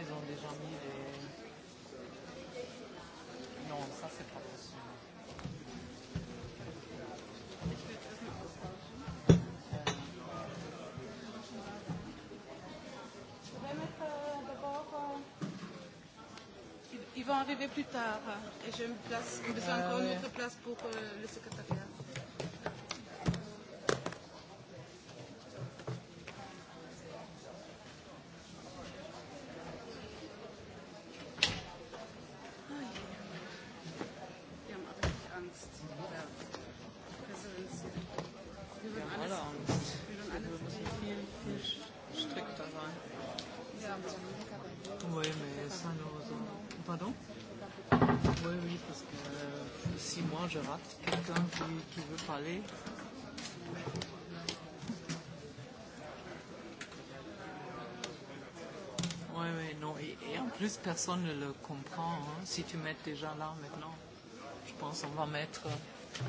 ils ont déjà mis les. Non, ça c'est pas possible. Ils vont arriver plus tard et j'ai besoin d'encore une euh, autre place pour euh, le secrétaire. plus, personne ne le comprend. Hein. Si tu mets des gens là maintenant, je pense qu'on va mettre. Euh,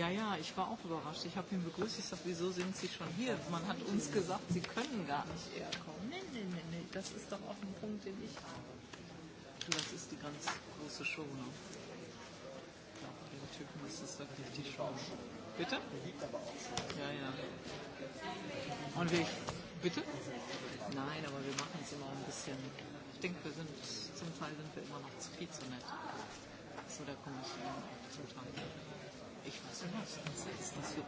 Ja, ja, ich war auch überrascht. Ich habe ihn begrüßt. Ich sage, wieso sind Sie schon hier? Man hat uns gesagt, Sie können gar nicht eher kommen. Nein, nein, nein, nee. das ist doch auch ein Punkt, den ich habe. Das ist die ganz große Show. Ne? Ja, bei den Typen ist das wirklich die Show. Bitte? Ja, ja. Und wie? Bitte? Nein, aber wir machen es immer ein bisschen. Ich denke, wir sind zum Teil sind wir immer noch viel zu nett. So, da komme ich zum Teil. Ich weiß nicht, was das ist.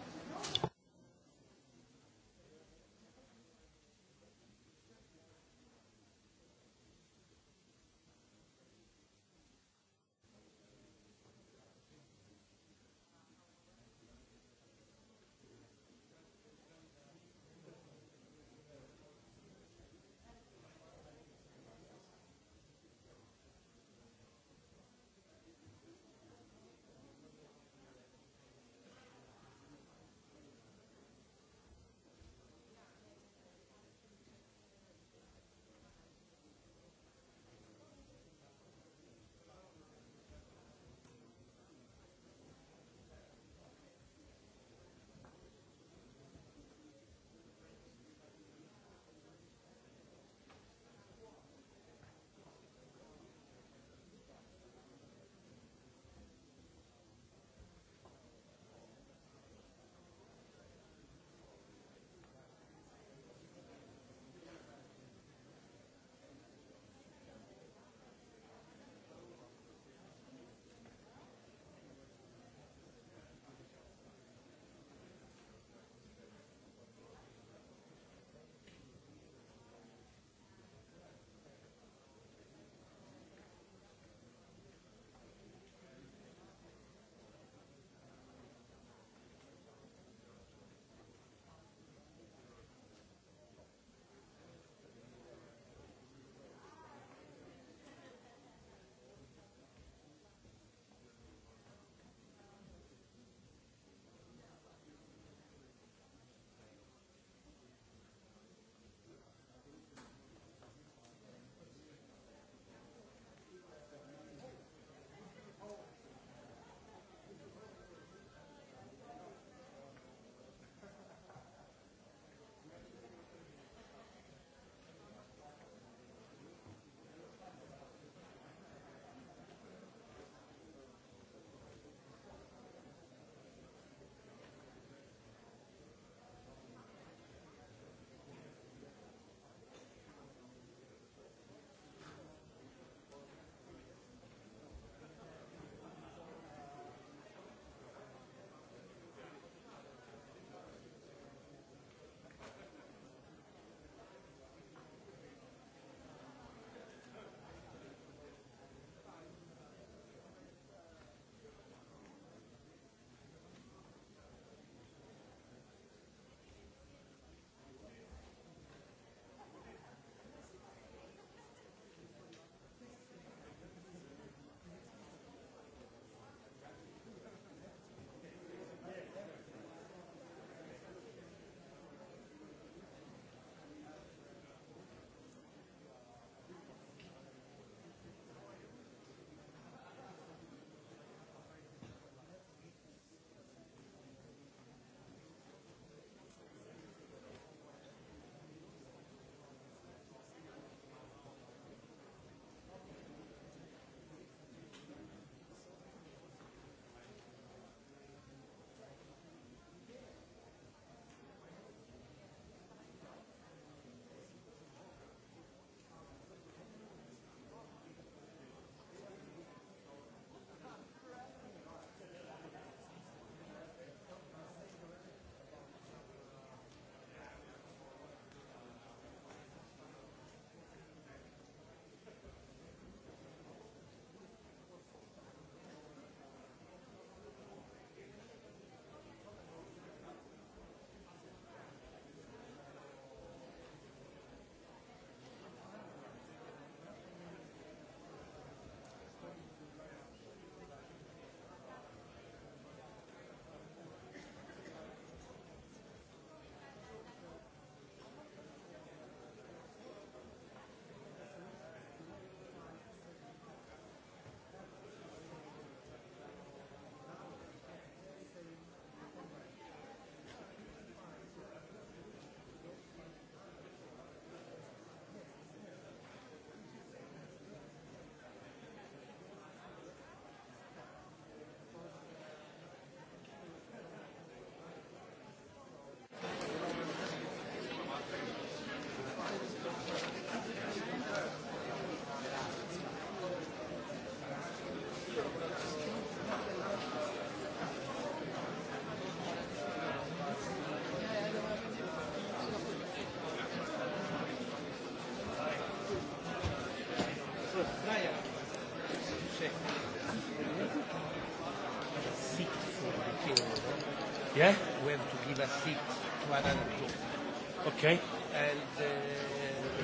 Okay. And uh,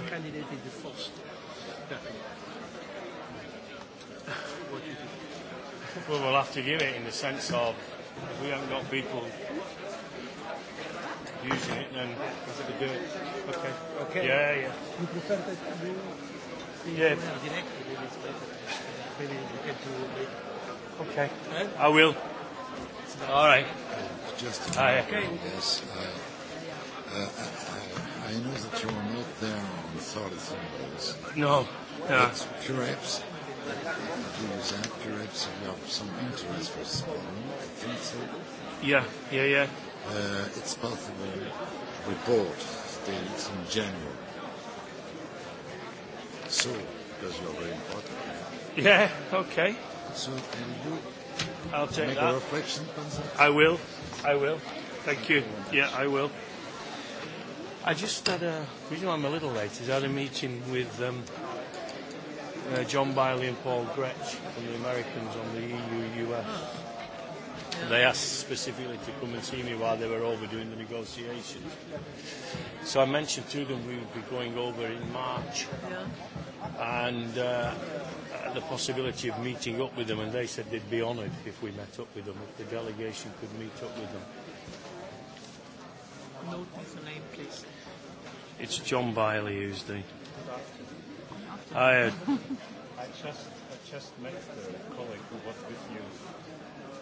the candidate is the first. well, we'll have to give it in the sense of if we haven't got people using it, then we have to do it. Okay. Okay. Yeah, yeah. You prefer that you yeah. directly, maybe you can do it Okay. Yeah? I will. All right. Uh, just to uh, okay. this, uh, uh, I know that you are not there on solid symbols. No. Yeah. It's pure Epsilon. Is pure Epsilon? You have some interest for Spawn, I think so. Yeah, yeah, yeah. Uh, it's part of a report, it's in general. So, because you're very important. Yeah, yeah okay. So, can you I'll take make that. a reflection on that? I will, I will. Thank, Thank you. you yeah, I will. I just had a reason why I'm a little late is I had a meeting with um, uh, John Biley and Paul Gretsch from the Americans on the EU US. Yeah. Oh. They asked specifically to come and see me while they were overdoing the negotiations. So I mentioned to them we would be going over in March yeah. and uh, the possibility of meeting up with them, and they said they'd be honoured if we met up with them, if the delegation could meet up with them. Note the name, please. It's John Bailey who's the. Uh, I, uh, I just I just met the colleague who was with you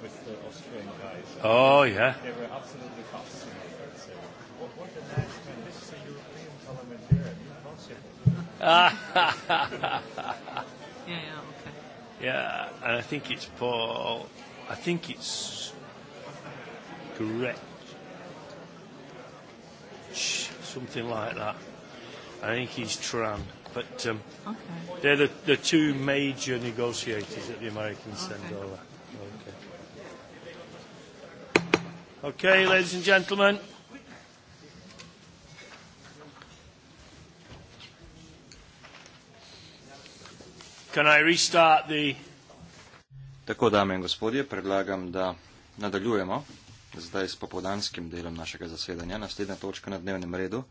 with the Austrian guys. Oh yeah. They were absolutely fascinated. So. What, what a nice man! This is a European parliamentarian. Impossible. yeah, yeah, okay. Yeah, and I think it's Paul. I think it's Gretch something like that. I think he's Tran. But um, okay. they're the, the two major negotiators that the Americans send okay. over. Okay. okay, ladies and gentlemen. Can I restart the... Tako, dame in gospodje, predlagam, da nadaljujemo zdaj s popodanskim delom našega zasedanja. Naslednja točka na dnevnem redu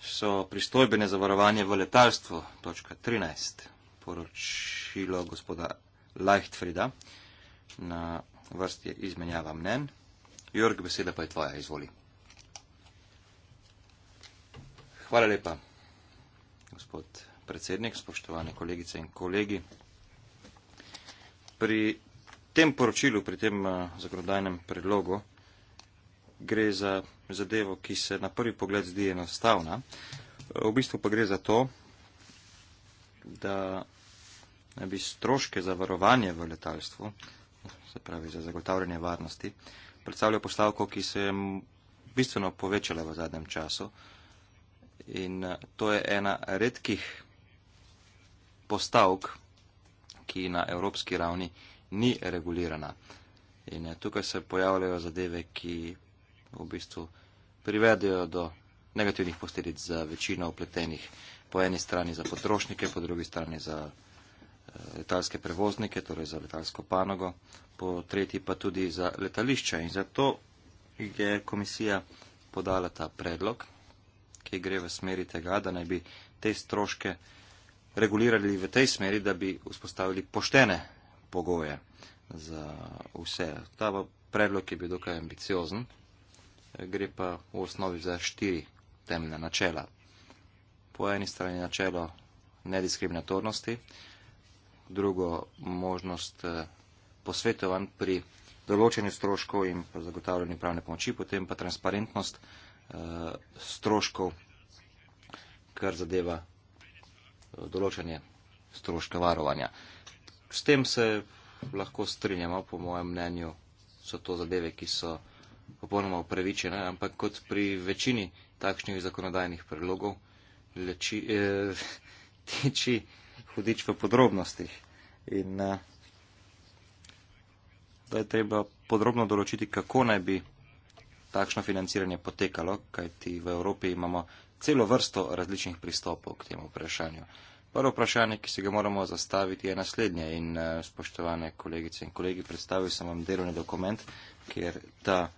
so pristojbene zavarovanje v letalstvu, točka 13, poročilo gospoda Leichtfrida na vrsti izmenjava mnen. Jörg, beseda pa je tvoja, izvoli. Hvala lepa, gospod predsednik, spoštovane kolegice in kolegi. Pri tem poročilu, pri tem eh, zakonodajnem predlogu, gre za zadevo, ki se na prvi pogled zdi enostavna. Eh, v bistvu pa gre za to, da naj bi stroške za varovanje v letalstvu, se pravi za zagotavljanje varnosti, predstavljajo postavko, ki se je bistveno povečala v zadnjem času. In eh, to je ena redkih postavk, ki na evropski ravni ni regulirana. In eh, tukaj se pojavljajo zadeve, ki v bistvu privedejo do negativnih posledic za večino upletenih. Po eni strani za potrošnike, po drugi strani za eh, letalske prevoznike, torej za letalsko panogo, po tretji pa tudi za letališča. In zato je komisija podala ta predlog, ki gre v smeri tega, da naj bi te stroške regulirali v tej smeri, da bi vzpostavili poštene pogoje za vse. Ta predlog je bil dokaj ambiciozen, gre pa v osnovi za štiri temeljne načela. Po eni strani načelo nediskriminatornosti, drugo možnost eh, posvetovanj pri določenju stroškov in pa zagotavljanju pravne pomoči, potem pa transparentnost eh, stroškov, kar zadeva eh, določanje stroška varovanja s tem se lahko strinjamo, po mojem mnenju so to zadeve, ki so popolnoma upravičene, ampak kot pri večini takšnih zakonodajnih predlogov, leči, eh, tiči hudič v podrobnostih. In eh, da je treba podrobno določiti, kako naj bi takšno financiranje potekalo, kajti v Evropi imamo celo vrsto različnih pristopov k temu vprašanju. Prvo vprašanje, ki se ga moramo zastaviti, je naslednje in eh, spoštovane kolegice in kolegi, predstavil sem vam delovni dokument, kjer ta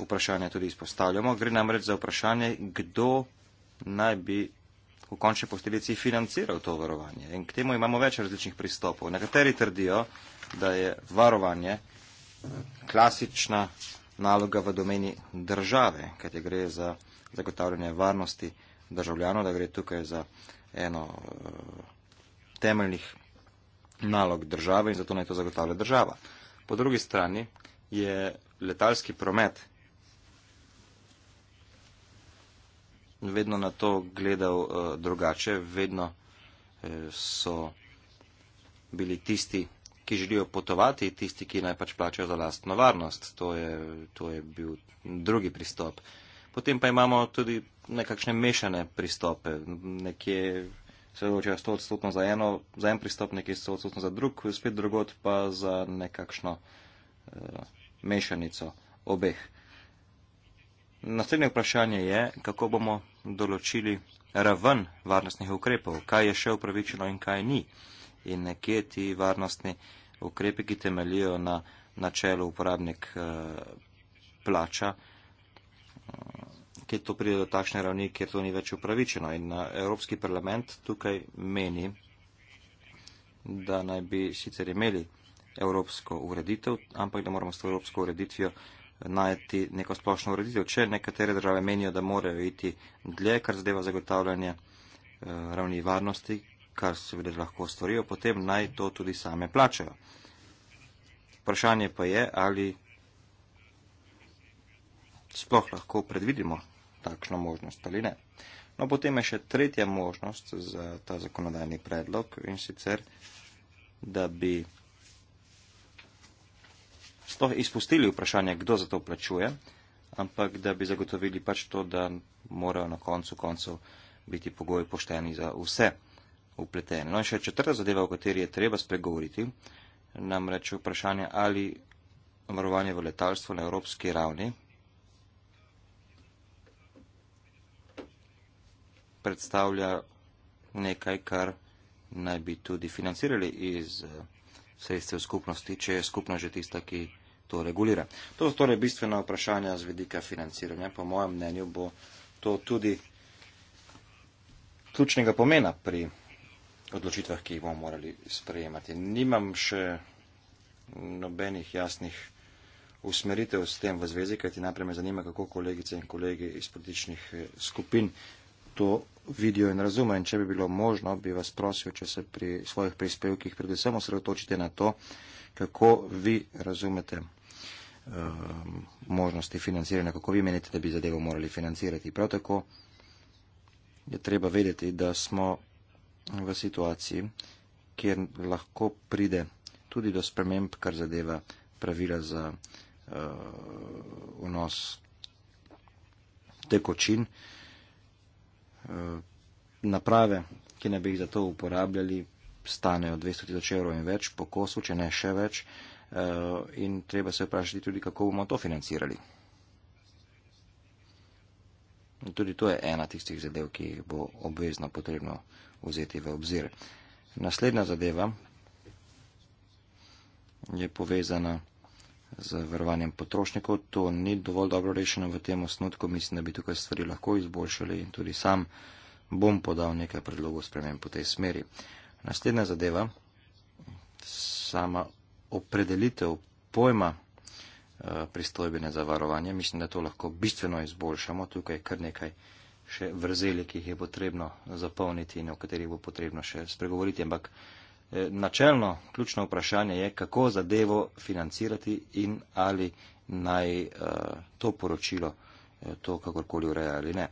vprašanja tudi izpostavljamo. Gre namreč za vprašanje, kdo naj bi v končni posteljici financiral to varovanje. In k temu imamo več različnih pristopov. Nekateri trdijo, da je varovanje klasična naloga v domeni države, kajte gre za zagotavljanje varnosti državljanov, da gre tukaj za eno uh, temeljnih nalog države in zato naj to zagotavlja država. Po drugi strani je letalski promet vedno na to gledal uh, drugače, vedno uh, so bili tisti, ki želijo potovati, tisti, ki naj pač plačajo za lastno varnost. To je, to je bil drugi pristop. Potem pa imamo tudi nekakšne mešane pristope. Nekje se odločajo 100 odstotno za, eno, za en pristop, nekje 100 odstotno za drug, spet drugot pa za nekakšno uh, mešanico obeh. Naslednje vprašanje je, kako bomo določili raven varnostnih ukrepov, kaj je še upravičeno in kaj ni. In nekje ti varnostni ukrepi, ki temelijo na načelu uporabnik uh, plača, uh, kjer to pride do takšne ravni, kjer to ni več upravičeno. In eh, Evropski parlament tukaj meni, da naj bi sicer imeli evropsko ureditev, ampak da moramo s to evropsko ureditvijo najti neko splošno ureditev. Če nekatere države menijo, da morajo iti dlje, kar zadeva zagotavljanje eh, ravni varnosti, kar se vede lahko storijo, potem naj to tudi same plačajo. Vprašanje pa je, ali sploh lahko predvidimo takšno možnost ali ne. No, potem je še tretja možnost za ta zakonodajni predlog in sicer, da bi sploh izpustili vprašanje, kdo za to plačuje, ampak da bi zagotovili pač to, da morajo na koncu koncev biti pogoji pošteni za vse upletene. No in še četrta zadeva, o kateri je treba spregovoriti, namreč vprašanje, ali varovanje v letalstvu na evropski ravni predstavlja nekaj, kar naj bi tudi financirali iz eh, sredstev skupnosti, če je skupna že tista, ki to regulira. To so torej bistvena vprašanja z vedika financiranja. Po mojem mnenju bo to tudi ključnega pomena pri odločitvah, ki jih bomo morali sprejemati. Nimam še nobenih jasnih usmeritev s tem v zvezi, kajti najprej me zanima, kako kolegice in kolege iz političnih eh, skupin to vidijo in razume. In če bi bilo možno, bi vas prosil, če se pri svojih prispevkih predvsem osredotočite na to, kako vi razumete uh, možnosti financiranja, kako vi menite, da bi zadevo morali financirati. Prav tako je treba vedeti, da smo v situaciji, kjer lahko pride tudi do sprememb, kar zadeva pravila za uh, vnos tekočin. Uh, Eh, naprave, ki ne bi jih za to uporabljali, stanejo 200 tisoč evrov in več po kosu, če ne še več. Eh, in treba se vprašati tudi, kako bomo to financirali. In tudi to je ena tistih zadev, ki jih bo obvezno potrebno vzeti v obzir. Naslednja zadeva je povezana z varovanjem potrošnikov. To ni dovolj dobro rešeno v tem osnutku, mislim, da bi tukaj stvari lahko izboljšali in tudi sam bom podal nekaj predlogov spremem po tej smeri. Naslednja zadeva, sama opredelitev pojma eh, pristojbine za varovanje, mislim, da to lahko bistveno izboljšamo. Tukaj je kar nekaj še vrzeli, ki jih je potrebno zapolniti in o katerih bo potrebno še spregovoriti, ampak Eh, načelno ključno vprašanje je, kako zadevo financirati in ali naj eh, to poročilo eh, to kakorkoli ureja ali ne.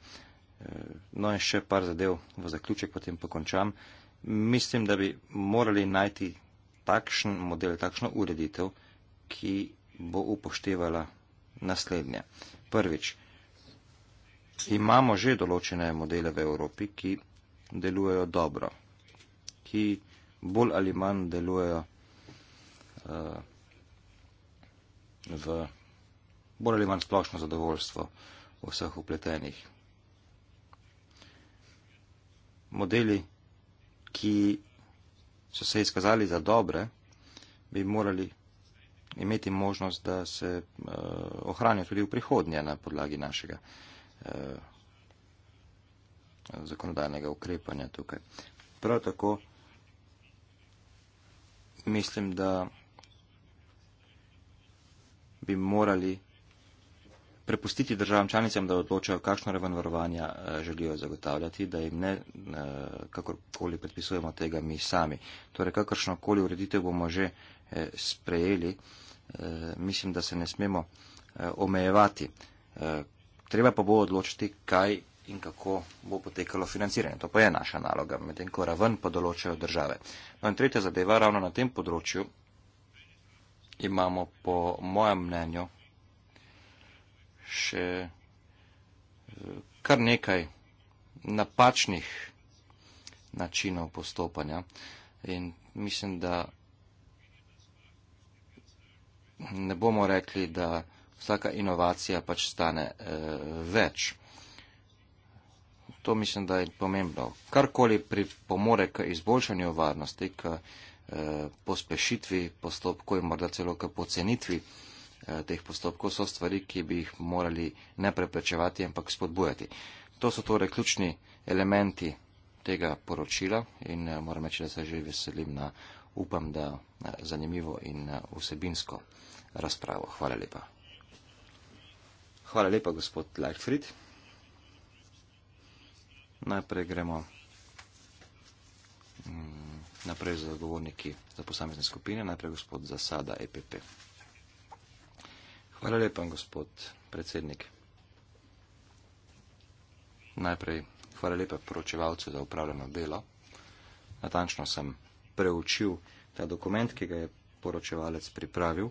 No in še par zadev v zaključek, potem pa končam. Mislim, da bi morali najti takšen model, takšno ureditev, ki bo upoštevala naslednje. Prvič, imamo že določene modele v Evropi, ki delujejo dobro, ki bolj ali manj delujejo uh, v bolj ali manj splošno zadovoljstvo vseh upletenih. Modeli, ki so se izkazali za dobre, bi morali imeti možnost, da se uh, ohranijo tudi v prihodnje na podlagi našega uh, zakonodajnega ukrepanja tukaj. Prav tako, mislim, da bi morali prepustiti državam članicam, da odločajo, kakšno raven varovanja eh, želijo zagotavljati, da jim ne eh, kakorkoli predpisujemo tega mi sami. Torej, kakršnokoli ureditev bomo že eh, sprejeli, mislim, da se ne smemo omejevati. Treba pa bo odločiti, kaj in kako bo potekalo financiranje. To pa je naša naloga, medtem ko raven pa določajo države. No in tretja zadeva, ravno na tem področju imamo po mojem mnenju še eh, kar nekaj napačnih načinov postopanja in mislim, da ne bomo rekli, da vsaka inovacija pač stane e, več. To mislim, da je pomembno. Karkoli pripomore k izboljšanju varnosti, k eh, pospešitvi postopkov in morda celo k pocenitvi eh, teh postopkov, so stvari, ki bi jih morali ne preprečevati, ampak spodbujati. To so torej ključni elementi tega poročila in eh, moram reči, da se že veselim na upam, da eh, zanimivo in eh, vsebinsko razpravo. Hvala lepa. Hvala lepa, gospod Leichfried. Najprej gremo mm, naprej za zagovorniki za posamezne skupine, najprej gospod Zasada EPP. Hvala lepa, gospod predsednik. Najprej hvala lepa poročevalcu za upravljeno delo. Natančno sem preučil ta dokument, ki ga je poročevalec pripravil.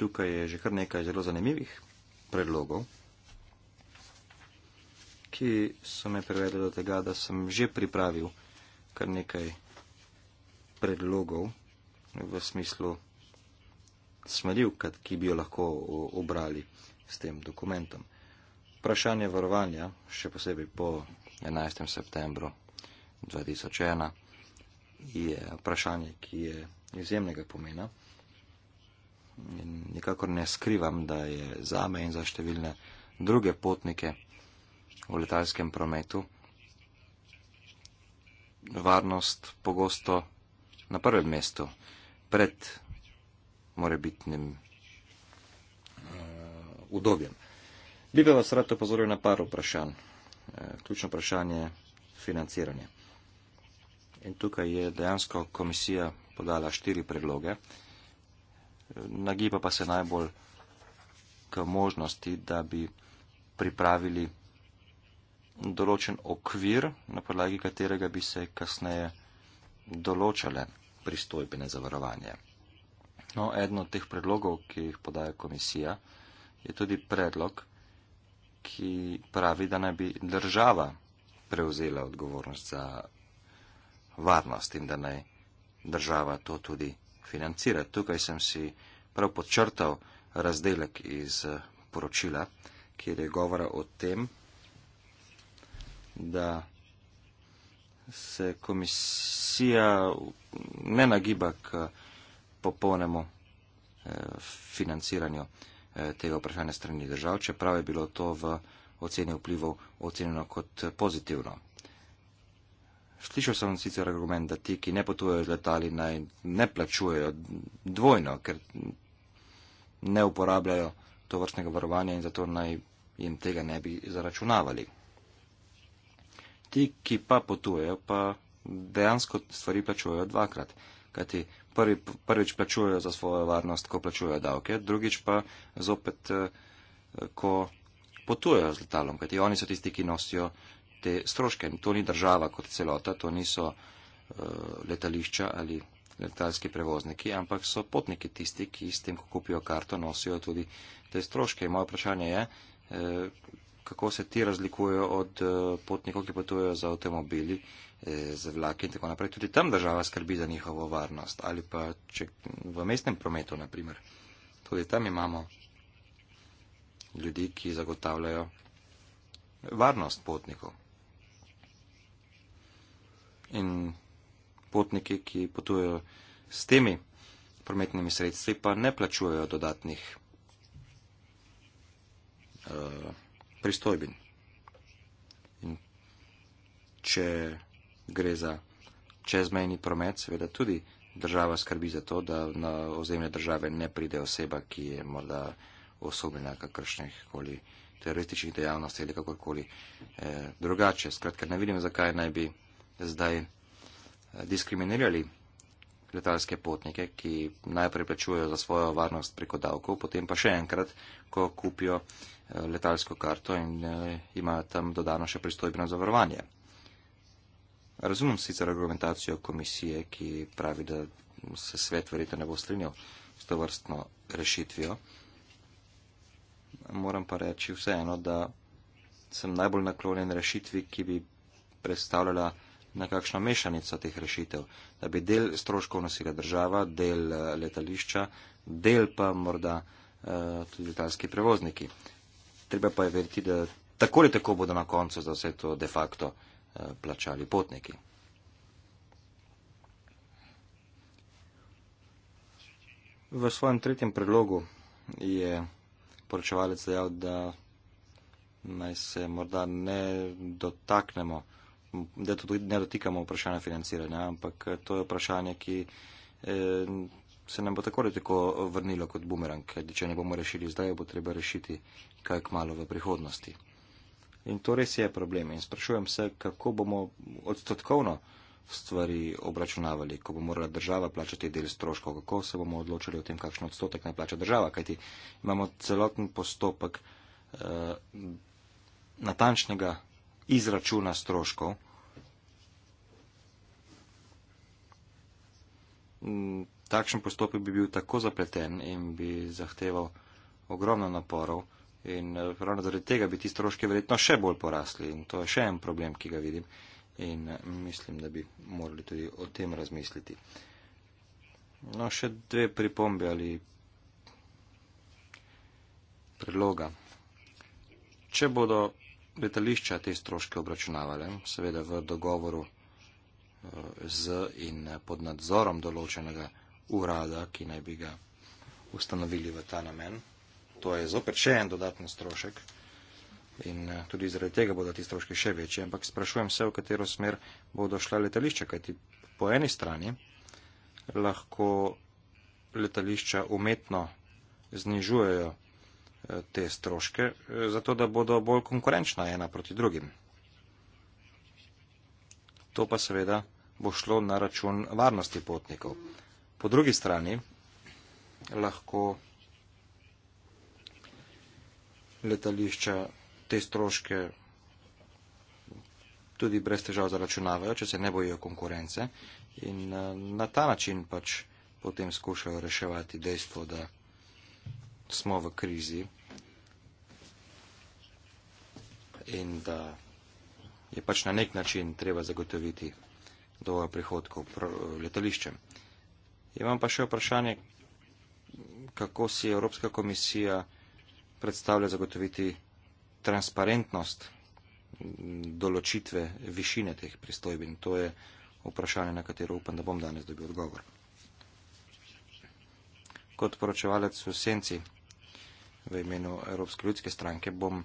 Tukaj je že kar nekaj zelo zanimivih predlogov ki so me privedli do tega, da sem že pripravil kar nekaj predlogov v smislu smeril, ki bi jo lahko obrali s tem dokumentom. Vprašanje varovanja, še posebej po 11. septembru 2001, je vprašanje, ki je izjemnega pomena. Nikakor ne skrivam, da je zame in za številne druge potnike v letalskem prometu. Varnost pogosto na prvem mestu, pred morebitnim uh, udobjem. Bi pa vas rad opozoril na par vprašanj. Uh, ključno vprašanje je financiranje. In tukaj je dejansko komisija podala štiri predloge, nagiba pa se najbolj k možnosti, da bi pripravili določen okvir, na podlagi katerega bi se kasneje določale pristojbene zavarovanje. No, eden od teh predlogov, ki jih podaja komisija, je tudi predlog, ki pravi, da naj bi država prevzela odgovornost za varnost in da naj država to tudi financira. Tukaj sem si prav podčrtal razdelek iz poročila, kjer je govora o tem, da se komisija ne nagiba k popolnemu eh, financiranju eh, tega vprašanja strani držav, čeprav je bilo to v oceni vplivov ocenjeno kot pozitivno. Slišal sem sicer argument, da ti, ki ne potujejo z letali, naj ne plačujejo dvojno, ker ne uporabljajo to vrstnega varovanja in zato naj jim tega ne bi zaračunavali. Ti, ki pa potujejo, pa dejansko stvari plačujejo dvakrat. Kajti prvi, prvič plačujejo za svojo varnost, ko plačujejo davke, drugič pa zopet, eh, ko potujejo z letalom. Kajti oni so tisti, ki nosijo te stroške. To ni država kot celota, to niso eh, letališča ali letalski prevozniki, ampak so potniki tisti, ki s tem, ko kupijo karto, nosijo tudi te stroške. Moje vprašanje je, eh, kako se ti razlikujejo od eh, potnikov, ki potujejo z avtomobili, eh, z vlaki in tako naprej. Tudi tam država skrbi za njihovo varnost. Ali pa če v mestnem prometu, naprimer, tudi tam imamo ljudi, ki zagotavljajo varnost potnikov. In potniki, ki potujejo s temi prometnimi sredstvi, pa ne plačujejo dodatnih. Uh, pristojben. In če gre za čezmejni promet, seveda tudi država skrbi za to, da na ozemlje države ne pride oseba, ki je morda osobljena kakršnih koli terorističnih dejavnosti ali kakorkoli e, drugače. Skratka, ne vidim, zakaj naj bi zdaj eh, diskriminirali letalske potnike, ki najprej plačujejo za svojo varnost preko davkov, potem pa še enkrat, ko kupijo letalsko karto in eh, ima tam dodano še pristojbeno zavarovanje. Razumem sicer argumentacijo komisije, ki pravi, da se svet verjetno ne bo strinjal s to vrstno rešitvijo. Moram pa reči vseeno, da sem najbolj naklonjen rešitvi, ki bi predstavljala na kakšno mešanico teh rešitev, da bi del stroškov nosila država, del eh, letališča, del pa morda eh, tudi letalski prevozniki treba pa je verjeti, da tako ali tako bodo na koncu za vse to de facto eh, plačali potniki. V svojem tretjem predlogu je poročevalec dejal, da naj se morda ne dotaknemo, da tudi ne dotikamo vprašanja financiranja, ampak eh, to je vprašanje, ki. Eh, se nam bo tako ali tako vrnilo kot bumerang, ker če ne bomo rešili zdaj, bo treba rešiti kaj kmalo v prihodnosti. In to res je problem in sprašujem se, kako bomo odstotkovno stvari obračunavali, ko bo morala država plačati del stroškov, kako se bomo odločili o tem, kakšen odstotek naj plača država, kajti imamo celoten postopek eh, natančnega izračuna stroškov. Mm takšen postopek bi bil tako zapleten in bi zahteval ogromno naporov in eh, ravno zaradi tega bi ti stroški verjetno še bolj porasli in to je še en problem, ki ga vidim in eh, mislim, da bi morali tudi o tem razmisliti. No, še dve pripombe ali predloga. Če bodo letališča te stroške obračunavale, seveda v dogovoru eh, z in pod nadzorom določenega urada, ki naj bi ga ustanovili v ta namen. To je zopet še en dodatni strošek in eh, tudi zaradi tega bodo ti stroški še večji, ampak sprašujem se, v katero smer bodo šla letališča, kajti po eni strani lahko letališča umetno znižujejo eh, te stroške, eh, zato da bodo bolj konkurenčna ena proti drugim. To pa seveda bo šlo na račun varnosti potnikov. Po drugi strani lahko letališča te stroške tudi brez težav zaračunavajo, če se ne bojijo konkurence in eh, na ta način pač potem skušajo reševati dejstvo, da smo v krizi in da je pač na nek način treba zagotoviti dovolj prihodkov letališčem. Imam pa še vprašanje, kako si Evropska komisija predstavlja zagotoviti transparentnost določitve višine teh pristojbin. To je vprašanje, na katero upam, da bom danes dobil odgovor. Kot poročevalec v senci v imenu Evropske ljudske stranke bom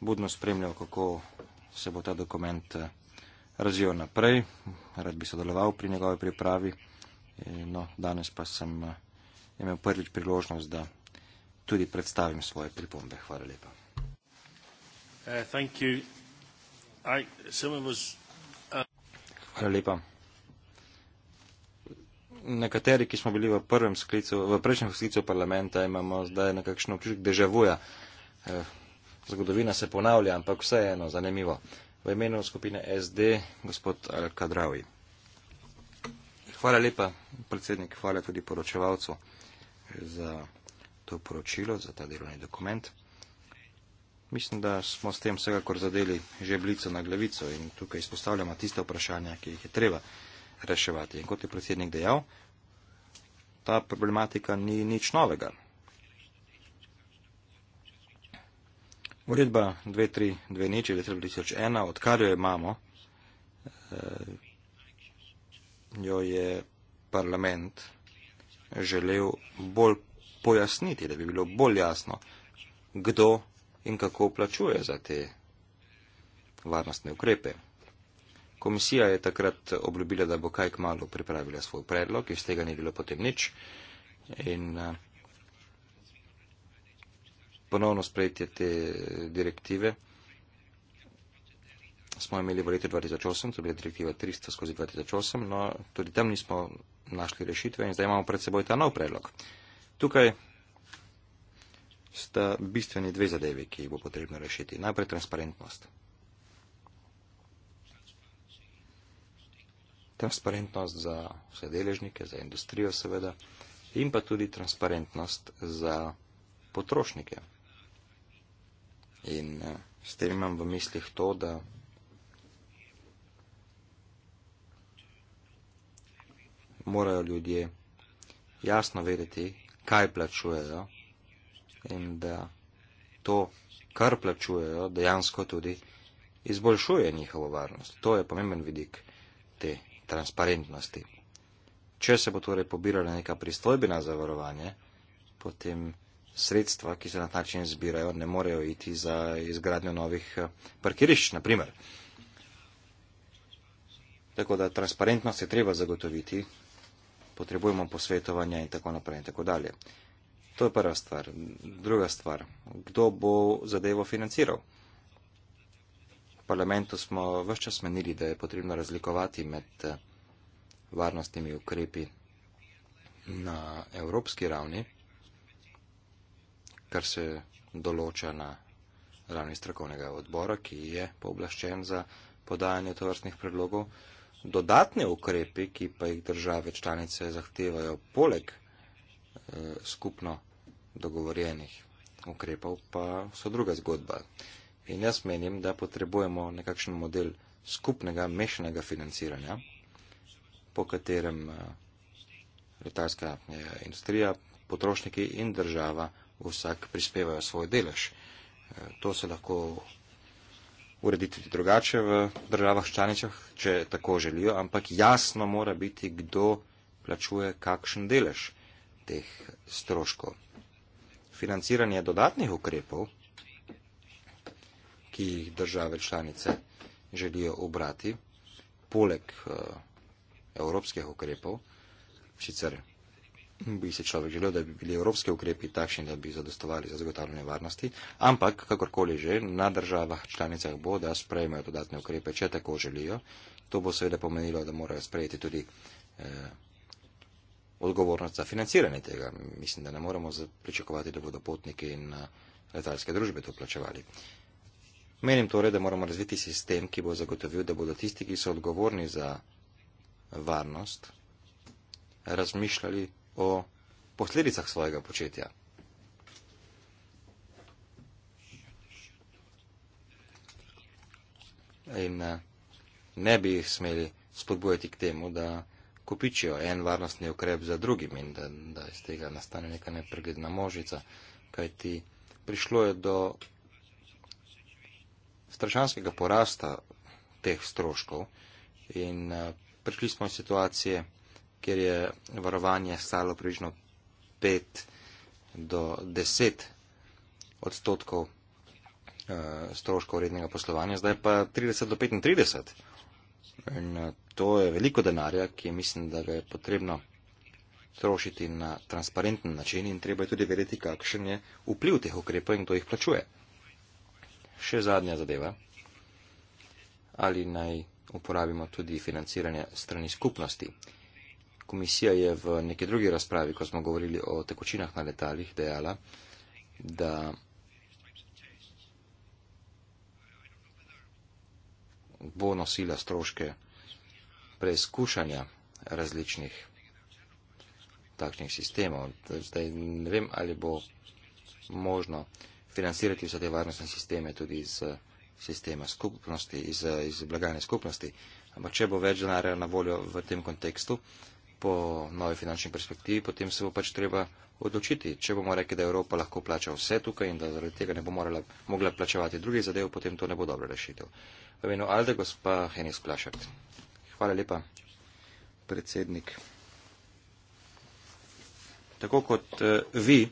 budno spremljal, kako se bo ta dokument eh, razvijal naprej. Rad bi sodeloval pri njegovi pripravi. Eh, no, danes pa sem eh, imel prvič priložnost, da tudi predstavim svoje pripombe. Hvala lepa. Eh, uh, Hvala lepa. Nekateri, ki smo bili v, sklicu, v prejšnjem sklicu parlamenta, imamo zdaj nekakšen občutek državuja. Zgodovina se ponavlja, ampak vse eno, zanimivo. V imenu skupine SD, gospod Al Kadravi. Hvala lepa, predsednik, hvala tudi poročevalcu za to poročilo, za ta delovni dokument. Mislim, da smo s tem vsekakor zadeli žeblico na glavico in tukaj izpostavljamo tiste vprašanja, ki jih je treba reševati. In kot je predsednik dejal, ta problematika ni nič novega. Uredba 2320 2001, odkar jo imamo, eh, jo je parlament želel bolj pojasniti, da bi bilo bolj jasno, kdo in kako plačuje za te varnostne ukrepe. Komisija je takrat obljubila, da bo kaj k malu pripravila svoj predlog, iz tega ni bilo potem nič. In eh, ponovno sprejetje te direktive smo imeli v letu 2008, to je bila direktiva 300 skozi 2008, no tudi tam nismo našli rešitve in zdaj imamo pred seboj ta nov predlog. Tukaj sta bistveni dve zadeve, ki jih bo potrebno rešiti. Najprej transparentnost. Transparentnost za vse deležnike, za industrijo seveda in pa tudi transparentnost za potrošnike. In eh, s tem imam v mislih to, da morajo ljudje jasno vedeti, kaj plačujejo in da to, kar plačujejo, dejansko tudi izboljšuje njihovo varnost. To je pomemben vidik te transparentnosti. Če se bo torej pobirala neka pristojbina za varovanje, potem sredstva, ki se na ta način zbirajo, ne morejo iti za izgradnjo novih eh, parkirišč, na primer. Tako da transparentnost je treba zagotoviti potrebujemo posvetovanja in tako naprej in tako dalje. To je prva stvar. Druga stvar, kdo bo zadevo financiral? V parlamentu smo vse čas menili, da je potrebno razlikovati med eh, varnostnimi ukrepi na evropski ravni, kar se določa na ravni strokovnega odbora, ki je pooblaščen za podajanje tovrstnih predlogov dodatni ukrepi, ki pa jih države članice zahtevajo poleg eh, skupno dogovorjenih ukrepov, pa so druga zgodba. In jaz menim, da potrebujemo nekakšen model skupnega mešanega financiranja, po katerem eh, letalska eh, industrija, potrošniki in država vsak prispevajo svoj delež. Eh, to se lahko urediti drugače v državah članicah, če tako želijo, ampak jasno mora biti, kdo plačuje kakšen delež teh stroškov. Financiranje dodatnih ukrepov, ki jih države članice želijo obrati, poleg uh, evropskih ukrepov, sicer bi se človek želel, da bi bili evropske ukrepi takšni, da bi zadostovali za zagotavljanje varnosti, ampak kakorkoli že, na državah članicah bo, da sprejmejo dodatne ukrepe, če tako želijo. To bo seveda pomenilo, da morajo sprejeti tudi eh, odgovornost za financiranje tega. Mislim, da ne moremo pričakovati, da bodo potniki in eh, letalske družbe to plačevali. Menim torej, da moramo razviti sistem, ki bo zagotovil, da bodo tisti, ki so odgovorni za varnost, razmišljali o posledicah svojega početja. In eh, ne bi jih smeli spodbujati k temu, da kopičijo en varnostni ukrep za drugim in da, da iz tega nastane neka nepregledna možica, kajti prišlo je do strašanskega porasta teh stroškov in eh, prišli smo iz situacije, kjer je varovanje stalo približno 5 do 10 odstotkov eh, stroškov rednega poslovanja, zdaj pa 30 do 35. In eh, to je veliko denarja, ki mislim, da ga je potrebno trošiti na transparenten način in treba je tudi vedeti, kakšen je vpliv teh ukrepov in kdo jih plačuje. Še zadnja zadeva. Ali naj uporabimo tudi financiranje strani skupnosti komisija je v neki drugi razpravi, ko smo govorili o tekočinah na letalih, dejala, da bo nosila stroške preizkušanja različnih takšnih sistemov. Zdaj ne vem, ali bo možno financirati vse te varnostne sisteme tudi iz eh, sistema skupnosti, iz, eh, iz blagajne skupnosti. Ampak če bo več denarja na voljo v tem kontekstu, po novi finančni perspektivi, potem se bo pač treba odločiti. Če bomo rekli, da Evropa lahko plača vse tukaj in da zaradi tega ne bo morala, mogla plačevati drugih zadev, potem to ne bo dobra rešitev. V imenu Alde, gospa Henis Plašek. Hvala lepa, predsednik. Tako kot uh, vi,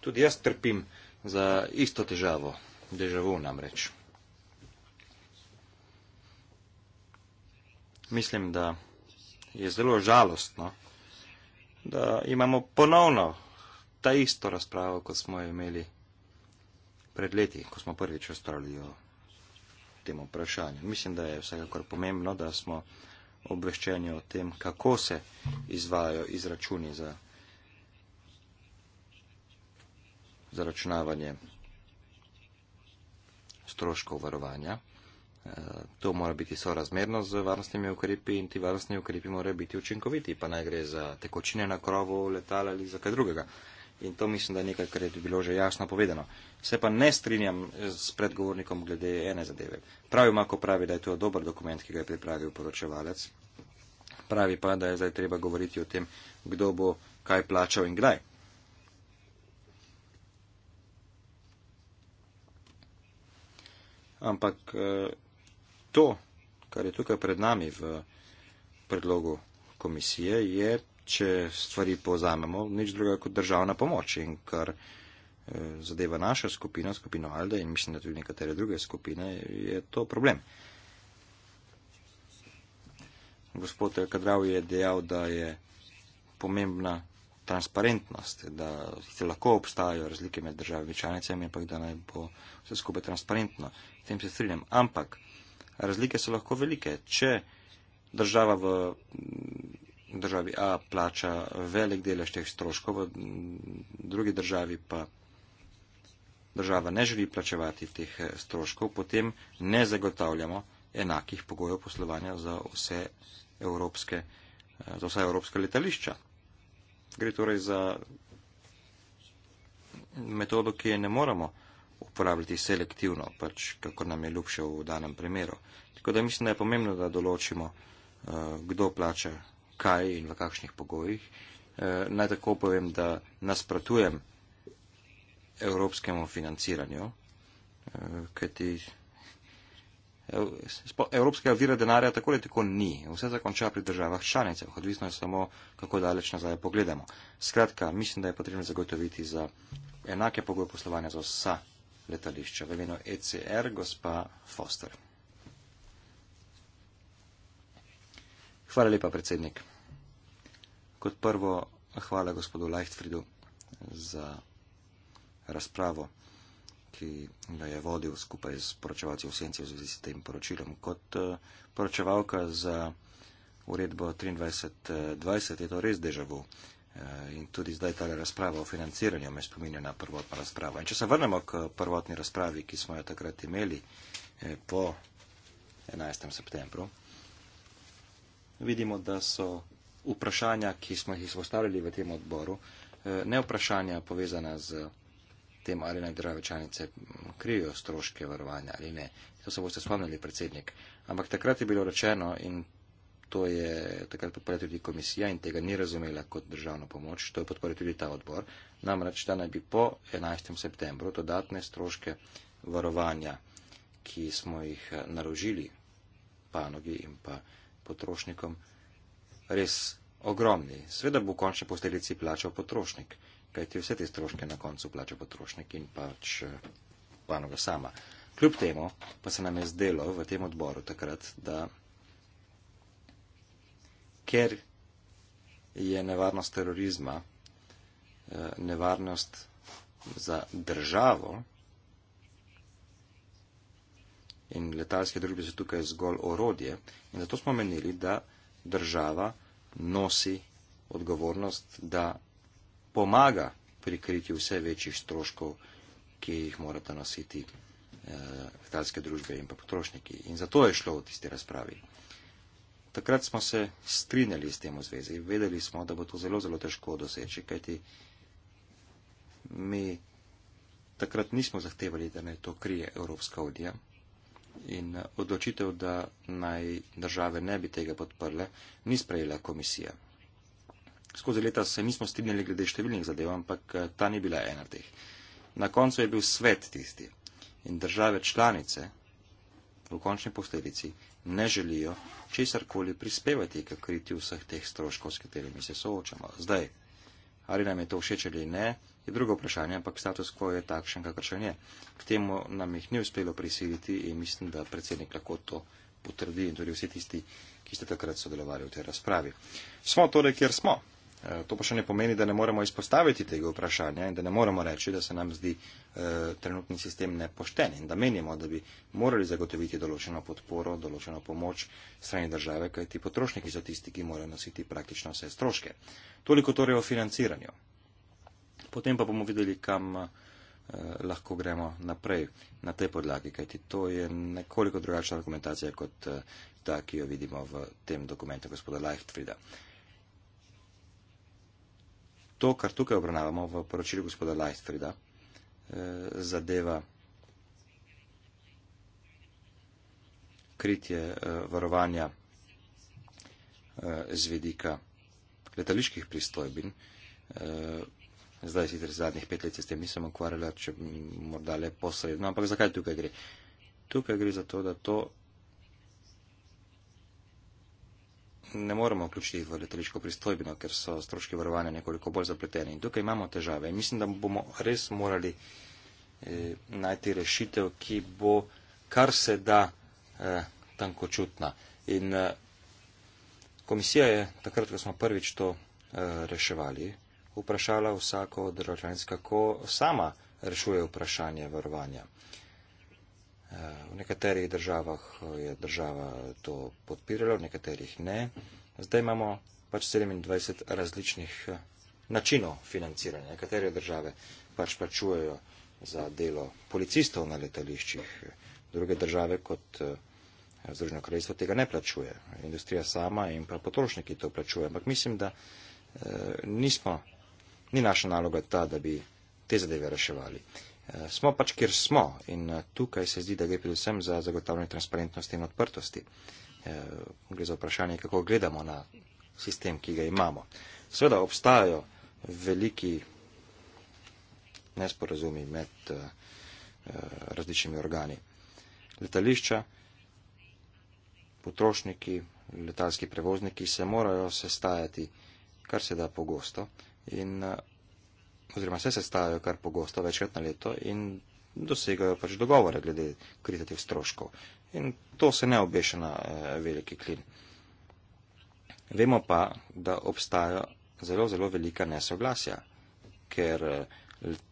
tudi jaz trpim za isto težavo, državu namreč. Mislim, da je zelo žalostno, da imamo ponovno ta isto razpravo, kot smo imeli pred leti, ko smo prvič razpravljali o tem vprašanju. Mislim, da je vsekakor pomembno, da smo obveščeni o tem, kako se izvajajo izračuni za zaračunavanje stroškov varovanja. To mora biti sorazmerno z varnostnimi ukrepi in ti varnostni ukrepi morajo biti učinkoviti, pa naj gre za tekočine na krovu, letala ali za kaj drugega. In to mislim, da je nekaj, kar je bilo že jasno povedano. Se pa ne strinjam eh, s predgovornikom glede ene zadeve. Pravi Mako pravi, da je to dober dokument, ki ga je pripravil poročevalec. Pravi pa, da je zdaj treba govoriti o tem, kdo bo kaj plačal in kdaj. Ampak eh, to, kar je tukaj pred nami v predlogu komisije, je, če stvari povzamemo, nič druga kot državna pomoč in kar eh, zadeva naša skupina, skupino Alde in mislim, da tudi nekatere druge skupine, je to problem. Gospod Kadrav je dejal, da je pomembna transparentnost, da lahko obstajajo razlike med državami članicami, ampak da naj bo vse skupaj transparentno. S tem se strinjam. Ampak Razlike so lahko velike. Če država v državi A plača velik delež teh stroškov, v drugi državi pa država ne želi plačevati teh eh, stroškov, potem ne zagotavljamo enakih pogojev poslovanja za vse evropske, eh, za vsa evropska letališča. Gre torej za metodo, ki je ne moramo uporabljati selektivno, pač kako nam je ljubše v danem primeru. Tako da mislim, da je pomembno, da določimo, eh, kdo plača kaj in v kakšnih pogojih. Eh, naj tako povem, da nasprotujem evropskemu financiranju, eh, kajti evropskega vira denarja tako ali tako ni. Vse zakonča pri državah članicah, odvisno je samo, kako daleč nazaj pogledamo. Skratka, mislim, da je potrebno zagotoviti za enake pogoje poslovanja za vsa letališča, v imenu ECR, gospa Foster. Hvala lepa, predsednik. Kot prvo, hvala gospodu Leichtfriedu za razpravo, ki jo je vodil skupaj s poročevalci v senci v zvezi s tem poročilom. Kot eh, poročevalka za uredbo 23.20 je to res deja vu. Eh, in tudi zdaj ta razprava o financiranju me spominja na prvotno razpravo. In če se vrnemo k prvotni razpravi, ki smo jo takrat imeli eh, po 11. septembru, vidimo, da so vprašanja, ki smo jih izpostavili v tem odboru, eh, ne vprašanja povezana z tem, ali naj države članice mm, krijo stroške varovanja ali ne. To se boste spomnili, predsednik. Ampak takrat je bilo rečeno in to je takrat podporila tudi komisija in tega ni razumela kot državno pomoč, to je podporil tudi ta odbor. Namreč, da naj bi po 11. septembru dodatne stroške varovanja, ki smo jih eh, naložili panogi in pa potrošnikom, res ogromni. Sveda bo v končni posledici plačal potrošnik, kajti vse te stroške na koncu plača potrošnik in pač eh, panoga sama. Kljub temu pa se nam je zdelo v tem odboru takrat, da ker je nevarnost terorizma eh, nevarnost za državo in letalske družbe so tukaj zgolj orodje in zato smo menili, da država nosi odgovornost, da pomaga pri kritju vse večjih stroškov, ki jih morata nositi eh, letalske družbe in pa potrošniki. In zato je šlo v tisti razpravi. Takrat smo se strinjali s tem v zvezi. Vedeli smo, da bo to zelo, zelo težko doseči, kajti mi takrat nismo zahtevali, da naj to krije Evropska unija. In odločitev, da naj države ne bi tega podprle, ni sprejela komisija. Skozi leta se nismo strinjali glede številnih zadev, ampak eh, ta ni bila ena teh. Na koncu je bil svet tisti in države članice v končni posledici ne želijo česarkoli prispevati k kriti vseh teh stroškov, s katerimi se soočamo. Zdaj, ali nam je to všeč ali ne, je drugo vprašanje, ampak status quo je takšen, kakršen je. K temu nam jih ni uspelo prisiliti in mislim, da predsednik lahko to potrdi in tudi vsi tisti, ki ste takrat sodelovali v tej razpravi. Smo torej, kjer smo. Eh, to pa še ne pomeni, da ne moremo izpostaviti tega vprašanja in da ne moremo reči, da se nam zdi eh, trenutni sistem nepošten in da menimo, da bi morali zagotoviti določeno podporo, določeno pomoč strani države, kajti potrošniki so tisti, ki morajo nositi praktično vse stroške. Toliko torej o financiranju. Potem pa bomo videli, kam eh, lahko gremo naprej na tej podlagi, kajti to je nekoliko drugačna dokumentacija kot eh, ta, ki jo vidimo v tem dokumentu gospoda Leichtfrieda to, kar tukaj obravnavamo v poročilu gospoda Lightfrida, eh, zadeva kritje eh, varovanja eh, z vidika letaliških pristojbin. Zdaj si tudi zadnjih pet let se s tem nisem ukvarjala, če morda le posredno, ampak zakaj tukaj gre? Tukaj gre za to, da to ne moremo vključiti v letališko pristojbino, ker so stroški varovanja nekoliko bolj zapleteni. In tukaj imamo težave. In mislim, da bomo res morali eh, najti rešitev, ki bo kar se da eh, tankočutna. In eh, komisija je takrat, ko smo prvič to eh, reševali, vprašala vsako državljanstvo, kako sama rešuje vprašanje varovanja. Eh, V nekaterih državah je država to podpirala, v nekaterih ne. Zdaj imamo pač 27 različnih eh, načinov financiranja. Nekatere države pač plačujejo za delo policistov na letališčih, eh, druge države kot eh, Združeno kraljestvo tega ne plačuje. Industrija sama in pa potrošniki to plačuje. Ampak mislim, da eh, nismo, ni naša naloga ta, da bi te zadeve reševali. Eh, smo pač, kjer smo in eh, tukaj se zdi, da gre predvsem za zagotavljanje transparentnosti in odprtosti. Eh, gre za vprašanje, kako gledamo na sistem, ki ga imamo. Sveda obstajajo veliki nesporazumi med eh, različnimi organi. Letališča, potrošniki, letalski prevozniki se morajo sestajati kar se da pogosto in oziroma se sestavljajo kar pogosto večkrat na leto in dosegajo pač dogovore glede kritetih stroškov. In to se ne obeša na eh, veliki klin. Vemo pa, da obstajajo zelo, zelo velika nesoglasja, ker eh,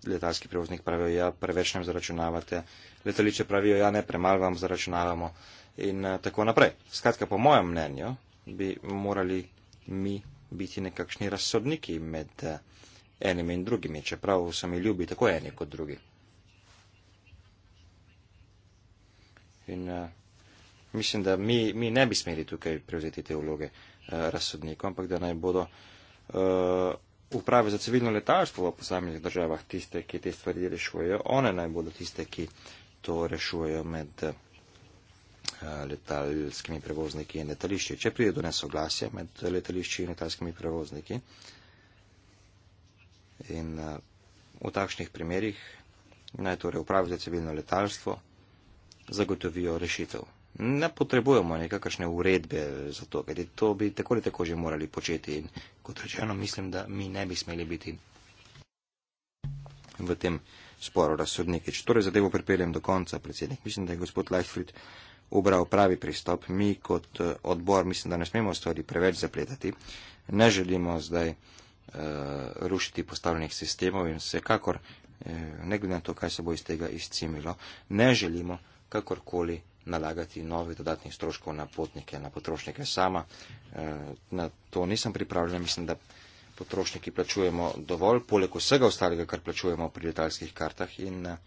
letalski prevoznik pravijo, ja, preveč nam zaračunavate, letališče pravijo, ja, ne, premalo vam zaračunavamo in eh, tako naprej. Skratka, po mojem mnenju, bi morali mi biti nekakšni razsodniki med eh, enimi in drugimi, čeprav se mi ljubi tako eni kot drugi. In uh, mislim, da mi, mi ne bi smeli tukaj prevzeti te vloge uh, razsodnikov, ampak da naj bodo uh, uprave za civilno letalstvo v posameznih državah tiste, ki te stvari rešujejo. One naj bodo tiste, ki to rešujejo med uh, letalskimi prevozniki in letališči. Če pride do nesoglasja med letališči in letalskimi prevozniki, uh, In eh, v takšnih primerjih naj torej upravite civilno letalstvo, zagotovijo rešitev. Ne potrebujemo nekakšne uredbe za to, kajti to bi takoli tako že morali početi in kot rečeno mislim, da mi ne bi smeli biti v tem sporo razsodniki. Če torej zadevo pripeljem do konca, predsednik, mislim, da je gospod Leichfried ubral pravi pristop. Mi kot eh, odbor mislim, da ne smemo stvari preveč zapletati. Ne želimo zdaj uh, rušiti postavljenih sistemov in vsekakor, uh, ne glede na to, kaj se bo iz tega izcimilo, ne želimo kakorkoli nalagati novih dodatnih stroškov na potnike, na potrošnike sama. Uh, na to nisem pripravljen, mislim, da potrošniki plačujemo dovolj, poleg vsega ostalega, kar plačujemo pri letalskih kartah in uh,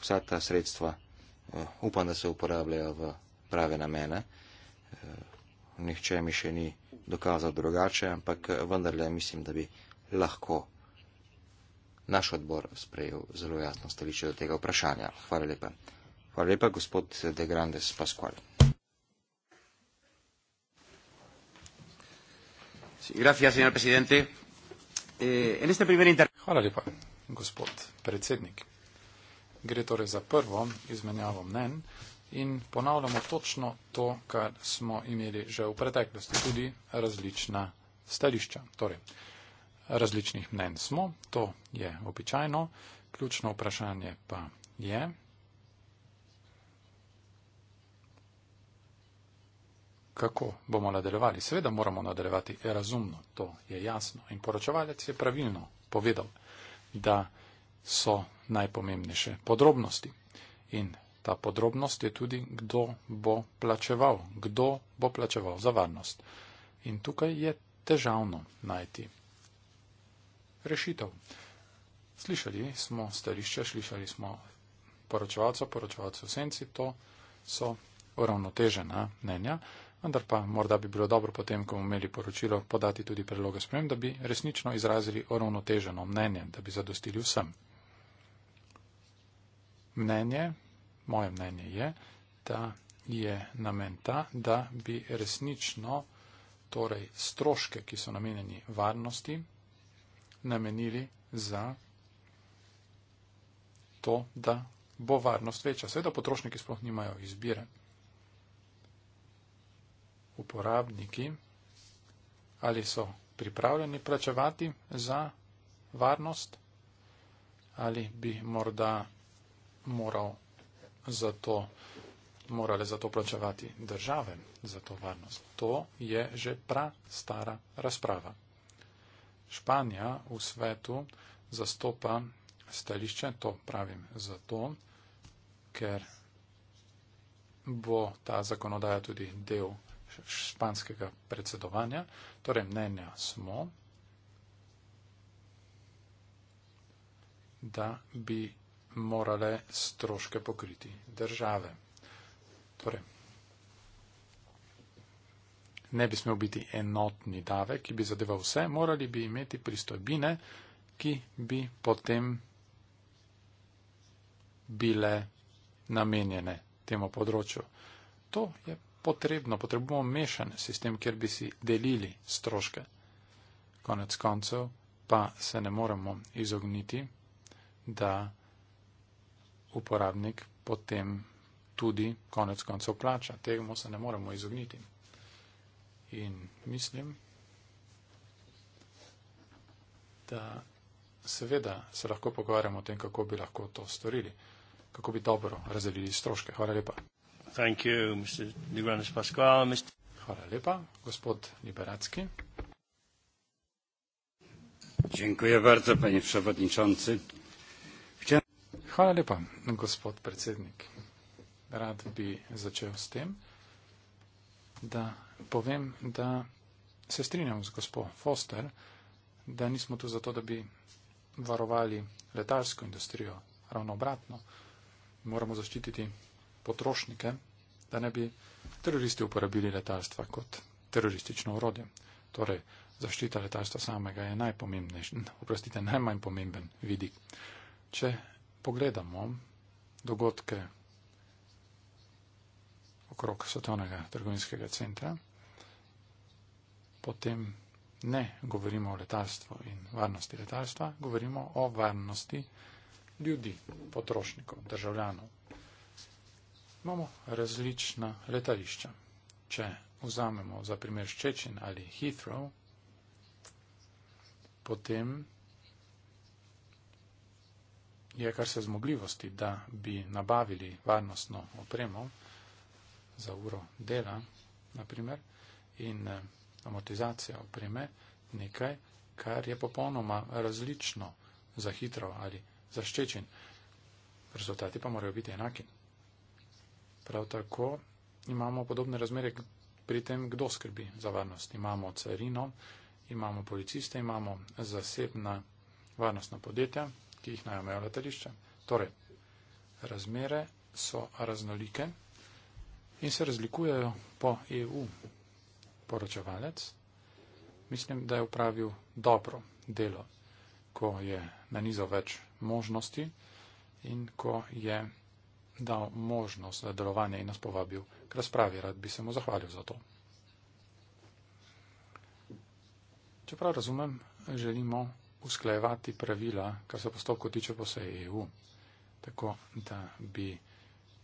vsa ta sredstva uh, upam, da se uporabljajo v prave namene. Uh, nihče mi še ni dokazal drugače, ampak vendarle mislim, da bi lahko naš odbor sprejel zelo jasno stališče do tega vprašanja. Hvala lepa. Hvala lepa, gospod De Grandes Pasqual. Eh, Hvala lepa, gospod predsednik. Gre torej za prvo izmenjavo mnen in ponavljamo točno to, kar smo imeli že v preteklosti, tudi različna stališča. Torej, različnih mnen smo, to je običajno, ključno vprašanje pa je. Kako bomo nadaljevali? Seveda moramo nadaljevati razumno, to je jasno. In poročevalec je pravilno povedal, da so najpomembnejše podrobnosti. In Ta podrobnost je tudi, kdo bo plačeval, kdo bo plačeval za varnost. In tukaj je težavno najti rešitev. Slišali smo starišče, slišali smo poročevalca, poročevalce v senci, to so uravnotežena mnenja, vendar pa morda bi bilo dobro potem, ko bomo imeli poročilo, podati tudi predloge sprem, da bi resnično izrazili uravnoteženo mnenje, da bi zadostili vsem. Mnenje moje mnenje je, da je namen ta, da bi resnično torej stroške, ki so namenjeni varnosti, namenili za to, da bo varnost večja. Seveda potrošniki sploh nimajo izbire. Uporabniki ali so pripravljeni plačevati za varnost ali bi morda moral za to morale za to plačevati države, za to varnost. To je že pra stara razprava. Španija v svetu zastopa stališče, to pravim zato, ker bo ta zakonodaja tudi del španskega predsedovanja, torej mnenja smo, da bi morale stroške pokriti države. Torej, ne bi smel biti enotni davek, ki bi zadeval vse, morali bi imeti pristojbine, ki bi potem bile namenjene temu področju. To je potrebno, potrebujemo mešan sistem, kjer bi si delili stroške. Konec koncev pa se ne moremo izogniti, da uporabnik potem tudi konec koncev plača. Tegmo se ne moremo izogniti. In mislim, da seveda se lahko pogovarjamo o tem, kako bi lahko to storili, kako bi dobro razdelili stroške. Hvala lepa. You, Mr. Pasquale, Mr. Hvala lepa, gospod Liberacki. Dziękuję bardzo, panie przewodniczący. Hvala lepa, gospod predsednik. Rad bi začel s tem, da povem, da se strinjam z gospod Foster, da nismo tu zato, da bi varovali letalsko industrijo. Ravno obratno, moramo zaščititi potrošnike, da ne bi teroristi uporabili letalstva kot teroristično urodje. Torej, zaščita letalstva samega je najpomembnejši, oprostite, najmanj pomemben vidik. Če pogledamo dogodke okrog svetovnega trgovinskega centra, potem ne govorimo o letalstvu in varnosti letalstva, govorimo o varnosti ljudi, potrošnikov, državljanov. Imamo različna letališča. Če vzamemo za primer Ščečin ali Heathrow, potem je, kar se zmogljivosti, da bi nabavili varnostno opremo za uro dela, naprimer, in eh, amortizacija opreme, nekaj, kar je popolnoma različno za hitro ali zaščečen. Rezultati pa morajo biti enaki. Prav tako imamo podobne razmere pri tem, kdo skrbi za varnost. Imamo carino, imamo policiste, imamo zasebna varnostna podjetja, ki jih naj imajo letališča. Torej, razmere so raznolike in se razlikujejo po EU. Poročevalec, mislim, da je upravil dobro delo, ko je na nizo več možnosti in ko je dal možnost za delovanje in nas povabil k razpravi. Rad bi se mu zahvalil za to. Čeprav razumem, želimo usklajevati pravila, kar se postopkov tiče po vsej EU, tako da bi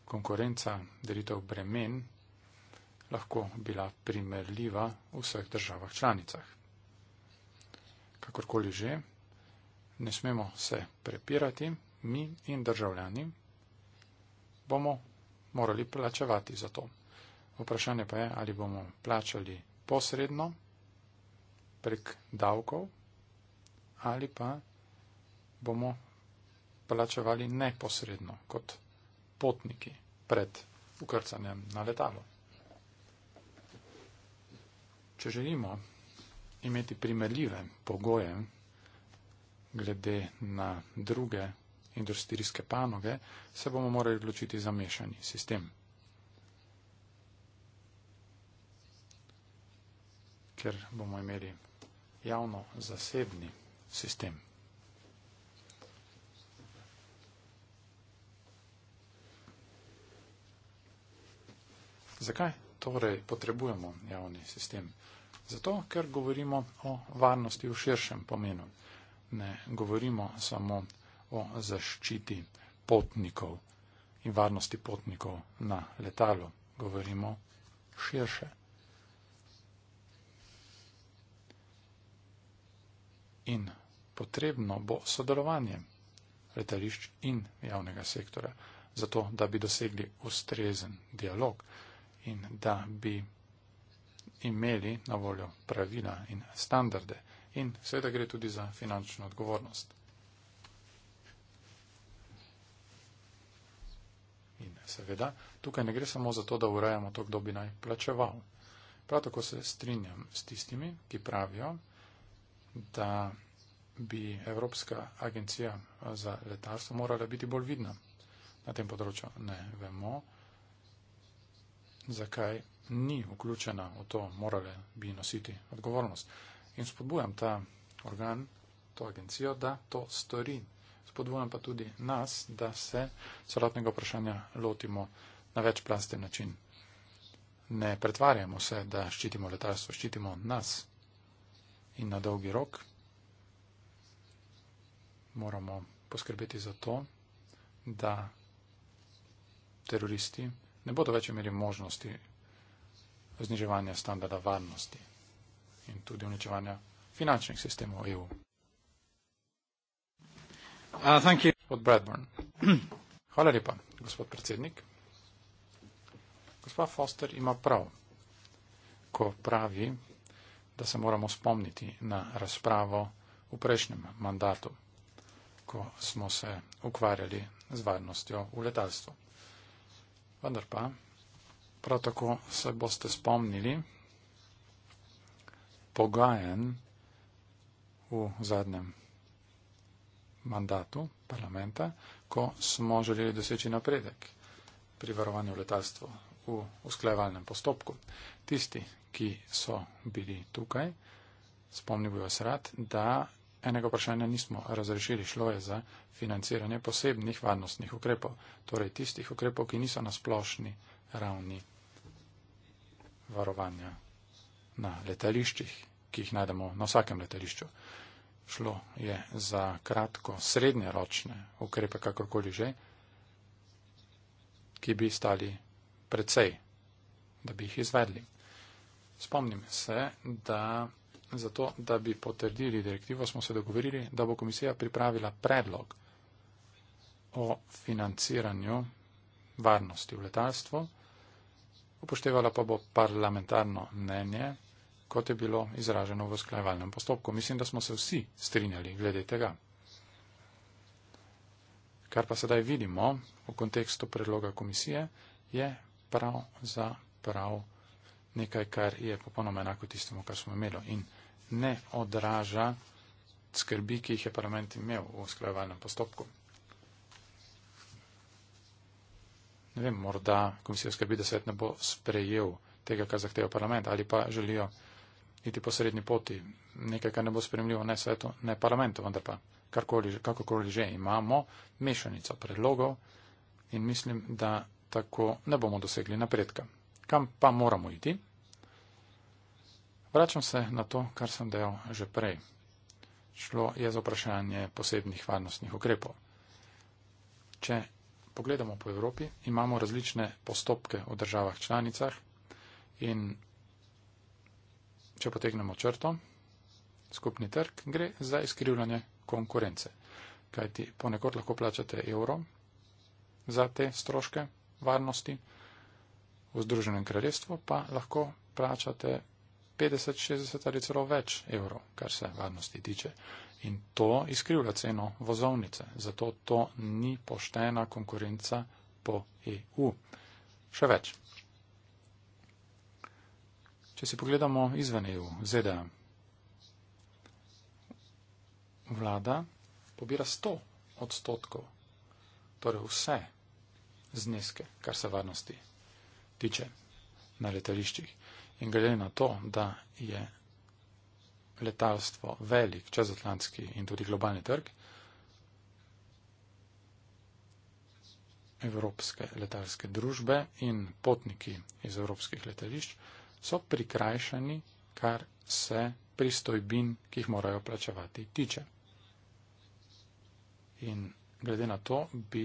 konkurenca delitev bremen lahko bila primerljiva v vseh državah članicah. Kakorkoli že, ne smemo se prepirati, mi in državljani bomo morali plačevati za to. Vprašanje pa je, ali bomo plačali posredno prek davkov, ali pa bomo plačevali neposredno kot potniki pred ukrcanjem na letalo. Če želimo imeti primerljive pogoje glede na druge industrijske panoge, se bomo morali odločiti za mešani sistem. ker bomo imeli javno-zasebni sistem. Zakaj torej potrebujemo javni sistem? Zato, ker govorimo o varnosti v širšem pomenu. Ne govorimo samo o zaščiti potnikov in varnosti potnikov na letalu. Govorimo širše. In potrebno bo sodelovanje letališč in javnega sektora, zato da bi dosegli ustrezen dialog in da bi imeli na voljo pravila in standarde. In seveda gre tudi za finančno odgovornost. In seveda, tukaj ne gre samo za to, da urajamo to, kdo bi naj plačeval. Prav tako se strinjam s tistimi, ki pravijo, da bi Evropska agencija za letalstvo morala biti bolj vidna na tem področju. Ne vemo, zakaj ni vključena v to, morale bi nositi odgovornost. In spodbujam ta organ, to agencijo, da to stori. Spodbujam pa tudi nas, da se celotnega vprašanja lotimo na večplasten način. Ne pretvarjamo se, da ščitimo letalstvo, ščitimo nas. In na dolgi rok moramo poskrbeti za to, da teroristi ne bodo več imeli možnosti zniževanja standarda varnosti in tudi uničevanja finančnih sistemov EU. Uh, Hvala lepa, gospod predsednik. Gospa Foster ima prav, ko pravi, da se moramo spomniti na razpravo v prejšnjem mandatu ko smo se ukvarjali z varnostjo v letalstvu. Vendar pa, prav tako se boste spomnili pogajen v zadnjem mandatu parlamenta, ko smo želeli doseči napredek pri varovanju letalstva v usklajevalnem postopku. Tisti, ki so bili tukaj, spomnil bi vas rad, da enega vprašanja nismo razrešili, šlo je za financiranje posebnih varnostnih ukrepov, torej tistih ukrepov, ki niso na splošni ravni varovanja na letališčih, ki jih najdemo na vsakem letališču. Šlo je za kratko srednjeročne ukrepe, kakorkoli že, ki bi stali precej, da bi jih izvedli. Spomnim se, da zato, da bi potrdili direktivo, smo se dogovorili, da bo komisija pripravila predlog o financiranju varnosti v letalstvu, upoštevala pa bo parlamentarno mnenje, kot je bilo izraženo v sklajevalnem postopku. Mislim, da smo se vsi strinjali glede tega. Kar pa sedaj vidimo v kontekstu predloga komisije, je prav za prav nekaj, kar je popolnoma enako tistemu, kar smo imeli. In ne odraža skrbi, ki jih je parlament imel v usklajevalnem postopku. Ne vem, morda komisija skrbi, da svet ne bo sprejel tega, kar zahteva parlament, ali pa želijo iti po srednji poti, nekaj, kar ne bo spremljivo ne svetu, ne parlamentu, vendar pa karkoli, kakokoli že imamo, mešanico predlogov in mislim, da tako ne bomo dosegli napredka. Kam pa moramo iti? Vračam se na to, kar sem del že prej. Šlo je za vprašanje posebnih varnostnih ukrepov. Če pogledamo po Evropi, imamo različne postopke v državah članicah in če potegnemo črto, skupni trg gre za izkrivljanje konkurence. Kaj ti ponekod lahko plačate evro za te stroške varnosti, v Združenem kraljestvu pa lahko plačate 50, 60 ali celo več evrov, kar se varnosti tiče. In to izkrivlja ceno vozovnice. Zato to ni poštena konkurenca po EU. Še več. Če si pogledamo izven EU, ZDA, vlada pobira 100 odstotkov, torej vse zneske, kar se varnosti tiče na letališčih. In glede na to, da je letalstvo velik čezatlantski in tudi globalni trg, evropske letalske družbe in potniki iz evropskih letališč so prikrajšani, kar se pristojbin, ki jih morajo plačevati, tiče. In glede na to bi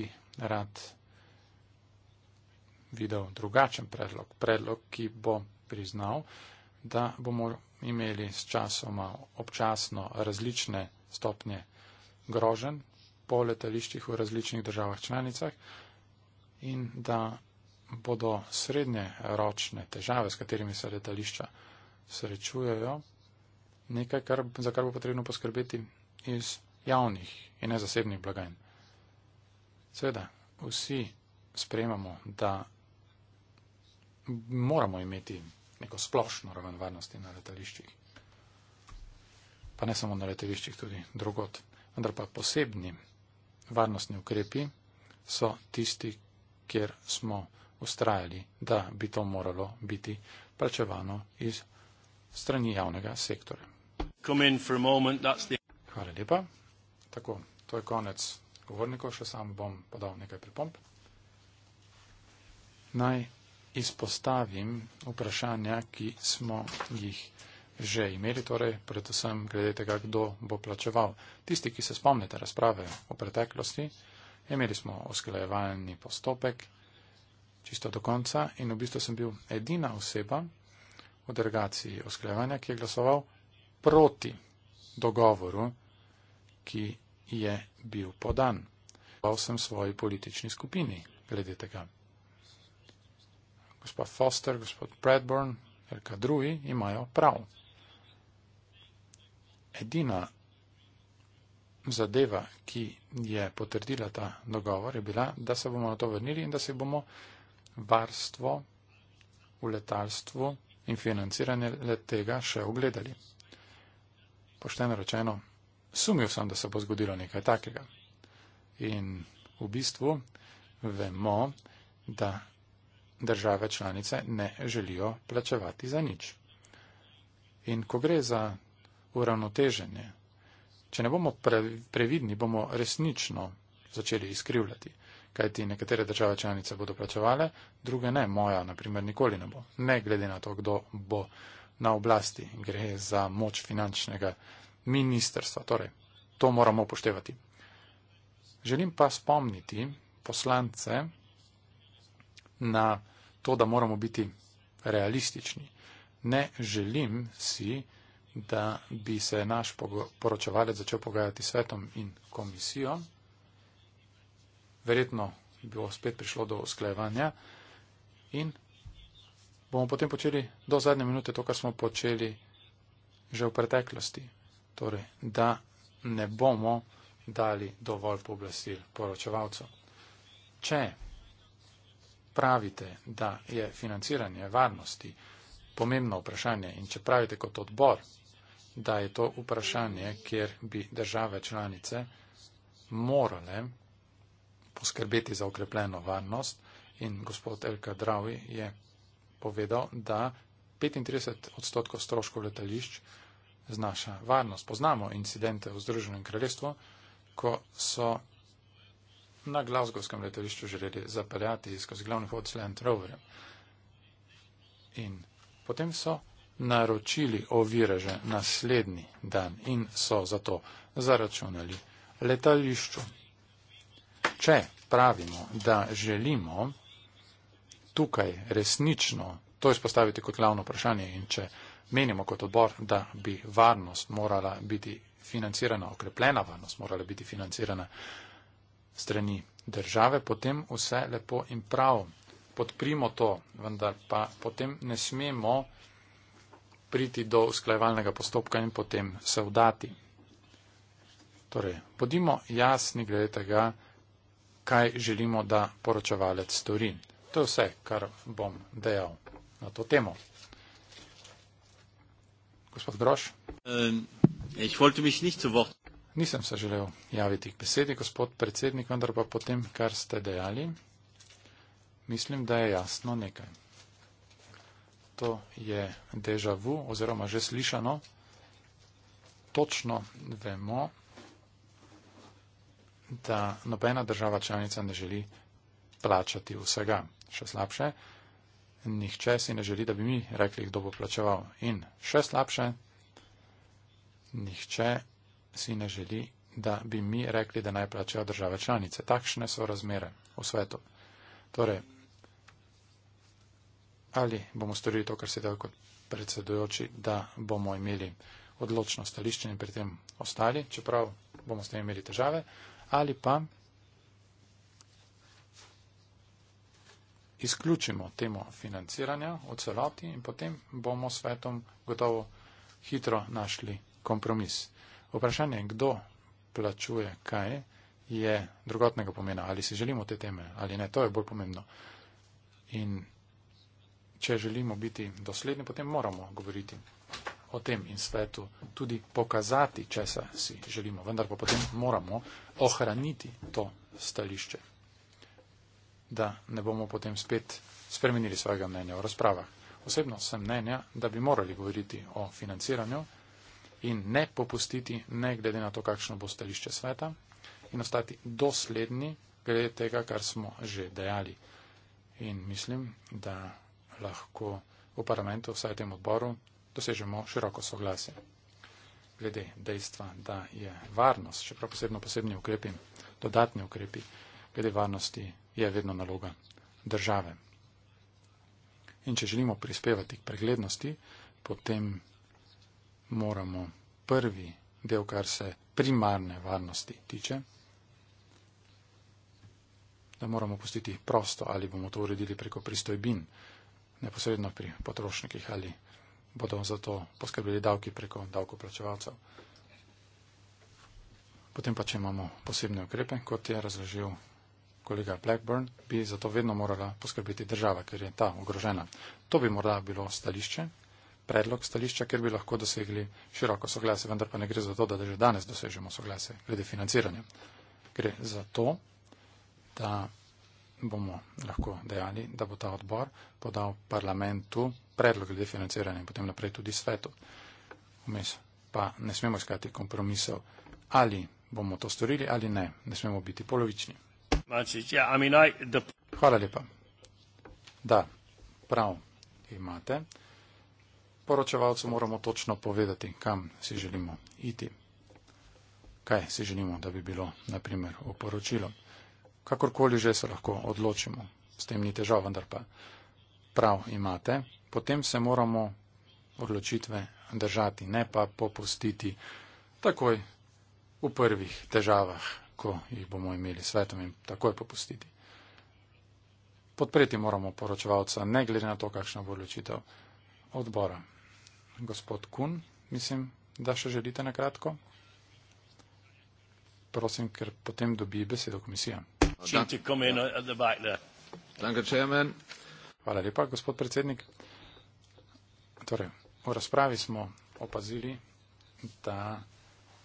rad videl drugačen predlog, predlog, ki bo priznal, da bomo imeli s časoma občasno različne stopnje grožen po letališčih v različnih državah članicah in da bodo srednje ročne težave, s katerimi se letališča srečujejo, nekaj, kar, za kar bo potrebno poskrbeti iz javnih in nezasebnih blagajn. Seveda, vsi spremamo, da moramo imeti neko splošno raven varnosti na letališčih. Pa ne samo na letališčih, tudi drugot. Vendar pa posebni varnostni ukrepi so tisti, kjer smo ustrajali, da bi to moralo biti plačevano iz strani javnega sektorja. Hvala lepa. Tako, to je konec govornikov, še sam bom podal nekaj pripomp. Naj izpostavim vprašanja, ki smo jih že imeli, torej predvsem glede tega, kdo bo plačeval. Tisti, ki se spomnite razprave o preteklosti, imeli smo osklajevalni postopek čisto do konca in v bistvu sem bil edina oseba v delegaciji osklajevanja, ki je glasoval proti dogovoru, ki je bil podan. Pa sem svoji politični skupini glede tega gospa Foster, gospod Bradburn, ker ka drugi imajo prav. Edina zadeva, ki je potrdila ta dogovor, je bila, da se bomo na to vrnili in da se bomo varstvo v letalstvu in financiranje let tega še ogledali. Pošteno rečeno, sumil sem, da se bo zgodilo nekaj takega. In v bistvu vemo, da države članice ne želijo plačevati za nič. In ko gre za uravnoteženje, če ne bomo previdni, bomo resnično začeli izkrivljati, kajti nekatere države članice bodo plačevale, druge ne, moja naprimer nikoli ne bo, ne glede na to, kdo bo na oblasti, gre za moč finančnega ministerstva. Torej, to moramo upoštevati. Želim pa spomniti poslance, na to, da moramo biti realistični. Ne želim si, da bi se naš poročevalec začel pogajati svetom in komisijo. Verjetno bi bo spet prišlo do usklajevanja in bomo potem počeli do zadnje minute to, kar smo počeli že v preteklosti. Torej, da ne bomo dali dovolj pooblastil poročevalcev. Če pravite, da je financiranje varnosti pomembno vprašanje in če pravite kot odbor, da je to vprašanje, kjer bi države članice morale poskrbeti za okrepljeno varnost in gospod Elka Dravi je povedal, da 35 odstotkov stroškov letališč znaša varnost. Poznamo incidente v Združenem kraljestvu, ko so na glasgovskem letališču želeli zapeljati skozi glavni vod s Land Roverjem. In potem so naročili ovireže naslednji dan in so zato zaračunali letališču. Če pravimo, da želimo tukaj resnično to izpostaviti kot glavno vprašanje in če menimo kot odbor, da bi varnost morala biti financirana, okrepljena varnost morala biti financirana strani države, potem vse lepo in prav. Podprimo to, vendar pa potem ne smemo priti do usklajevalnega postopka in potem se vdati. Torej, bodimo jasni glede tega, kaj želimo, da poročevalec stori. To je vse, kar bom dejal na to temo. Gospod Groš. Um, Nisem se želel javiti k besedi, gospod predsednik, vendar pa potem, kar ste dejali, mislim, da je jasno nekaj. To je deja vu oziroma že slišano. Točno vemo, da nobena država članica ne želi plačati vsega. Še slabše, nihče si ne želi, da bi mi rekli, kdo bo plačeval. In še slabše, nihče si ne želi, da bi mi rekli, da naj plačajo države članice. Takšne so razmere v svetu. Torej, ali bomo storili to, kar se da kot predsedujoči, da bomo imeli odločno stališče in pri tem ostali, čeprav bomo s tem imeli težave, ali pa izključimo temo financiranja v celoti in potem bomo svetom gotovo hitro našli kompromis vprašanje, kdo plačuje kaj, je drugotnega pomena, ali si želimo te teme ali ne, to je bolj pomembno. In če želimo biti dosledni, potem moramo govoriti o tem in svetu tudi pokazati, česa si želimo, vendar pa potem moramo ohraniti to stališče, da ne bomo potem spet spremenili svojega mnenja o razpravah. Osebno sem mnenja, da bi morali govoriti o financiranju in ne popustiti, ne glede na to, kakšno bo stališče sveta, in ostati dosledni glede tega, kar smo že dejali. In mislim, da lahko v parlamentu, vsaj tem odboru, dosežemo široko soglasje. Glede dejstva, da je varnost, še prav posebno posebni ukrepi, dodatni ukrepi, glede varnosti je vedno naloga države. In če želimo prispevati k preglednosti, potem moramo prvi del, kar se primarne varnosti tiče, da moramo pustiti prosto, ali bomo to uredili preko pristojbin, neposredno pri potrošnikih, ali bodo za to poskrbeli davki preko davkoplačevalcev. Potem pa, če imamo posebne ukrepe, kot je razložil kolega Blackburn, bi za to vedno morala poskrbeti država, ker je ta ogrožena. To bi morda bilo stališče, predlog stališča, kjer bi lahko dosegli široko soglasje, vendar pa ne gre za to, da že danes dosežemo soglasje glede financiranja. Gre za to, da bomo lahko dejali, da bo ta odbor podal parlamentu predlog glede financiranja in potem naprej tudi svetu. Vmes pa ne smemo iskati kompromisov, ali bomo to storili ali ne. Ne smemo biti polovični. Hvala lepa. Da, prav imate poročevalcu moramo točno povedati, kam si želimo iti, kaj si želimo, da bi bilo, naprimer, v poročilo. Kakorkoli že se lahko odločimo, s tem ni težav, vendar pa prav imate, potem se moramo odločitve držati, ne pa popustiti takoj v prvih težavah, ko jih bomo imeli svetom in takoj popustiti. Podpreti moramo poročevalca, ne glede na to, kakšna bo odločitev odbora gospod Kun, mislim, da še želite na kratko. Prosim, ker potem dobi besedo komisija. Hvala lepa, gospod predsednik. Torej, v razpravi smo opazili, da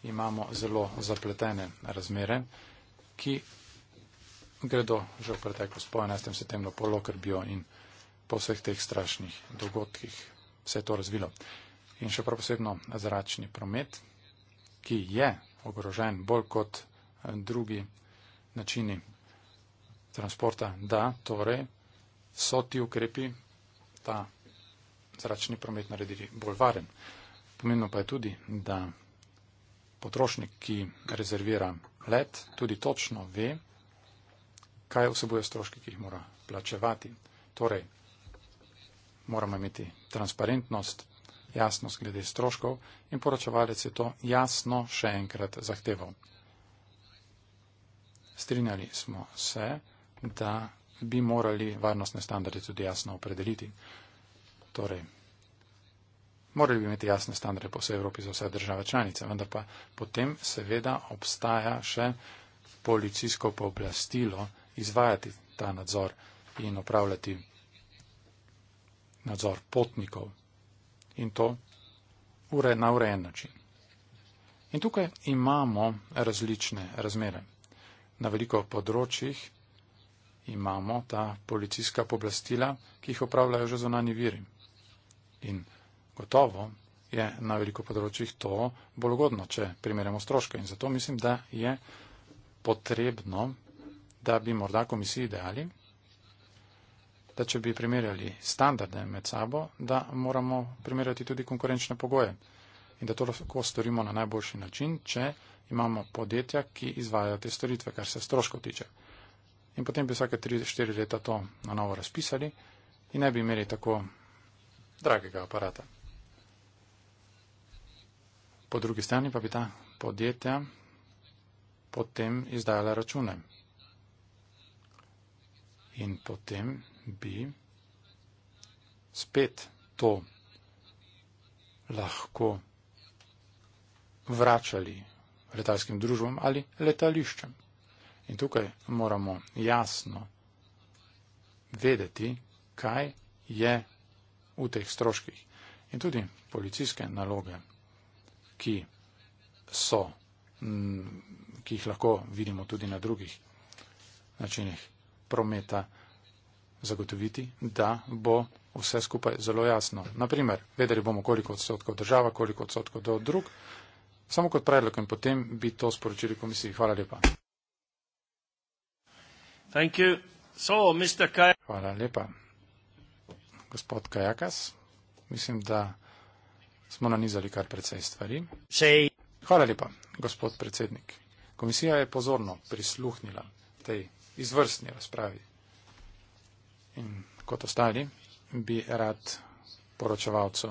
imamo zelo zapletene razmere, ki gredo že v preteklost po 11. septembru, po Lokerbijo in po vseh teh strašnih dogodkih, vse to razvilo. In še prav posebno zračni promet, ki je ogrožen bolj kot eh, drugi načini transporta. Da, torej so ti ukrepi ta zračni promet naredili bolj varen. Pomembno pa je tudi, da potrošnik, ki rezervira let, tudi točno ve, kaj vsebuje stroški, ki jih mora plačevati. Torej, moramo imeti transparentnost, jasnost glede stroškov in poročevalec je to jasno še enkrat zahteval. Strinjali smo se, da bi morali varnostne standarde tudi jasno opredeliti. Torej, morali bi imeti jasne standarde po vsej Evropi za vse države članice, vendar pa potem seveda obstaja še policijsko pooblastilo izvajati ta nadzor in opravljati nadzor potnikov in to na urejen način. In tukaj imamo različne razmere. Na veliko področjih imamo ta policijska poblastila, ki jih upravljajo že zunani viri. In gotovo je na veliko področjih to bolj ugodno, če primerjamo stroške. In zato mislim, da je potrebno, da bi morda komisiji dejali, da če bi primerjali standarde med sabo, da moramo primerjati tudi konkurenčne pogoje. In da to lahko storimo na najboljši način, če imamo podjetja, ki izvajajo te storitve, kar se stroškov tiče. In potem bi vsake 3-4 leta to na novo razpisali in ne bi imeli tako dragega aparata. Po drugi strani pa bi ta podjetja potem izdajala račune. In potem bi spet to lahko vračali letalskim družbam ali letališčem. In tukaj moramo jasno vedeti, kaj je v teh stroških. In tudi policijske naloge, ki so, ki jih lahko vidimo tudi na drugih načinih prometa zagotoviti, da bo vse skupaj zelo jasno. Naprimer, vedeli bomo, koliko odstotkov država, koliko odstotkov do drug, samo kot predlog in potem bi to sporočili komisiji. Hvala lepa. So, Hvala lepa. Gospod Kajakas, mislim, da smo nanizali kar precej stvari. Hvala lepa, gospod predsednik. Komisija je pozorno prisluhnila tej izvrstni razpravi. In kot ostali bi rad poročevalcu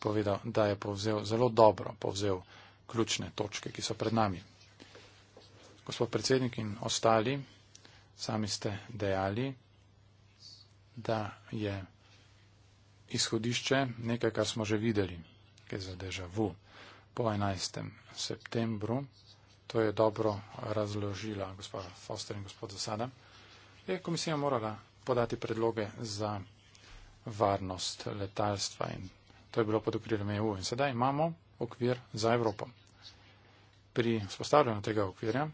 povedal, da je povzel zelo dobro, povzel ključne točke, ki so pred nami. Gospod predsednik in ostali, sami ste dejali, da je izhodišče nekaj, kar smo že videli, ki je zadežavu po 11. septembru. To je dobro razložila gospod Foster in gospod Zasada. Je komisija morala podati predloge za varnost letalstva in to je bilo pod okrilom EU. In sedaj imamo okvir za Evropo. Pri spostavljanju tega okvirja,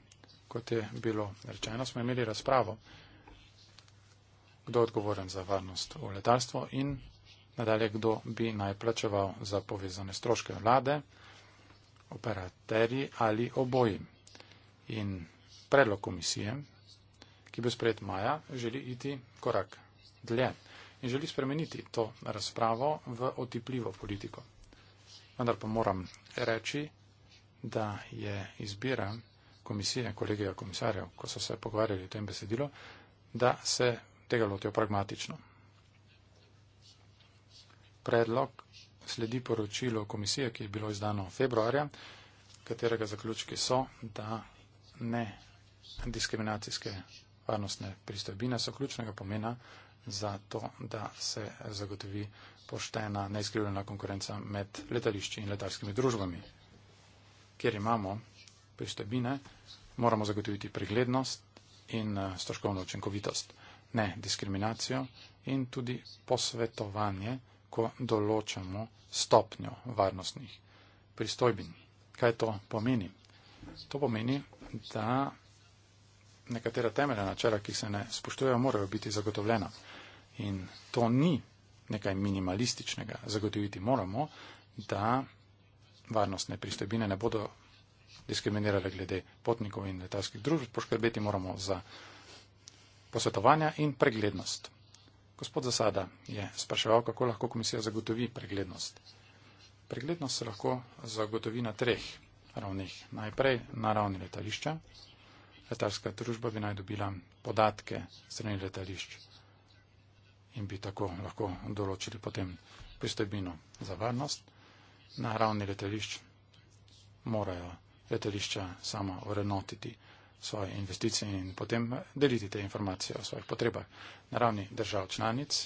kot je bilo rečeno, smo imeli razpravo, kdo je odgovoren za varnost v letalstvu in nadalje, kdo bi najplačeval za povezane stroške vlade, operaterji ali oboji. In predlog komisije, ki bo sprejet maja, želi iti korak dlje in želi spremeniti to razpravo v otipljivo politiko. Vendar pa moram reči, da je izbira komisije, kolegija komisarjev, ko so se pogovarjali o tem besedilo, da se tega lotijo pragmatično. Predlog sledi poročilo komisije, ki je bilo izdano februarja, katerega zaključki so, da ne diskriminacijske varnostne pristojbine so ključnega pomena za to, da se zagotovi poštena, neizkrivljena konkurenca med letališči in letalskimi družbami. Ker imamo pristojbine, moramo zagotoviti preglednost in eh, stroškovno učinkovitost, ne diskriminacijo in tudi posvetovanje, ko določamo stopnjo varnostnih pristojbin. Kaj to pomeni? To pomeni, da nekatera temeljna načela, ki se ne spoštujejo, morajo biti zagotovljena. In to ni nekaj minimalističnega. Zagotoviti moramo, da varnostne pristojbine ne bodo diskriminirale glede potnikov in letalskih družb. Poškrbeti moramo za posvetovanja in preglednost. Gospod Zasada je spraševal, kako lahko komisija zagotovi preglednost. Preglednost se lahko zagotovi na treh ravneh. Najprej na ravni letališča letalska družba bi naj dobila podatke strani letališč in bi tako lahko določili potem pristojbino za varnost. Na ravni letališč morajo letališča sama urenotiti svoje investicije in potem deliti te informacije o svojih potrebah. Na ravni držav članic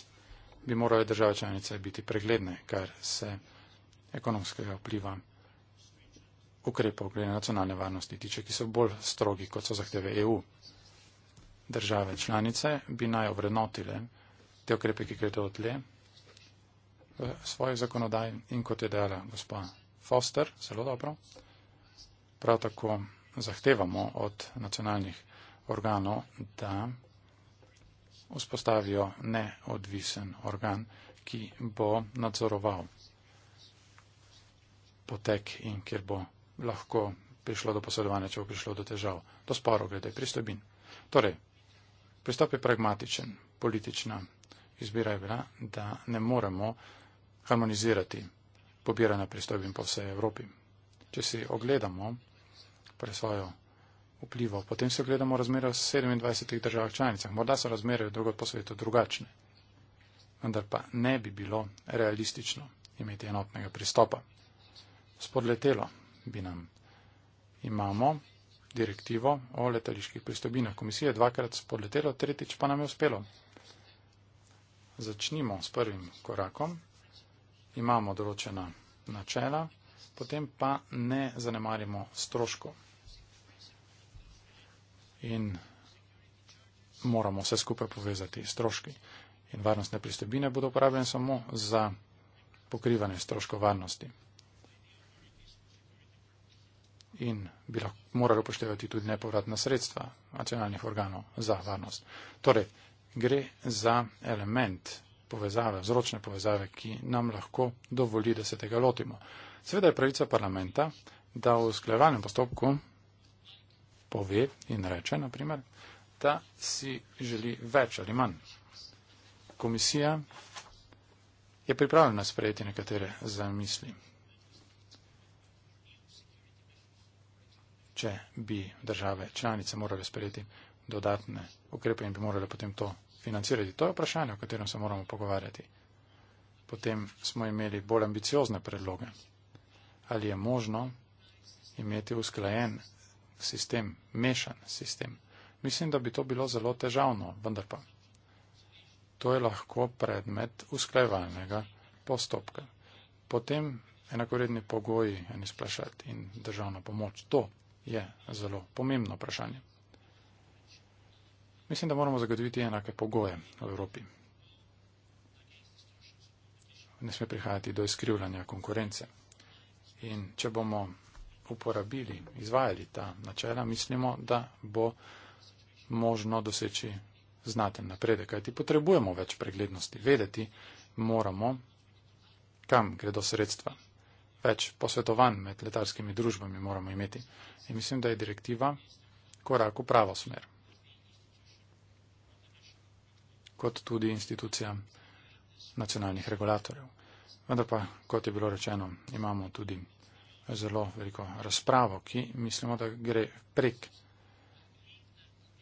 bi morale države članice biti pregledne, kar se ekonomskega vpliva ukrepov glede nacionalne varnosti tiče, ki so bolj strogi, kot so zahteve EU. Države članice bi naj ovrednotile te ukrepe, ki gredo odle v svoji zakonodaji in kot je dejala gospod Foster, zelo dobro. Prav tako zahtevamo od nacionalnih organov, da vzpostavijo neodvisen organ, ki bo nadzoroval potek in kjer bo lahko prišlo do posredovanja, če bo prišlo do težav, do sporo glede pristojbin. Torej, pristop je pragmatičen, politična izbira je bila, da ne moremo harmonizirati pobiranja pristojbin po vsej Evropi. Če si ogledamo presvojo vplivo, potem si ogledamo razmere v 27 državah članicah. Morda so razmere drugod po svetu drugačne, vendar pa ne bi bilo realistično imeti enotnega pristopa. Spodletelo bi nam. Imamo direktivo o letaliških pristobinah. Komisija je dvakrat spodletela, tretjič pa nam je uspelo. Začnimo s prvim korakom. Imamo določena načela, potem pa ne zanemarimo stroškov. In moramo vse skupaj povezati stroški. In varnostne pristobine bodo uporabljene samo za pokrivanje stroškov varnosti in bi lahko morali upoštevati tudi nepovratna sredstva nacionalnih organov za varnost. Torej, gre za element povezave, vzročne povezave, ki nam lahko dovoli, da se tega lotimo. Sveda je pravica parlamenta, da v sklevalnem postopku pove in reče, naprimer, da si želi več ali manj. Komisija je pripravljena sprejeti nekatere zamisli. če bi države članice morale sprejeti dodatne ukrepe in bi morale potem to financirati. To je vprašanje, o katerem se moramo pogovarjati. Potem smo imeli bolj ambiciozne predloge. Ali je možno imeti usklajen sistem, mešan sistem? Mislim, da bi to bilo zelo težavno, vendar pa. To je lahko predmet usklajevalnega postopka. Potem enakoredni pogoji, eni splašati in državna pomoč. To je zelo pomembno vprašanje. Mislim, da moramo zagotoviti enake pogoje v Evropi. Ne sme prihajati do izkrivljanja konkurence. In če bomo uporabili, izvajali ta načela, mislimo, da bo možno doseči znaten napredek. Kajti potrebujemo več preglednosti. Vedeti moramo, kam gredo sredstva več posvetovanj med letalskimi družbami moramo imeti. In mislim, da je direktiva korak v pravo smer. Kot tudi institucija nacionalnih regulatorjev. Vendar pa, kot je bilo rečeno, imamo tudi zelo veliko razpravo, ki mislimo, da gre prek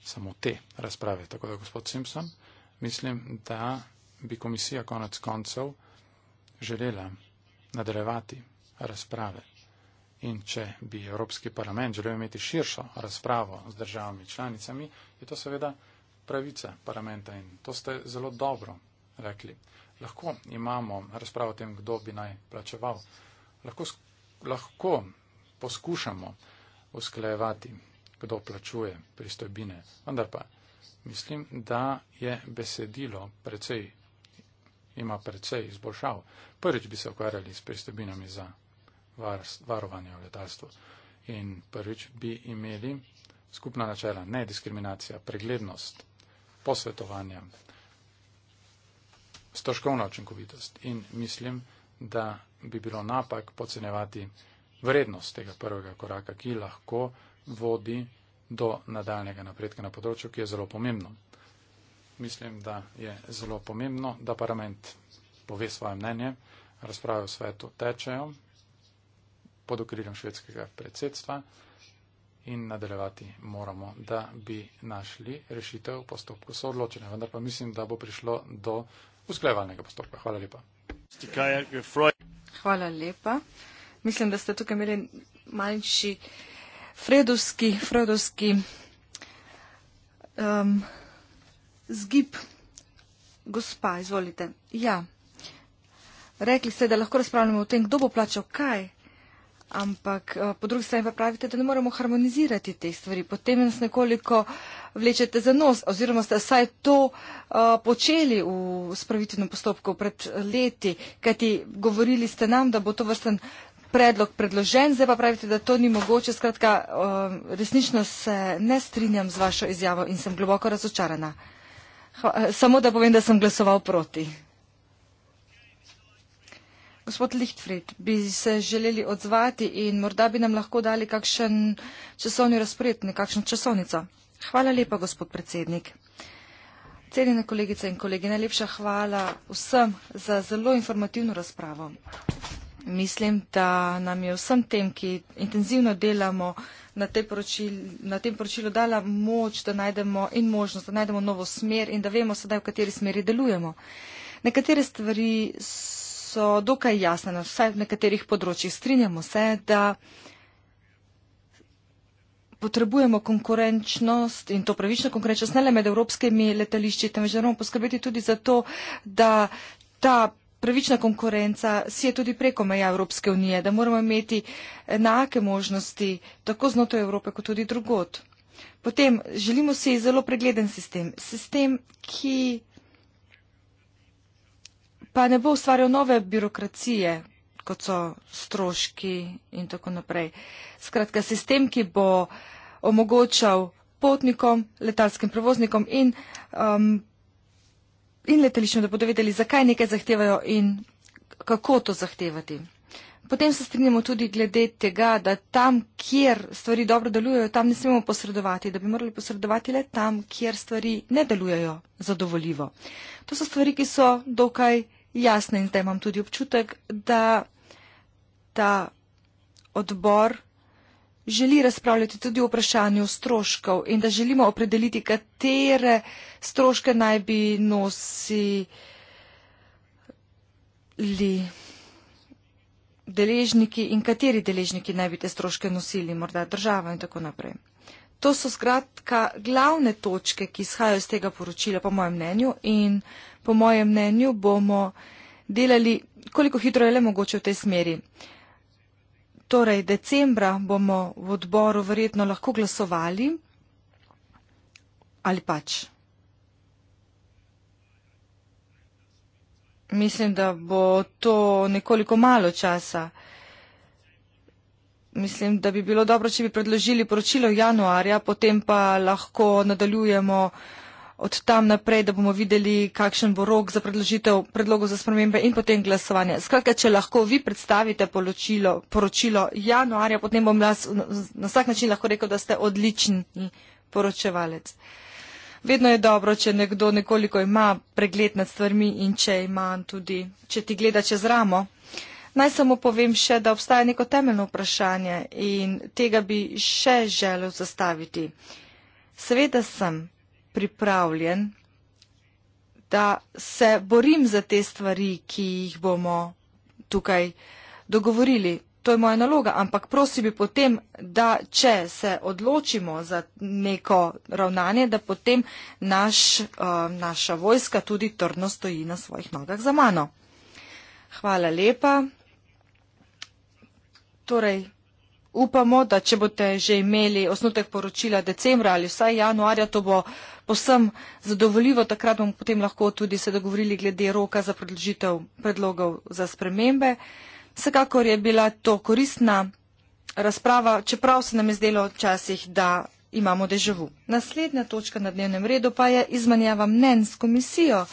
samo te razprave. Tako da, gospod Simpson, mislim, da bi komisija konec koncev želela nadaljevati razprave. In če bi Evropski parlament želel imeti širšo razpravo z državami članicami, je to seveda pravica parlamenta in to ste zelo dobro rekli. Lahko imamo razpravo o tem, kdo bi naj plačeval. Lahko, lahko poskušamo usklejevati, kdo plačuje pristojbine. Vendar pa mislim, da je besedilo precej, ima precej izboljšav. Prvič bi se ukvarjali s pristojbinami za varovanja v letalstvu. In prvič bi imeli skupna načela nediskriminacija, preglednost, posvetovanja, stroškovna očinkovitost. In mislim, da bi bilo napak podcenevati vrednost tega prvega koraka, ki lahko vodi do nadaljnega napredka na področju, ki je zelo pomembno. Mislim, da je zelo pomembno, da parlament pove svoje mnenje, razprave v svetu tečejo, pod okriljem švedskega predsedstva in nadaljevati moramo, da bi našli rešitev v postopku soodločenja. Vendar pa mislim, da bo prišlo do usklajevalnega postopka. Hvala lepa. Hvala lepa. Mislim, da ste tukaj imeli manjši fredovski, fredovski um, zgib. Gospa, izvolite. Ja. Rekli ste, da lahko razpravljamo o tem, kdo bo plačal kaj. Ampak eh, po drugi strani pa pravite, da ne moramo harmonizirati teh stvari. Potem nas nekoliko vlečete za nos oziroma ste vsaj to uh, počeli v spravitvenem postopku pred leti, kajti govorili ste nam, da bo to vrsten predlog predložen, zdaj pa pravite, da to ni mogoče. Skratka, uh, resnično se ne strinjam z vašo izjavo in sem globoko razočarana. Hva, samo da povem, da sem glasoval proti. Gospod Lichtfried, bi se želeli odzvati in morda bi nam lahko dali kakšen časovni razpored, nekakšno časovnico. Hvala lepa, gospod predsednik. Cenjene kolegice in kolegi, najlepša hvala vsem za zelo informativno razpravo. Mislim, da nam je vsem tem, ki intenzivno delamo na, te poročil, na tem poročilu, dala moč, da najdemo in možnost, da najdemo novo smer in da vemo sedaj, v kateri smeri delujemo. Nekatere stvari so so dokaj jasne na vseh nekaterih področjih. Strinjamo se, da potrebujemo konkurenčnost in to pravično konkurenčnost ne le med evropskimi letališči, temveč moramo poskrbeti tudi za to, da ta pravična konkurenca si je tudi preko meja Evropske unije, da moramo imeti enake možnosti tako znotraj Evrope kot tudi drugot. Potem želimo si zelo pregleden sistem, sistem, ki pa ne bo ustvarjal nove birokracije, kot so stroški in tako naprej. Skratka, sistem, ki bo omogočal potnikom, letalskim prevoznikom in, um, in letališčem, da bodo vedeli, zakaj nekaj zahtevajo in kako to zahtevati. Potem se strinjamo tudi glede tega, da tam, kjer stvari dobro delujejo, tam ne smemo posredovati, da bi morali posredovati le tam, kjer stvari ne delujejo zadovoljivo. To so stvari, ki so dokaj jasne in da imam tudi občutek, da ta odbor želi razpravljati tudi o vprašanju stroškov in da želimo opredeliti, katere stroške naj bi nosili deležniki in kateri deležniki naj bi te stroške nosili, morda država in tako naprej. To so skratka glavne točke, ki izhajajo iz tega poročila, po mojem mnenju, in po mojem mnenju, bomo delali, koliko hitro je le mogoče v tej smeri. Torej, decembra bomo v odboru verjetno lahko glasovali ali pač. Mislim, da bo to nekoliko malo časa. Mislim, da bi bilo dobro, če bi predložili poročilo januarja, potem pa lahko nadaljujemo uh, od tam naprej, da bomo videli, kakšen bo rok za predložitev predlogov za spremembe in potem glasovanje. Skratka, če lahko vi predstavite poročilo, poročilo januarja, potem bom jaz na vsak način lahko rekel, da ste odlični poročevalec. Vedno je dobro, če nekdo nekoliko ima pregled nad stvarmi in če ima tudi, če ti gleda čez ramo. Naj samo povem še, da obstaja neko temeljno vprašanje in tega bi še želel zastaviti. Seveda sem pripravljen, da se borim za te stvari, ki jih bomo tukaj dogovorili. To je moja naloga, ampak prosim bi potem, da če se odločimo za neko ravnanje, da potem naš, eh, naša vojska tudi trdno stoji na svojih nogah za mano. Hvala lepa. Torej, upamo, da če boste že imeli osnutek poročila decembra ali vsaj januarja, to bo uh, posem zadovoljivo, takrat bomo potem lahko tudi se dogovorili glede roka za predložitev predlogov za spremembe. Vsekakor je bila to koristna razprava, čeprav se nam je zdelo včasih, da imamo deževu. Naslednja točka na dnevnem redu pa je izmanjava mnen s komisijo.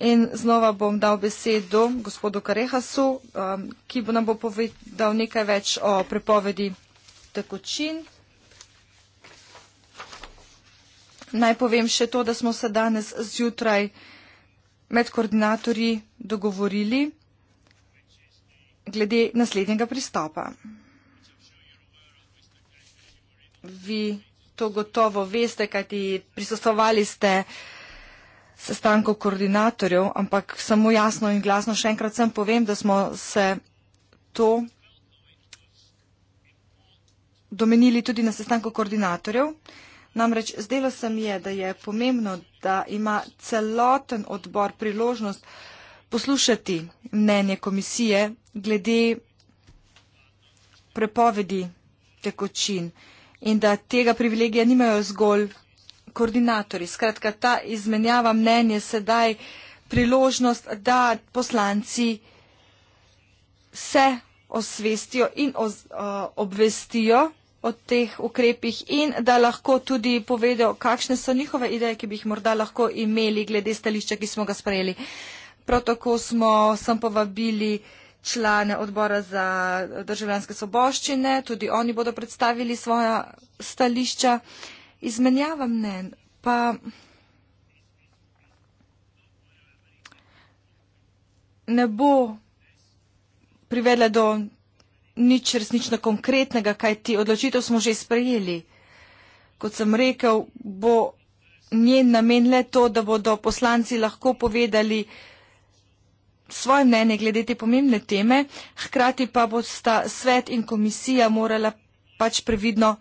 In znova bom dal besedo gospodu Karehasu, um, ki bo nam bo povedal nekaj več o prepovedi tekočin. Naj povem še to, da smo se danes zjutraj med koordinatorji dogovorili glede naslednjega pristopa. Vi to gotovo veste, kajti prisostovali ste sestanku koordinatorjev, ampak samo jasno in glasno še enkrat sem povem, da smo se to domenili tudi na sestanku koordinatorjev. Namreč zdelo se mi je, da je pomembno, da ima celoten odbor priložnost poslušati mnenje komisije glede prepovedi tekočin in da tega privilegija nimajo zgolj koordinatori. Skratka, ta izmenjava mnenje sedaj priložnost, da poslanci se osvestijo in obvestijo o teh ukrepih in da lahko tudi povedo, kakšne so njihove ideje, ki bi jih morda lahko imeli glede stališča, ki smo ga sprejeli. Prav tako smo sem povabili člane odbora za državljanske soboščine, tudi oni bodo predstavili svoja stališča. Izmenjava mnen pa. ne bo privedla do nič resnično konkretnega, kaj ti odločitev smo že sprejeli. Kot sem rekel, bo njen namen le to, da bodo poslanci lahko povedali svoje mnenje glede te pomembne teme, hkrati pa bo sta svet in komisija morala pač previdno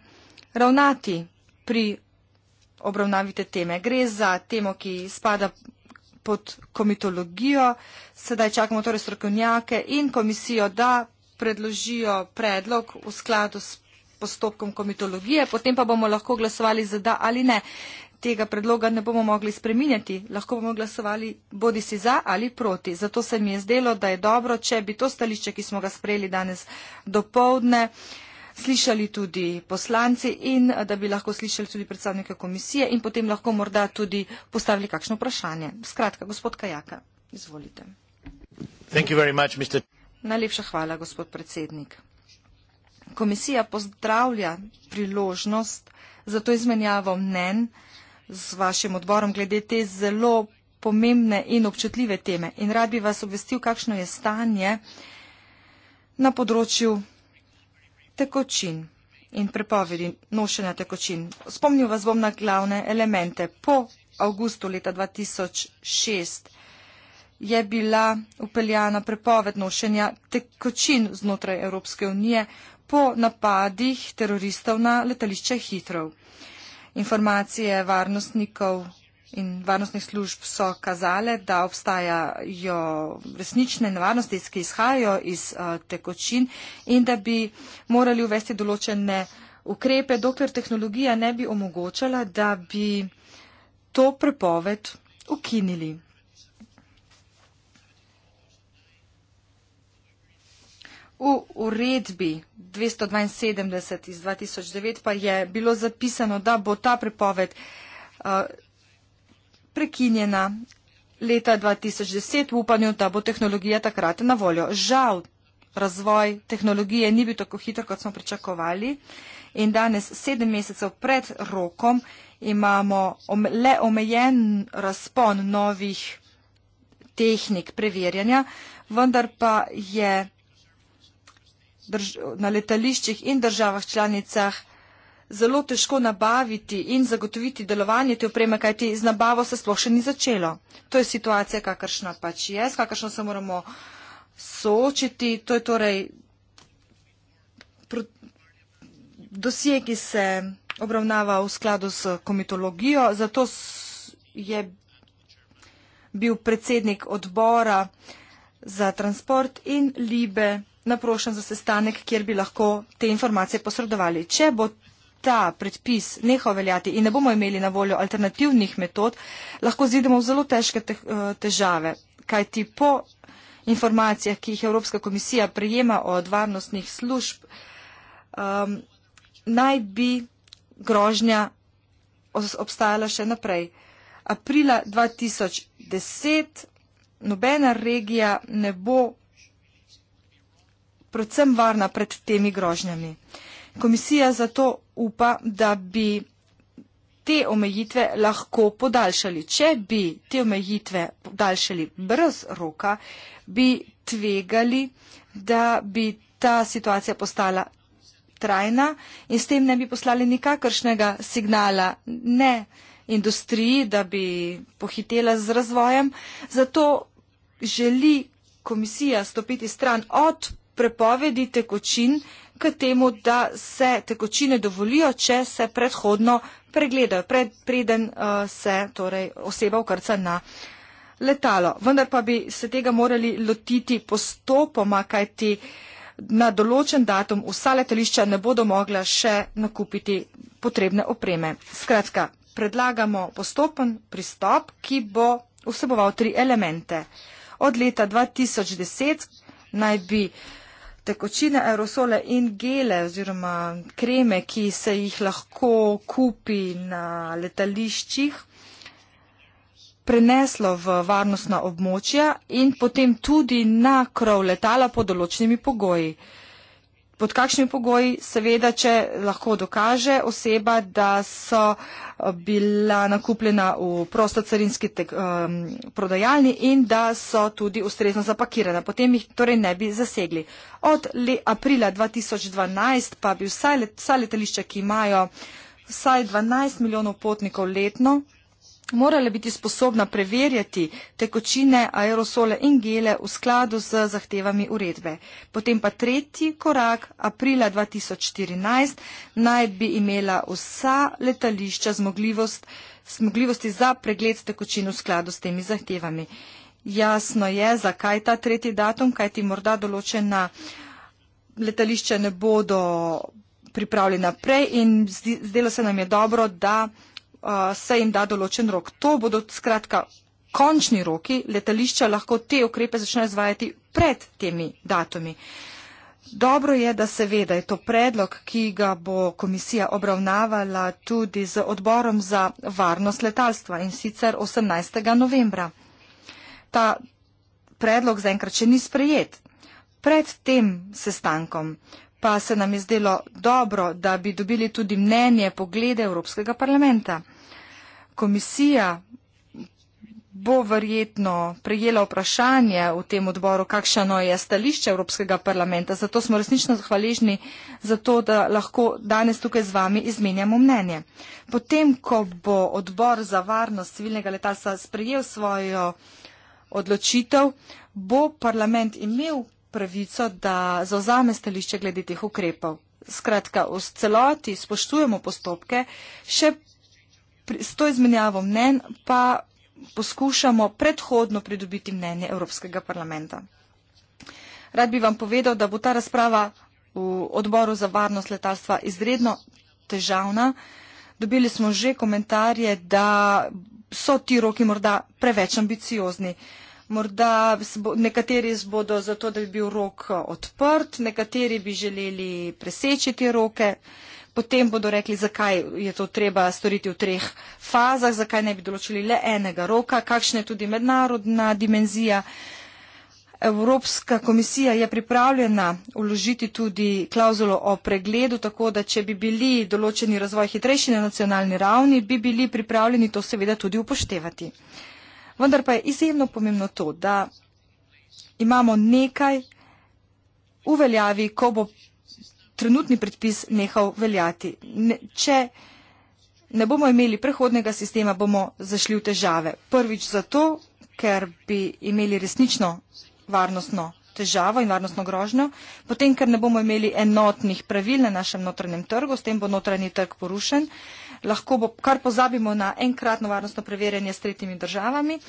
ravnati pri obravnavi te teme. Gre za temo, ki spada pod komitologijo, sedaj čakamo torej strokovnjake in komisijo, da predložijo predlog v skladu s postopkom komitologije, potem pa bomo lahko glasovali za da ali ne. Tega predloga ne bomo mogli spreminjati, lahko bomo glasovali bodi si za ali proti. Zato se mi je zdelo, da je dobro, če bi to stališče, ki smo ga sprejeli danes do povdne, slišali tudi poslanci in eh, da bi lahko slišali tudi predstavnike komisije in potem lahko morda tudi postavili kakšno vprašanje. Skratka, gospod Kajaka, izvolite. Thank you very much, Mr. Najlepša hvala, gospod predsednik. Komisija pozdravlja priložnost za to izmenjavo mnen z vašim odborom glede te zelo pomembne in občutljive teme. In rad bi vas obvestil, kakšno je stanje na področju tekočin in prepovedi nošenja tekočin. Spomnil vas bom na glavne elemente. Po avgustu leta 2006 je bila upeljana prepoved nošenja tekočin znotraj Evropske unije po napadih teroristov na letališče Hitrov. Informacije varnostnikov in varnostnih služb so kazale, da obstajajo resnične nevarnosti, ki izhajajo iz eh, tekočin in da bi morali uvesti določene ukrepe, dokler tehnologija ne bi omogočala, da bi to prepoved ukinili. V uredbi 272 iz 2009 pa je bilo zapisano, da bo ta prepoved eh, prekinjena leta 2010 v upanju, da bo tehnologija takrat na voljo. Žal, razvoj tehnologije ni bil tako hitro, kot smo pričakovali in danes, sedem mesecev pred rokom, imamo le omejen razpon novih tehnik preverjanja, vendar pa je drž, na letališčih in državah članicah zelo težko nabaviti in zagotoviti delovanje te opreme, kajti z nabavo se sploh še ni začelo. To je situacija, kakršna pač je, s kakršno se moramo soočiti. To je torej pro, dosje, ki se obravnava v skladu s komitologijo. Zato je bil predsednik odbora za transport in libe naprošen za sestanek, kjer bi lahko te informacije posredovali. Če bo ta predpis nehal veljati in ne bomo imeli na voljo alternativnih metod, lahko zidemo v zelo težke eh, težave, kaj ti po informacijah, ki jih Evropska komisija prijema od varnostnih služb, um, naj bi grožnja obstajala še naprej. Aprila 2010 nobena regija ne bo predvsem varna pred temi grožnjami. Komisija zato upa, da bi te omejitve lahko podaljšali. Če bi te omejitve podaljšali brez roka, bi tvegali, da bi ta situacija postala trajna in s tem ne bi poslali nikakršnega signala ne industriji, da bi pohitela z razvojem. Zato želi komisija stopiti stran od prepovedi tekočin k temu, da se tekočine dovolijo, če se predhodno pregledajo, pred, preden uh, se torej, oseba vkrca na letalo. Vendar pa bi se tega morali lotiti postopoma, kajti na določen datum vsa letališča ne bodo mogla še nakupiti potrebne opreme. Skratka, predlagamo postopen pristop, ki bo vseboval tri elemente. Od leta 2010 naj bi tekočine, aerosole in gele oziroma kreme, ki se jih lahko kupi na letališčih, preneslo v varnostna območja in potem tudi na krov letala pod določenimi pogoji. Pod kakšnimi pogoji, seveda, če lahko dokaže oseba, da so eh, bila nakupljena v prostocarinski tek, um, prodajalni in da so tudi ustrezno zapakirana. Potem jih torej ne bi zasegli. Od le, aprila 2012 pa bi vsa, let, vsa letališča, ki imajo vsaj 12 milijonov potnikov letno, morale biti sposobna preverjati tekočine, aerosole in gele v skladu z zahtevami uredbe. Potem pa tretji korak, aprila 2014, naj bi imela vsa letališča zmogljivost, zmogljivosti za pregled tekočin v skladu s temi zahtevami. Jasno je, zakaj ta tretji datum, kaj ti morda določena letališča ne bodo pripravljena prej in zdelo se nam je dobro, da Uh, se jim da določen rok. To bodo skratka končni roki, letališča lahko te ukrepe začnejo izvajati pred temi datumi. Dobro je, da seveda je to predlog, ki ga bo komisija obravnavala tudi z odborom za varnost letalstva in sicer 18. novembra. Ta predlog zaenkrat še ni sprejet. Pred tem sestankom pa se nam je zdelo dobro, da bi dobili tudi mnenje poglede Evropskega parlamenta. Komisija bo verjetno prejela vprašanje v tem odboru, kakšno je stališče Evropskega parlamenta. Zato smo resnično hvaležni za to, da lahko danes tukaj z vami izmenjamo mnenje. Potem, ko bo odbor za varnost civilnega letalstva sprejel svojo odločitev, bo parlament imel pravico, da zauzame stališče glede teh ukrepov. Skratka, v celoti spoštujemo postopke, še pri, s to izmenjavo mnen pa poskušamo predhodno pridobiti mnenje Evropskega parlamenta. Rad bi vam povedal, da bo ta razprava v odboru za varnost letalstva izredno težavna. Dobili smo že komentarje, da so ti roki morda preveč ambiciozni. Uh, Morda bo, nekateri bodo zato, da bi bil rok eh, odprt, nekateri bi želeli preseči te roke, potem bodo rekli, zakaj je to treba storiti v treh fazah, zakaj ne bi določili le enega roka, kakšna je tudi mednarodna dimenzija. Evropska komisija je pripravljena uložiti tudi klauzulo o pregledu, tako da če bi bili določeni razvoj hitrejši na nacionalni ravni, bi bili pripravljeni to seveda tudi upoštevati. Vendar pa je izjemno pomembno to, da imamo nekaj v veljavi, ko bo trenutni predpis nehal veljati. Ne, če ne bomo imeli prehodnega sistema, bomo zašli v težave. Prvič zato, ker bi imeli resnično varnostno težavo in varnostno grožnjo, potem ker ne bomo imeli enotnih pravil na našem notranjem trgu, s tem bo notranji trg porušen lahko bo, kar pozabimo na enkratno varnostno preverjanje s tretjimi državami.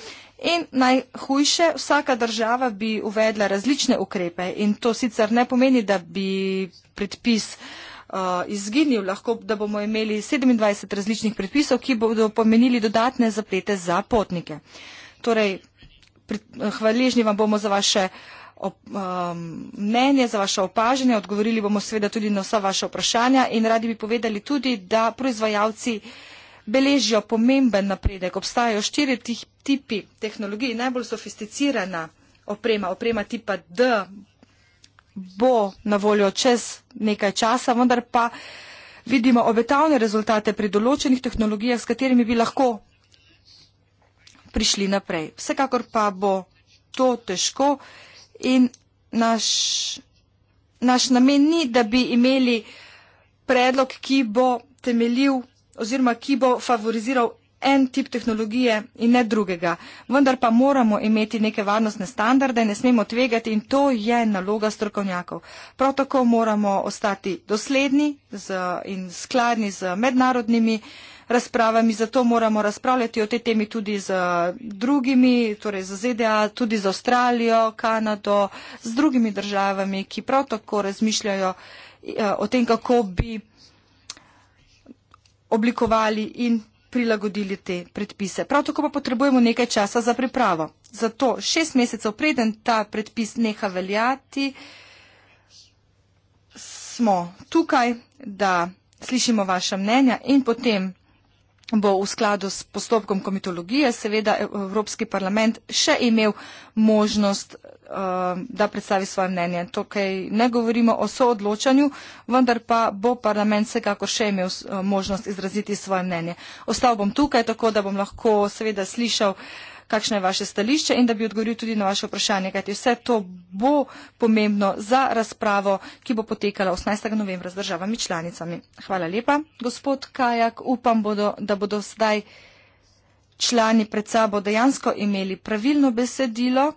In najhujše, vsaka država bi uvedla različne ukrepe in to sicer ne pomeni, da bi predpis uh, izginil, lahko, da bomo imeli 27 različnih predpisov, ki bodo pomenili dodatne zaplete za potnike. Torej, hvaležni vam bomo za vaše uh, um, mnenje, za vaše opažanje. Odgovorili bomo seveda tudi na vsa vaše vprašanja in radi bi povedali tudi, da proizvajalci beležijo pomemben napredek. Obstajajo štiri tipi tehnologij. Najbolj sofisticirana oprema, oprema tipa D, bo na voljo čez nekaj časa, vendar pa vidimo obetavne rezultate pri določenih tehnologijah, s katerimi bi lahko prišli naprej. Vsekakor pa bo to težko in naš, naš namen ni, da bi imeli predlog, ki bo temeljil oziroma ki bo favoriziral en tip tehnologije in ne drugega. Vendar pa moramo imeti neke varnostne standarde, ne smemo tvegati in to je naloga strokovnjakov. Prav tako moramo ostati dosledni z, in skladni z mednarodnimi uh, razpravami, zato moramo razpravljati o tej temi tudi z eh, drugimi, torej z ZDA, tudi z Avstralijo, Kanado, z drugimi državami, ki prav tako razmišljajo eh, o tem, kako bi oblikovali in prilagodili te predpise. Prav tako pa potrebujemo nekaj časa za pripravo. Zato šest mesecev preden ta predpis neha veljati, smo tukaj, da slišimo vaše mnenja in potem bo v skladu s postopkom komitologije seveda Evropski parlament še imel možnost, eh, da predstavi svoje mnenje. Tukaj ne govorimo o soodločanju, vendar pa bo parlament vsekakor še imel eh, možnost izraziti svoje mnenje. Ostal bom tukaj, tako da bom lahko seveda slišal kakšno je vaše stališče in da bi odgovoril tudi na vaše vprašanje, kajti vse to bo pomembno za razpravo, ki bo potekala 18. novembra z državami članicami. Hvala lepa, gospod Kajak. Upam, bodo, da bodo zdaj člani pred sabo dejansko imeli pravilno besedilo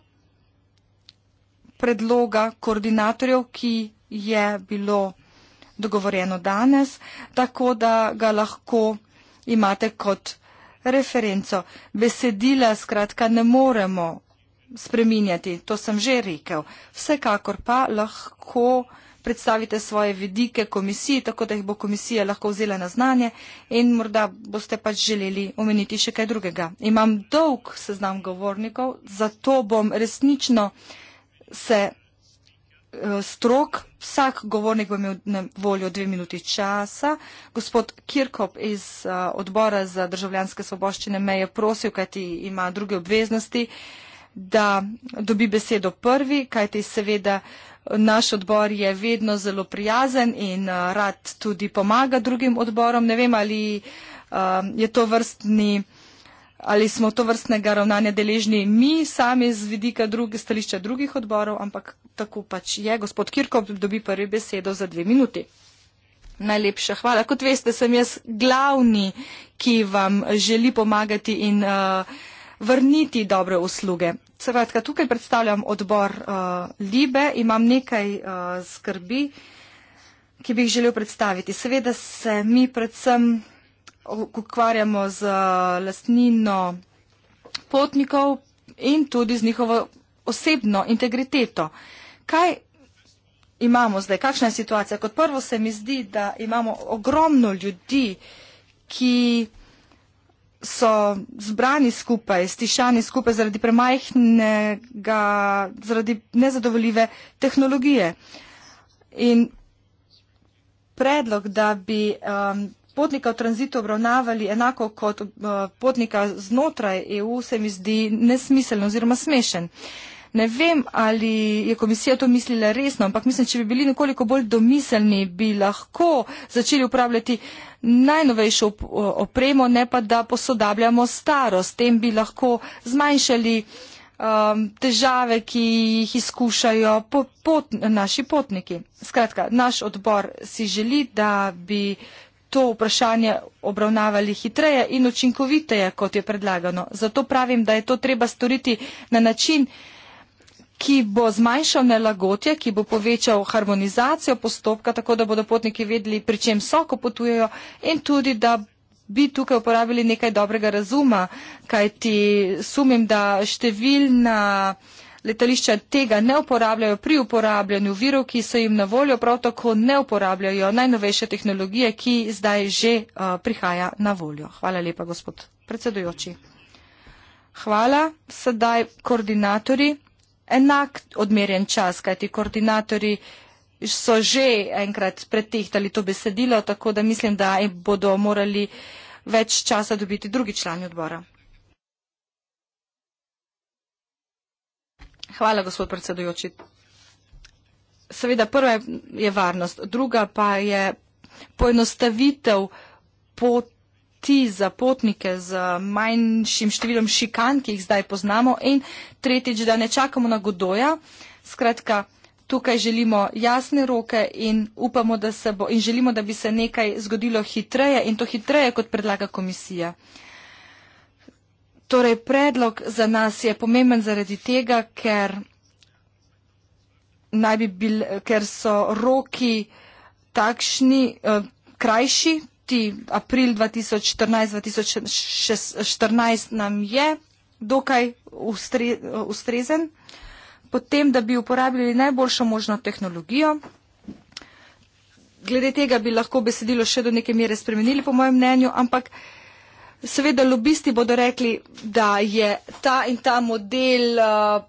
predloga koordinatorjev, ki je bilo dogovorjeno danes, tako da ga lahko imate kot referenco. Besedila skratka ne moremo spreminjati, to sem že rekel. Vsekakor pa lahko predstavite svoje vidike komisiji, tako da jih bo komisija lahko vzela na znanje in morda boste pač želeli omeniti še kaj drugega. Imam dolg seznam govornikov, zato bom resnično se Eh, strok, vsak govornik bo imel na voljo dve minuti časa. Gospod Kirkop iz eh, odbora za državljanske svoboščine me je prosil, kajti ima druge obveznosti, da dobi besedo prvi, kajti seveda eh, naš odbor je vedno zelo prijazen in rad tudi pomaga drugim odborom. Ne vem, ali je to vrstni ali smo to vrstnega ravnanja deležni mi sami z vidika druge, stališča drugih odborov, ampak tako pač je. Gospod Kirko dobi prvi besedo za dve minuti. Najlepša hvala. Kot veste, sem jaz glavni, ki vam želi pomagati in uh, vrniti dobre usluge. Svetka, tukaj predstavljam odbor uh, Libe, imam nekaj uh, skrbi, ki bi jih želel predstaviti. Seveda se mi predvsem ukvarjamo z eh, lastnino potnikov in tudi z njihovo osebno integriteto. Kaj imamo zdaj? Kakšna je situacija? Kot prvo se mi zdi, da imamo ogromno ljudi, ki so zbrani skupaj, stišani skupaj zaradi premajhnega, zaradi nezadovoljive tehnologije. In predlog, da bi um, potnika v tranzitu obravnavali enako kot eh, potnika znotraj EU, se mi zdi nesmiselno oziroma smešen. Ne vem, ali je komisija to mislila resno, ampak mislim, če bi bili nekoliko bolj domiselni, bi lahko začeli upravljati najnovejšo eh, opremo, ne pa da posodabljamo starost. Tem bi lahko zmanjšali um, težave, ki jih izkušajo po, pot, naši potniki. Skratka, naš odbor si želi, da bi to vprašanje obravnavali hitreje in učinkoviteje, kot je predlagano. Zato pravim, da je to treba storiti na način, ki bo zmanjšal nelagotje, ki bo povečal harmonizacijo postopka, tako da bodo potniki vedeli, pri čem so, ko potujejo in tudi, da bi tukaj uporabili nekaj dobrega razuma, kajti sumim, da številna. Uh, letališča tega ne uporabljajo pri uporabljanju virov, ki so jim na voljo, prav tako ne uporabljajo najnovejše tehnologije, ki zdaj že uh, prihaja na voljo. Hvala lepa, gospod predsedujoči. Hvala. Sedaj koordinatori. Enak odmerjen čas, kajti koordinatori so že enkrat pretehtali to besedilo, tako da mislim, da bodo morali več časa dobiti drugi člani odbora. Hvala, gospod predsedujoči. Seveda, prva je varnost, druga pa je poenostavitev poti za potnike z manjšim številom šikan, ki jih zdaj poznamo, in tretjič, da ne čakamo na godoja. Skratka, tukaj želimo jasne roke in upamo, da se bo in želimo, da bi se nekaj zgodilo hitreje in to hitreje, kot predlaga komisija. Torej, predlog za nas je pomemben zaradi tega, ker, bi bil, ker so roki takšni eh, krajši, ti april 2014-2014 nam je dokaj ustre, ustrezen, potem, da bi uporabljali najboljšo možno tehnologijo. Glede tega bi lahko besedilo še do neke mere spremenili, po mojem mnenju, ampak. Seveda, lobisti bodo rekli, da je ta in ta model uh,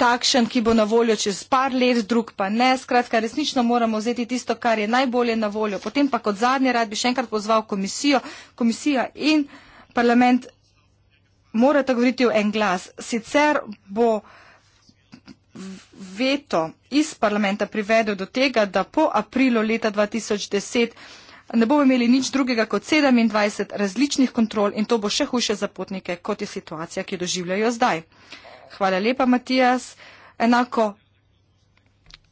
takšen, ki bo na voljo čez par let, drug pa ne. Skratka, resnično moramo vzeti tisto, kar je najbolje na voljo. Potem pa kot zadnje rad bi še enkrat pozval komisijo. Komisija in parlament morata govoriti v en glas. Sicer bo veto iz parlamenta privedel do tega, da po aprilu leta 2010 ne bomo imeli nič drugega kot 27 različnih kontrol in to bo še hujše za potnike, kot je situacija, ki jo doživljajo zdaj. Hvala lepa, Matijas. Enako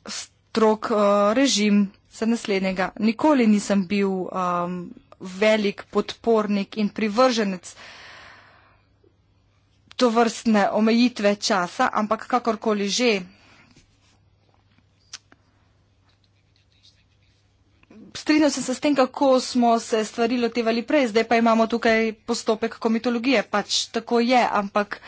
strok uh, eh, režim za naslednjega. Nikoli nisem bil um, velik podpornik in privrženec to vrstne omejitve časa, ampak kakorkoli že. strinjal sem se s tem, kako smo se stvari lotevali prej, zdaj pa imamo tukaj postopek komitologije, pač tako je, ampak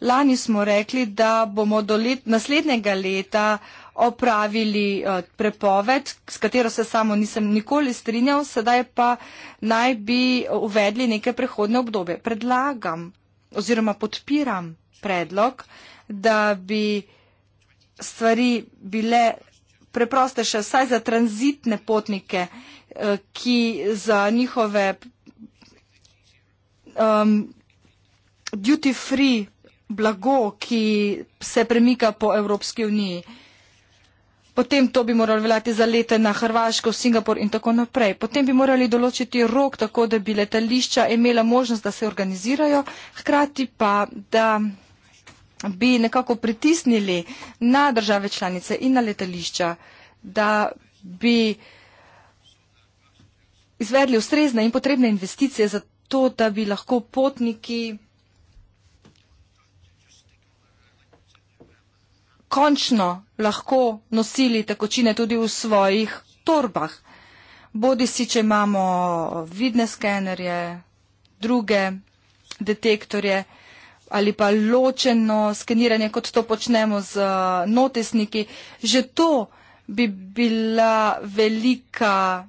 lani smo rekli, da bomo do let, naslednjega leta opravili uh, prepoved, s katero se samo nisem nikoli strinjal, sedaj pa naj bi uvedli neke prehodne obdobje. Predlagam oziroma podpiram predlog, da bi stvari bile preprostejše, saj za tranzitne potnike, eh, ki za njihove um, duty free blago, ki se premika po Evropski uniji. Potem to bi moralo veljati za lete na Hrvaško, Singapur in tako naprej. Potem bi morali določiti rok, tako da bi letališča imela možnost, da se organizirajo, hkrati pa, da bi nekako pritisnili na države članice in na letališča, da bi izvedli ustrezne in potrebne investicije za to, da bi lahko potniki končno lahko nosili tekočine tudi v svojih torbah. Bodi si, če imamo vidne skenerje, druge detektorje ali pa ločeno skeniranje, kot to počnemo z eh, notesniki, že to bi bila velika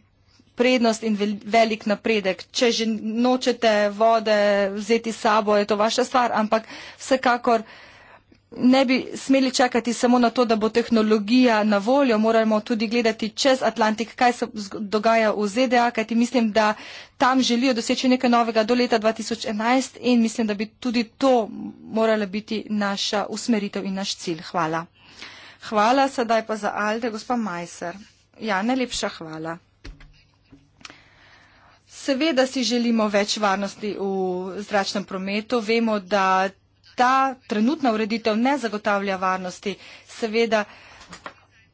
prednost in velik napredek. Če že nočete vode vzeti sabo, je to vaša stvar, ampak vsekakor ne bi smeli čakati samo na to, da bo tehnologija na voljo, moramo tudi gledati čez Atlantik, kaj se dogaja v ZDA, kajti mislim, da tam želijo doseči nekaj novega do leta 2011 in mislim, da bi tudi to morala biti naša usmeritev in naš cilj. Hvala. Hvala sedaj pa za Alde, gospa Majser. Ja, najlepša hvala. Seveda si želimo več varnosti v zračnem prometu. Vemo, da ta trenutna ureditev ne zagotavlja varnosti. Seveda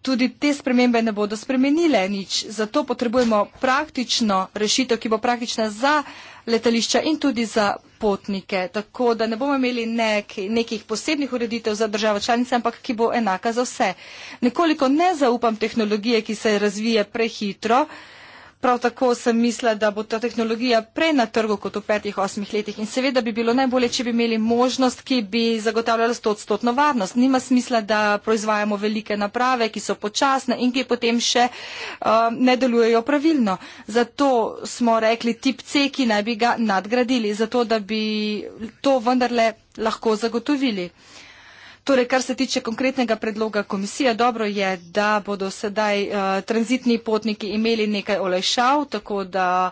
tudi te spremembe ne bodo spremenile nič. Zato potrebujemo praktično rešitev, ki bo praktična za letališča in tudi za potnike. Tako da ne bomo imeli nek, nekih posebnih ureditev za državo članice, ampak ki bo enaka za vse. Nekoliko ne zaupam tehnologije, ki se razvije prehitro. Uh, Prav tako sem mislila, da bo ta tehnologija prej na trgu kot v petih, osmih letih in seveda bi bilo najbolje, če bi imeli možnost, ki bi zagotavljala 100-stotno varnost. Nima smisla, da proizvajamo velike naprave, ki so počasne in ki potem še uh, ne delujejo pravilno. Zato smo rekli tip C, ki naj bi ga nadgradili, zato da bi to vendarle lahko zagotovili. Uh, Torej, kar se tiče konkretnega predloga komisije, dobro je, da bodo sedaj uh, tranzitni potniki imeli nekaj olajšav, tako da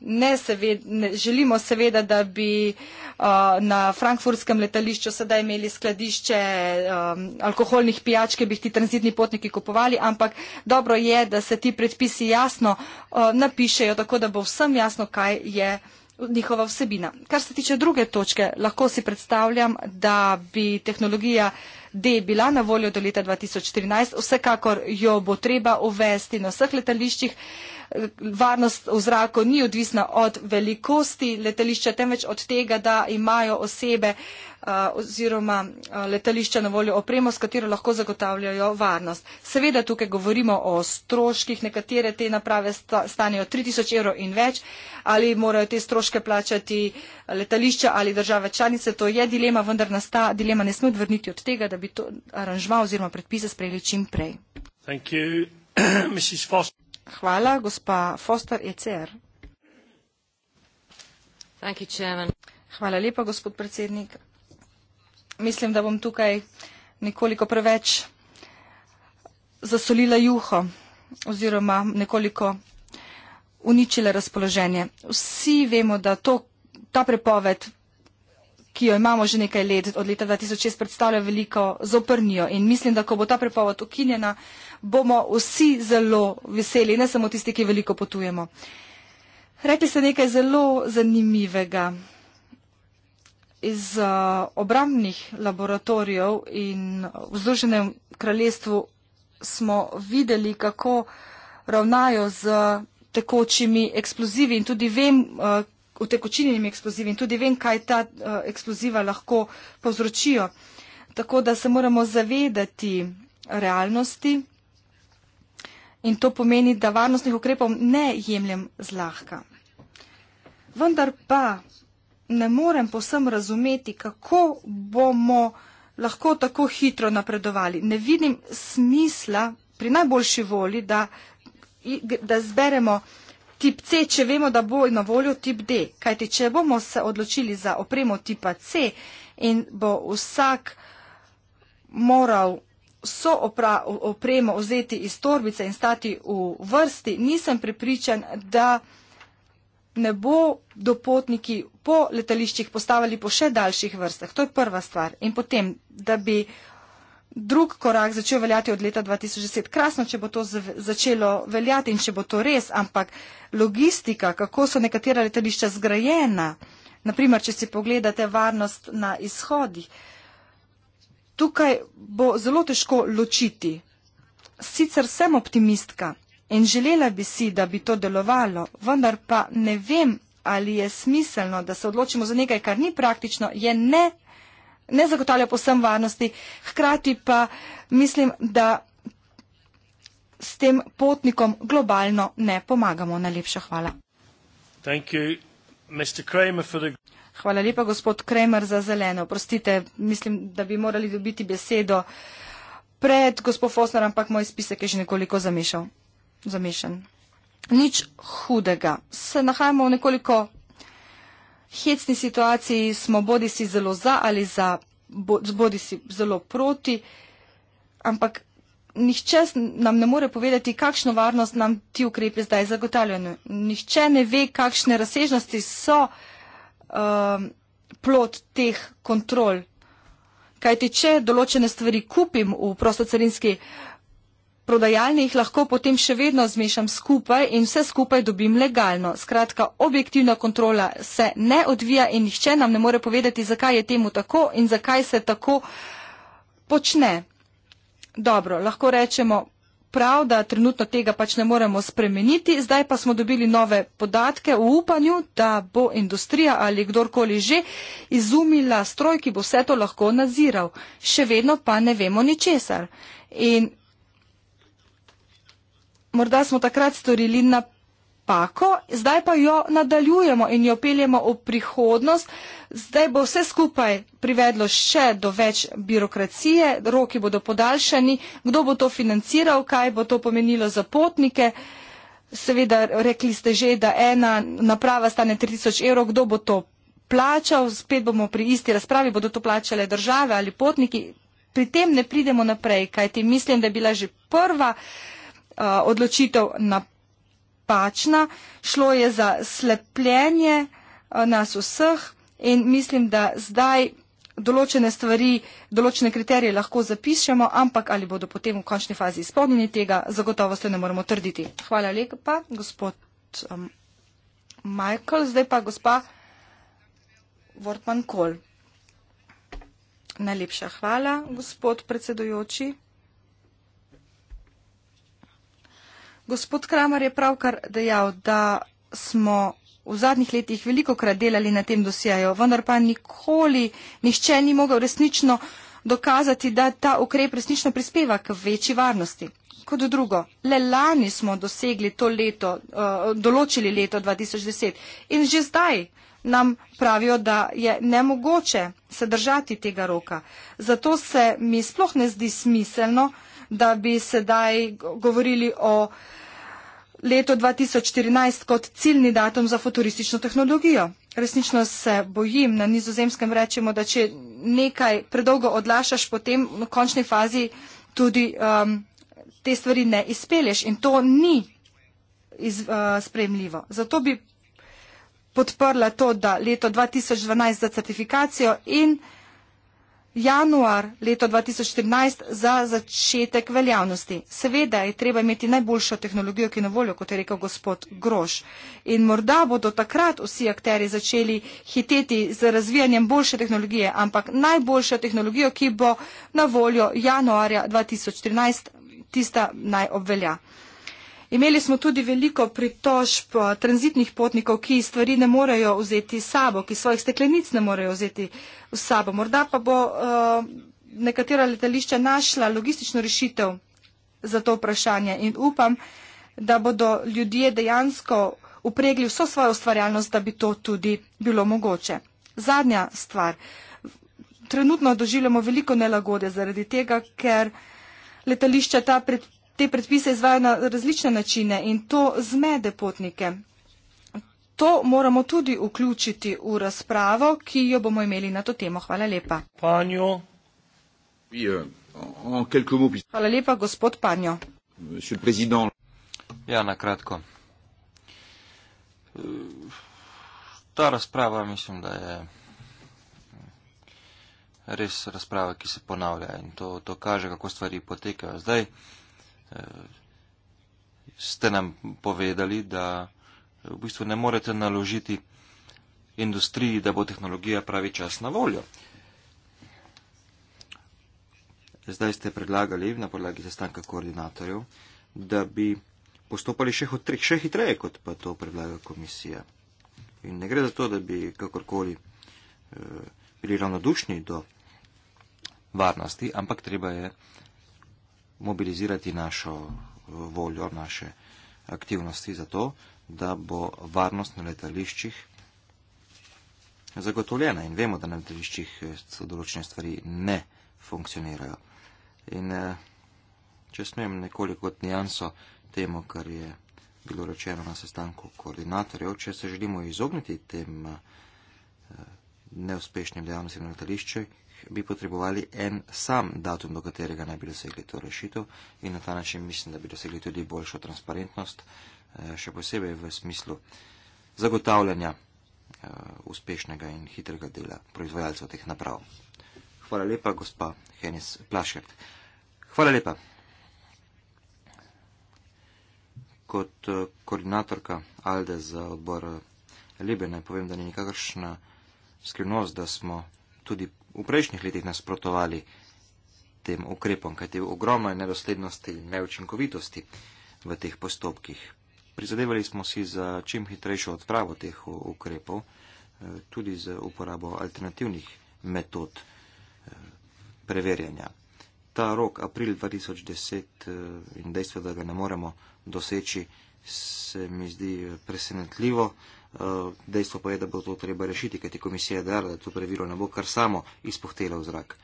ne seved, ne, želimo seveda, da bi uh, na frankfurskem letališču sedaj imeli skladišče um, alkoholnih pijač, ki bi jih ti tranzitni potniki kupovali, ampak dobro je, da se ti predpisi jasno uh, napišejo, tako da bo vsem jasno, kaj je njihova vsebina. Kar se tiče druge točke, lahko si predstavljam, da bi tehnologija D bila na voljo do leta 2014. Vsekakor jo bo treba uvesti na vseh letališčih. Varnost v zraku ni odvisna od velikosti letališča, temveč od tega, da imajo osebe uh, oziroma letališča na voljo opremo, s katero lahko zagotavljajo varnost. Seveda tukaj govorimo o stroških, nekatere te naprave stanejo 3000 evrov in več, ali morajo te stroške plačati letališča ali države članice. To je dilema, vendar nas ta dilema ne sme odvrniti od tega, da bi to aranžma oziroma predpise sprejeli čim prej. Hvala, gospa Foster ECR. Hvala lepa, gospod predsednik mislim, da bom tukaj nekoliko preveč zasolila juho oziroma nekoliko uničila razpoloženje. Vsi vemo, da to, ta prepoved, ki jo imamo že nekaj let, od leta 2006, predstavlja veliko zoprnijo in mislim, da ko bo ta prepoved ukinjena, bomo vsi zelo veseli, ne samo tisti, ki veliko potujemo. Rekli ste nekaj zelo zanimivega iz eh, obramnih laboratorijev in v Združenem kraljestvu smo videli, kako ravnajo z tekočimi eksplozivi in tudi vem, v eh, tekočinjenimi eksplozivi in tudi vem, kaj ta eh, eksploziva lahko povzročijo. Tako da se moramo zavedati realnosti in to pomeni, da varnostnih ukrepov ne jemljem zlahka. Vendar pa ne morem posem razumeti, kako bomo lahko tako hitro napredovali. Ne vidim smisla pri najboljši voli, da, da zberemo tip C, če vemo, da bo na voljo tip D. Kajti, če bomo se odločili za opremo tipa C in bo vsak moral so opremo vzeti iz torbice in stati v vrsti, nisem pripričan, da ne bo dopotniki po letališčih postavili po še daljših vrstah. To je prva stvar. In potem, da bi drug korak začel veljati od leta 2010. Krasno, če bo to začelo veljati in če bo to res, ampak logistika, kako so nekatera letališča zgrajena, naprimer, če si pogledate varnost na izhodih, tukaj bo zelo težko ločiti. Sicer sem optimistka, In želela bi si, da bi to delovalo, vendar pa ne vem, ali je smiselno, da se odločimo za nekaj, kar ni praktično, je ne, ne zagotavlja posem varnosti. Hkrati pa mislim, da s tem potnikom globalno ne pomagamo. Najlepša hvala. Hvala lepa, gospod Kramer, za zeleno. Prostite, mislim, da bi morali dobiti besedo pred gospod Fosner, ampak moj spisek je že nekoliko zamišal zamišljen. Nič hudega. Se nahajamo v nekoliko hecni situaciji, smo bodi si zelo za ali za, bodi si zelo proti, ampak nihče nam ne more povedati, kakšno varnost nam ti ukrepi zdaj zagotavljajo. Nihče ne ve, kakšne razsežnosti so um, plot teh kontrol. Kajti, če določene stvari kupim v prostocarinski. Uh, prodajalni jih lahko potem še vedno zmešam skupaj in vse skupaj dobim legalno. Skratka, objektivna kontrola se ne odvija in nihče nam ne more povedati, zakaj je temu tako in zakaj se tako počne. Dobro, lahko rečemo prav, da trenutno tega pač ne moremo spremeniti, zdaj pa smo dobili nove podatke v upanju, da bo industrija ali kdorkoli že izumila stroj, ki bo vse to lahko naziral. Še vedno pa ne vemo ničesar. In morda smo takrat storili napako, zdaj pa jo nadaljujemo in jo peljemo v prihodnost. Zdaj bo vse skupaj privedlo še do več birokracije, roki bodo podaljšani, kdo bo to financiral, kaj bo to pomenilo za potnike. Seveda, rekli ste že, da ena naprava stane 3000 evrov, kdo bo to plačal, spet bomo pri isti razpravi, bodo to plačale države ali potniki. Pri tem ne pridemo naprej, kajti mislim, da je bila že prva. Eh, odločitev napačna, šlo je za slepljenje eh, nas vseh in mislim, da zdaj določene stvari, določene kriterije lahko zapišemo, ampak ali bodo potem v končni fazi izpolnjeni tega, zagotovo se ne moremo trditi. Hvala lepa, gospod um, Michael. Zdaj pa gospa Wortman-Kohl. Najlepša hvala, gospod predsedujoči. Gospod Kramer je pravkar dejal, da smo v zadnjih letih veliko krat delali na tem dosijaju, vendar pa nikoli nišče ni mogel resnično dokazati, da ta ukrep resnično prispeva k večji varnosti. Kot drugo, le lani smo dosegli to leto, eh, določili leto 2010 in že zdaj nam pravijo, da je nemogoče se držati tega roka. Zato se mi sploh ne zdi smiselno, da bi sedaj govorili o letu 2014 kot ciljni datum za futuristično tehnologijo. Resnično se bojim, na nizozemskem rečemo, da če nekaj predolgo odlašaš, potem v končni fazi tudi um, te stvari ne izpelješ in to ni iz, uh, spremljivo. Zato bi podprla to, da leto 2012 za certifikacijo in januar leto 2014 za začetek veljavnosti. Seveda je treba imeti najboljšo tehnologijo, ki je na voljo, kot je rekel gospod Groš. In morda bodo takrat vsi akteri začeli hiteti z razvijanjem boljše tehnologije, ampak najboljšo tehnologijo, ki bo na voljo januarja 2014, tista naj obvelja. Imeli smo tudi veliko pritožb eh, tranzitnih potnikov, ki stvari ne morejo vzeti sabo, ki svojih steklenic ne morejo vzeti v sabo. Morda pa bo uh, nekatera letališča našla logistično rešitev za to vprašanje in upam, da bodo ljudje dejansko upregli vso svojo ustvarjalnost, da bi to tudi bilo mogoče. Zadnja stvar. Trenutno doživljamo veliko nelagode zaradi tega, ker letališča ta predpis te predpise izvajo na različne načine in to zmede potnike. To moramo tudi vključiti v razpravo, ki jo bomo imeli na to temo. Hvala lepa. Panjo. Euh, Hvala lepa, gospod Panjo. Ja, na kratko. Ta razprava mislim, da je res razprava, ki se ponavlja in to, to kaže, kako stvari potekajo. Zdaj, Eh, ste nam povedali, da eh, v bistvu ne morete naložiti industriji, da bo tehnologija pravi čas na voljo. Zdaj ste predlagali na podlagi sestanka koordinatorjev, da bi postopali še, hotri, še hitreje, kot pa to predlaga komisija. In ne gre za to, da bi kakorkoli eh, bili ravnodušni do varnosti, ampak treba je eh, mobilizirati našo eh, voljo, naše aktivnosti za to, da bo varnost na letališčih zagotovljena. In vemo, da na letališčih eh, so določene stvari ne funkcionirajo. In eh, če smem nekoliko kot nijanso temu, kar je bilo rečeno na sestanku koordinatorjev, če se želimo izogniti tem neuspešnim dejavnostim na letališčih, bi potrebovali en sam datum, do katerega naj bi dosegli to rešitev in na ta način mislim, da bi dosegli tudi boljšo transparentnost, eh, še posebej v smislu zagotavljanja eh, uspešnega in hitrega dela proizvajalcev teh naprav. Hvala lepa, gospa Henis Plašert. Hvala lepa. Kot eh, koordinatorka ALDE za odbor Libe naj povem, da ni nikakršna skrivnost, da smo tudi v prejšnjih letih nasprotovali tem ukrepom, kajte ogromno je nedoslednosti in neučinkovitosti v teh postopkih. Prizadevali smo si za čim hitrejšo odpravo teh ukrepov, eh, tudi z uporabo alternativnih metod eh, preverjanja. Ta rok, april 2010 eh, in dejstvo, da ga ne moremo doseči, se mi zdi presenetljivo. Eh, dejstvo pa je, da bo to treba rešiti, kajti komisija je dala, da to pravilo ne bo kar samo izpuhtelo v zrak.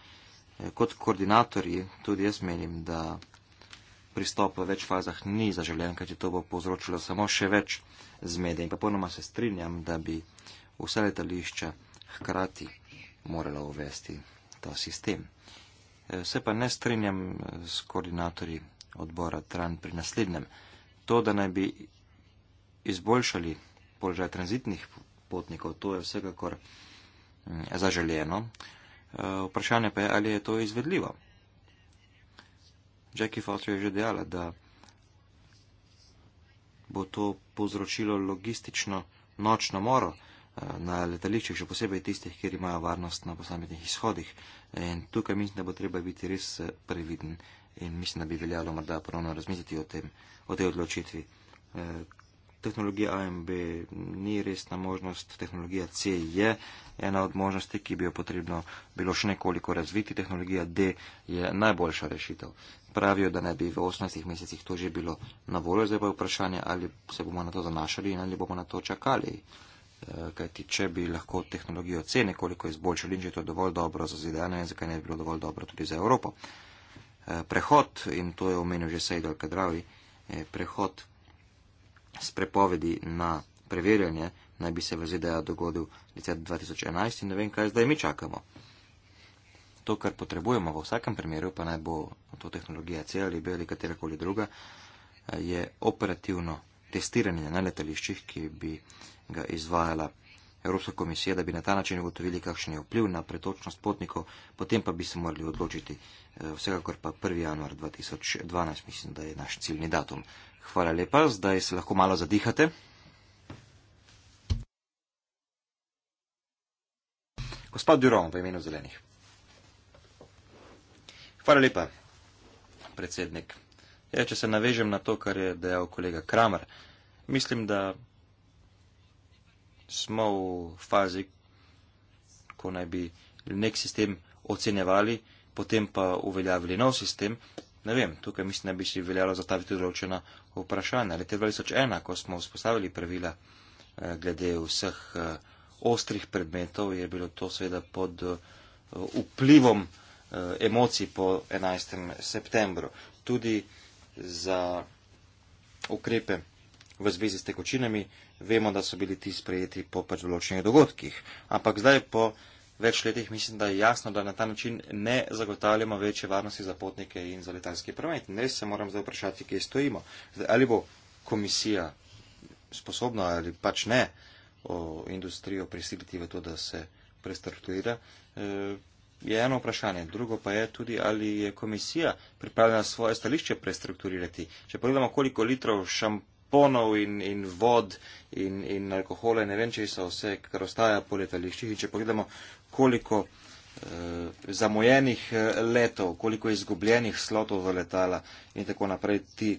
Eh, kot koordinatorji tudi jaz menim, da pristop v več fazah ni zaželen, kajti to bo povzročilo samo še več zmede. In pa ponoma se strinjam, da bi vse letališča hkrati morala uvesti ta sistem. Eh, se pa ne strinjam s koordinatorji odbora Tran pri naslednjem. To, da naj bi izboljšali položaj tranzitnih potnikov, to je vsekakor mm, zaželjeno. Eh, vprašanje pa je, ali je to izvedljivo. Jackie Foster je že dejala, da bo to povzročilo logistično nočno moro eh, na letališčih, še posebej tistih, kjer imajo varnost na posameznih izhodih. In tukaj mislim, da bo treba biti res eh, previden in mislim, da bi veljalo morda ponovno razmisliti o, tem, o tej odločitvi, tehnologija AMB ni resna možnost, tehnologija C je ena od možnosti, ki bi jo potrebno bilo še nekoliko razviti, tehnologija D je najboljša rešitev. Pravijo, da naj bi v 18 mesecih to že bilo na voljo, zdaj pa je vprašanje, ali se bomo na to zanašali in ali bomo na to čakali. Eh, kajti, če bi lahko tehnologijo C nekoliko izboljšali in če je to dovolj dobro za ZDA, ne vem, zakaj ne bi bilo dovolj dobro tudi za Evropo. Eh, prehod, in to je omenil že Sejdel Kadravi, eh, prehod s prepovedi na preverjanje, naj bi se v ZDA dogodil leta 2011 in ne vem, kaj zdaj mi čakamo. To, kar potrebujemo v vsakem primeru, pa naj bo to tehnologija C ali B ali katerakoli druga, je operativno testiranje na letališčih, ki bi ga izvajala Evropska komisija, da bi na ta način ugotovili, kakšen je vpliv na pretočnost potnikov, potem pa bi se morali odločiti eh, vsekakor pa 1. januar 2012, mislim, da je naš ciljni datum. Hvala lepa, zdaj se lahko malo zadihate. Gospod Duron, v imenu zelenih. Hvala lepa, predsednik. Ja, če se navežem na to, kar je dejal kolega Kramer, mislim, da smo v fazi, ko naj bi nek sistem ocenjevali, potem pa uveljavili nov sistem. Ne vem, tukaj mislim, da bi si veljalo zastaviti določena vprašanj, ali te 2001, ko smo vzpostavili pravila eh, glede vseh eh, ostrih predmetov, je bilo to seveda pod eh, vplivom emocij po 11. septembru. Tudi za ukrepe v zvezi s tekočinami vemo, da so bili ti sprejeti po pač določenih dogodkih. Ampak zdaj po več letih mislim, da je jasno, da na ta način ne zagotavljamo večje varnosti za potnike in za letalski promet. Ne se moram zdaj vprašati, kje stojimo. Zdaj, ali bo komisija sposobna ali pač ne o industrijo prisiliti v to, da se prestartuira, e, je eno vprašanje. Drugo pa je tudi, ali je komisija pripravljena svoje stališče prestrukturirati. Če pogledamo, koliko litrov šamponov in, in vod in, in alkohole, ne vem, če so vse, kar ostaja po letališčih, in če pogledamo, koliko e, zamojenih eh, letov, koliko izgubljenih slotov v letala in tako naprej ti,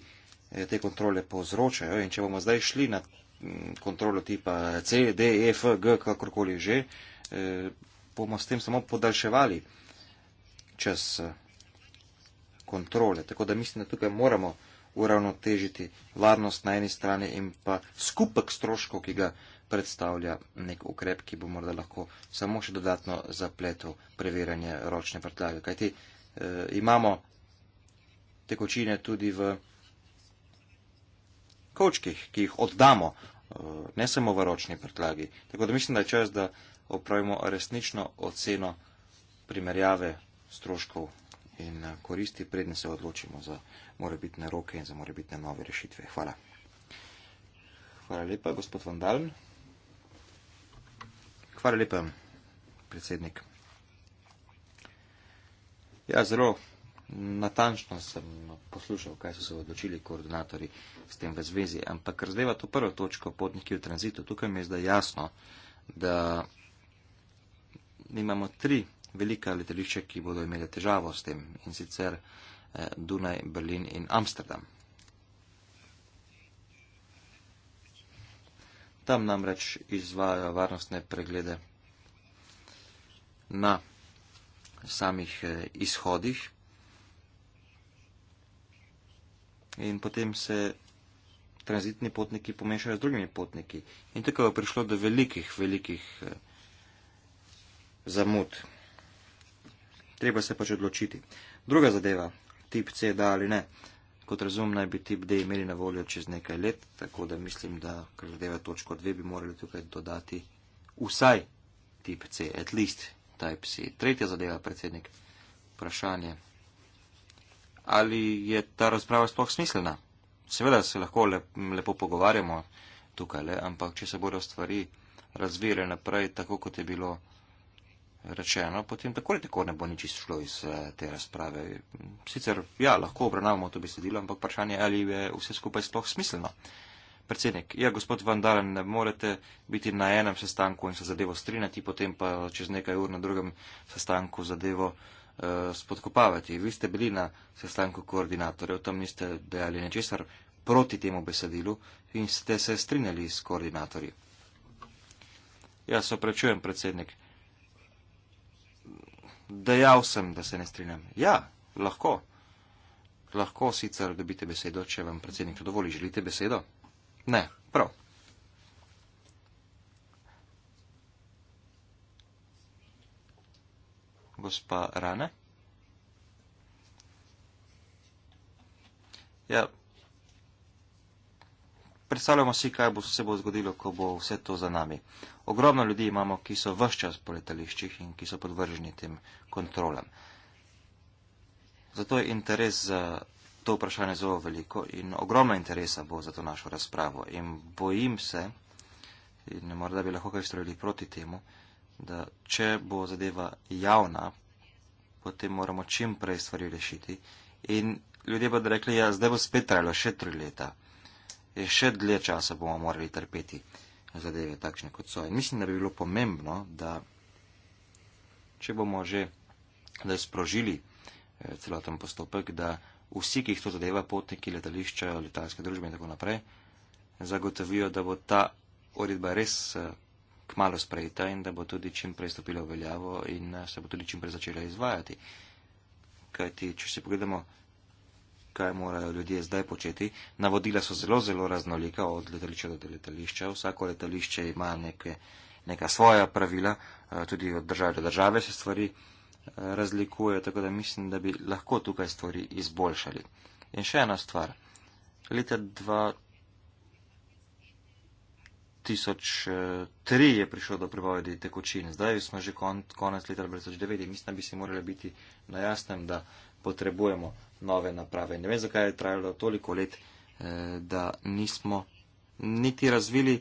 eh, te kontrole povzročajo. In če bomo zdaj šli na mm, kontrolo tipa C, D, E, F, G, kakorkoli že, e, bomo s tem samo podaljševali čas kontrole. Tako da mislim, da tukaj moramo uravnotežiti varnost na eni strani in pa skupek stroškov, ki ga predstavlja nek ukrep, ki bo morda lahko samo še dodatno zapletel preverjanje ročne prtljage. Kajti eh, imamo tekočine tudi v kočkih, ki jih oddamo, eh, ne samo v ročni prtljagi. Tako da mislim, da je čas, da opravimo resnično oceno primerjave stroškov in eh, koristi, predne se odločimo za morebitne roke in za morebitne nove rešitve. Hvala. Hvala lepa, gospod Vandalen. Hvala lepa, predsednik. Ja, zelo natančno sem poslušal, kaj so se odločili koordinatori s tem v zvezi, ampak razdeva to prvo točko, potniki v tranzitu, tukaj mi je zdaj jasno, da imamo tri velika letališča, ki bodo imeli težavo s tem in sicer eh, Dunaj, Berlin in Amsterdam. Tam namreč izvajajo varnostne preglede na samih eh, izhodih. In potem se tranzitni potniki pomešajo z drugimi potniki. In tako je prišlo do velikih, velikih eh, zamud. Treba se pač odločiti. Druga zadeva, tip C, da ali ne. Kot razum naj bi tip D imeli na voljo čez nekaj let, tako da mislim, da kar zadeva točko 2, bi morali tukaj dodati vsaj tip C, at least type C. Tretja zadeva, predsednik, vprašanje. Ali je ta razprava sploh smiselna? Seveda se lahko lep, lepo pogovarjamo tukaj, le, ampak če se bodo stvari razvijale naprej, tako kot je bilo rečeno, potem tako ali tako ne bo nič izšlo iz eh, te razprave. Sicer, ja, lahko obravnavamo to besedilo, ampak vprašanje je, ali je vse skupaj sploh smiselno. Predsednik, ja, gospod Vandalen, ne morete biti na enem sestanku in se zadevo strinjati, potem pa čez nekaj ur na drugem sestanku zadevo uh, spodkopavati. Vi ste bili na sestanku koordinatorjev, tam niste dejali nečesar proti temu besedilu in ste se strinjali s koordinatorji. Ja, se prečujem, predsednik. Uh, Dejal sem, da se ne strinjam. Ja, lahko. Lahko sicer dobite besedo, če vam predsednik to dovoli. Želite besedo? Ne, prav. Gospa Rane? Ja, predstavljamo si, kaj bo se bo zgodilo, ko bo vse to za nami. Ogromno ljudi imamo, ki so vse čas po letališčih in ki so podvrženi tem kontrolam. Zato je interes za to vprašanje zelo veliko in ogromno interesa bo za to našo razpravo. In bojim se, in morda bi lahko kaj strojili proti temu, da če bo zadeva javna, potem moramo čim prej stvari rešiti. In ljudje bodo rekli, ja, zdaj bo spet trajalo še tri leta še dlje časa bomo morali trpeti zadeve takšne kot so. In mislim, da bi bilo pomembno, da če bomo že da sprožili eh, celoten postopek, da vsi, ki jih to zadeva, potniki letališča, letalske družbe in tako naprej, zagotovijo, da bo ta uredba res eh, kmalo sprejeta in da bo tudi čim prej stopila v veljavo in eh, se bo tudi čim prej začela izvajati. Kajti, če si pogledamo, kaj morajo ljudje zdaj početi. Navodila so zelo, zelo raznolika, od letališča do letališča. Vsako letališče ima neke, neka svoja pravila, eh, tudi od države do države se stvari eh, razlikujejo, tako da mislim, da bi lahko tukaj stvari izboljšali. In še ena stvar. Leta 2003 eh, je prišlo do prepovedi tekočin. Zdaj smo že konec leta 2009 in mislim, da bi se morali biti na jasnem, da potrebujemo nove naprave. Ne vem, zakaj je trajalo toliko let, eh, da nismo niti razvili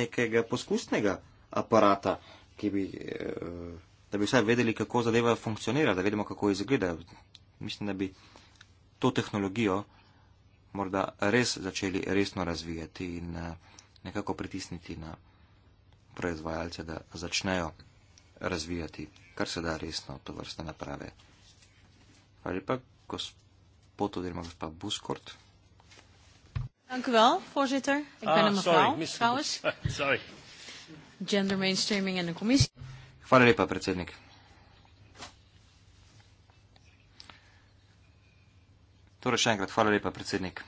nekega poskusnega aparata, bi, eh, da bi vsaj vedeli, kako zadeva funkcionira, da vedemo, kako izgleda. Mislim, da bi to tehnologijo morda res začeli resno razvijati in eh, nekako pritisniti na proizvajalce, da začnejo razvijati kar se da resno to vrste naprave ali pa gospod oziroma gospa Buskort. Dank u wel, voorzitter. Ik ben ah, een ah, mevrouw, sorry, trouwens. Sorry. Gender mainstreaming en de commissie. Hvala lepa, predsednik. Torej še enkrat, hvala lepa, predsednik.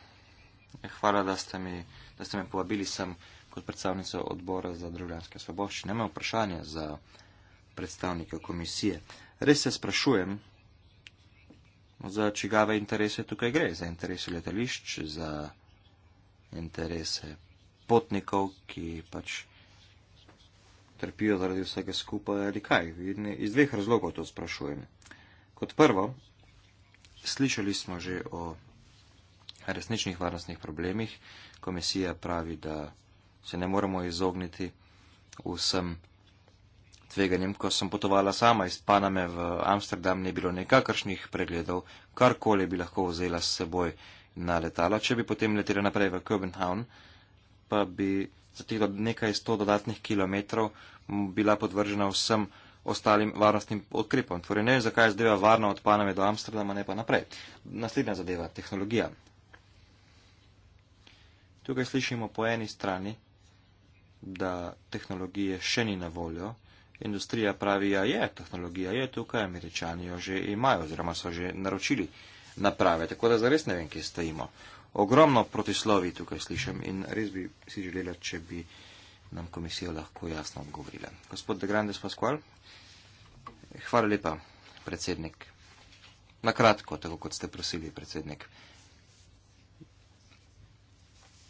Hvala, da ste, mi, da ste me povabili sem kot predstavnico odbora za državljanske svoboščine. Imam vprašanje za predstavnika komisije. Res se sprašujem, za čigave interese tukaj gre, za interese letališč, za interese potnikov, ki pač trpijo zaradi vsega skupaj ali kaj. In iz dveh razlogov to sprašujem. Kot prvo, slišali smo že o resničnih varnostnih problemih. Komisija pravi, da se ne moremo izogniti vsem tveganjem, ko sem potovala sama iz Paname v Amsterdam, ni bilo nekakršnih pregledov, karkoli bi lahko vzela s seboj na letalo, če bi potem letela naprej v Copenhagen, pa bi za teh nekaj sto dodatnih kilometrov bila podvržena vsem ostalim varnostnim odkripom. Torej ne vem, zakaj je zadeva varna od Paname do Amsterdama, ne pa naprej. Naslednja zadeva, tehnologija. Tukaj slišimo po eni strani, da tehnologije še ni na voljo, industrija pravi, ja je, tehnologija je tukaj, američani jo že imajo oziroma so že naročili naprave, tako da zares ne vem, kje stojimo. Ogromno protislovi tukaj slišim in res bi si želela, če bi nam komisija lahko jasno odgovorila. Gospod De Grandes Pascual, hvala lepa, predsednik. Na kratko, tako kot ste prosili, predsednik.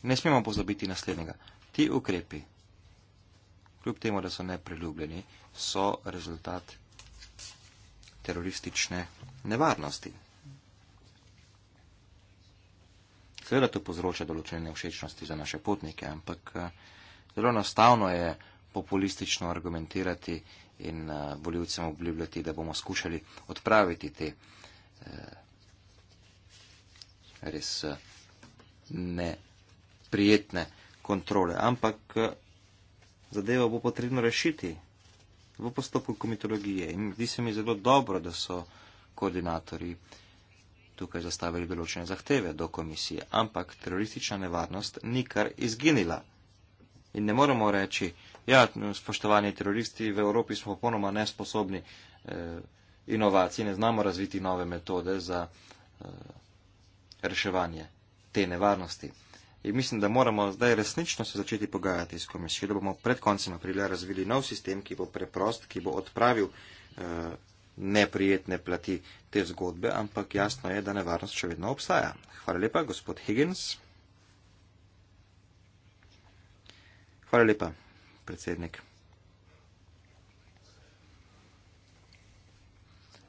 Ne smemo pozabiti naslednjega. Ti ukrepi kljub temu, da so nepriljubljeni, so rezultat teroristične nevarnosti. Seveda to povzroča določene neušečnosti za naše potnike, ampak eh, zelo enostavno je populistično argumentirati in eh, voljivcem obljubljati, da bomo skušali odpraviti te eh, res neprijetne kontrole. Ampak zadevo bo potrebno rešiti v postopku komitologije. In zdi se mi zelo dobro, da so koordinatorji tukaj zastavili določene zahteve do komisije. Ampak teroristična nevarnost ni kar izginila. In ne moramo reči, ja, spoštovani teroristi, v Evropi smo popolnoma nesposobni eh, inovacij, ne znamo razviti nove metode za eh, reševanje te nevarnosti. In mislim, da moramo zdaj resnično se začeti pogajati s komisijo, da bomo pred koncem aprila razvili nov sistem, ki bo preprost, ki bo odpravil eh, neprijetne plati te zgodbe, ampak jasno je, da nevarnost še vedno obstaja. Hvala lepa, gospod Higgins. Hvala lepa, predsednik.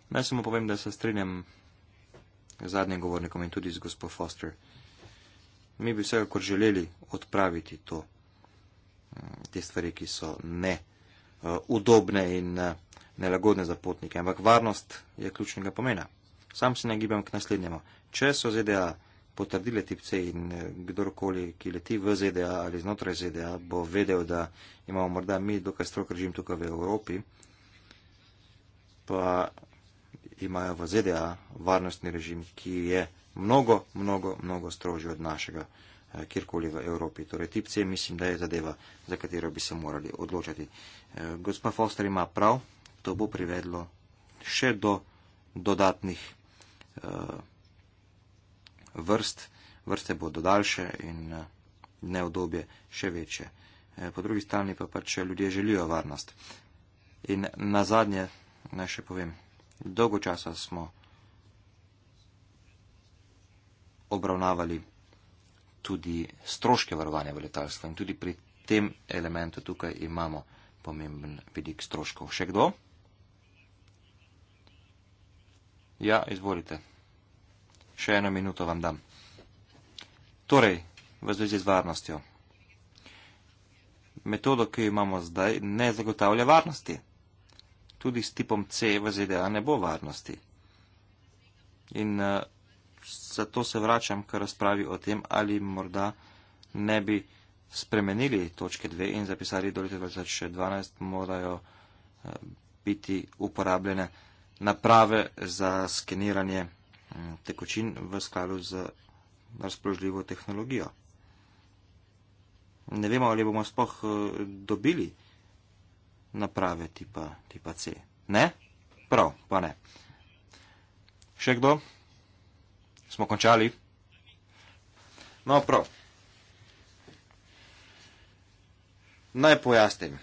Naj samo povem, da se strinjam z zadnjim govornikom in tudi z gospod Foster mi bi vsekakor želeli odpraviti to, mm, te stvari, ki so ne uh, udobne in uh, nelagodne za potnike. Ampak varnost je ključnega pomena. Sam se nagibam k naslednjemu. Če so ZDA potrdile tipce in eh, kdorkoli, ki leti v ZDA ali znotraj ZDA, bo vedel, da imamo morda mi dokaj strok režim tukaj v Evropi, pa imajo v ZDA varnostni režim, ki je mnogo, mnogo, mnogo strožji od našega, eh, kjerkoli v Evropi. Torej, tip C mislim, da je zadeva, za katero bi se morali odločati. Eh, gospa Foster ima prav, to bo privedlo še do dodatnih eh, vrst, vrste bodo daljše in neodobje še večje. Po drugi strani pa pač ljudje želijo varnost. In na zadnje, naj še povem, dolgo časa smo obravnavali tudi stroške varovanja v letalstvu in tudi pri tem elementu tukaj imamo pomemben vidik stroškov. Še kdo? Ja, izvolite. Še eno minuto vam dam. Torej, v zvezi z varnostjo. Metodo, ki jo imamo zdaj, ne zagotavlja varnosti. Tudi s tipom C v ZDA ne bo varnosti. In uh, zato se vračam k razpravi o tem, ali morda ne bi spremenili točke 2 in zapisali do leta 2012, morajo eh, biti uporabljene naprave za skeniranje mm, tekočin v skladu z razpoložljivo tehnologijo. Ne vemo, ali bomo spoh eh, dobili naprave tipa, tipa C. Ne? Prav, pa ne. Še kdo? Smo končali? No, prav. Naj pojasnim.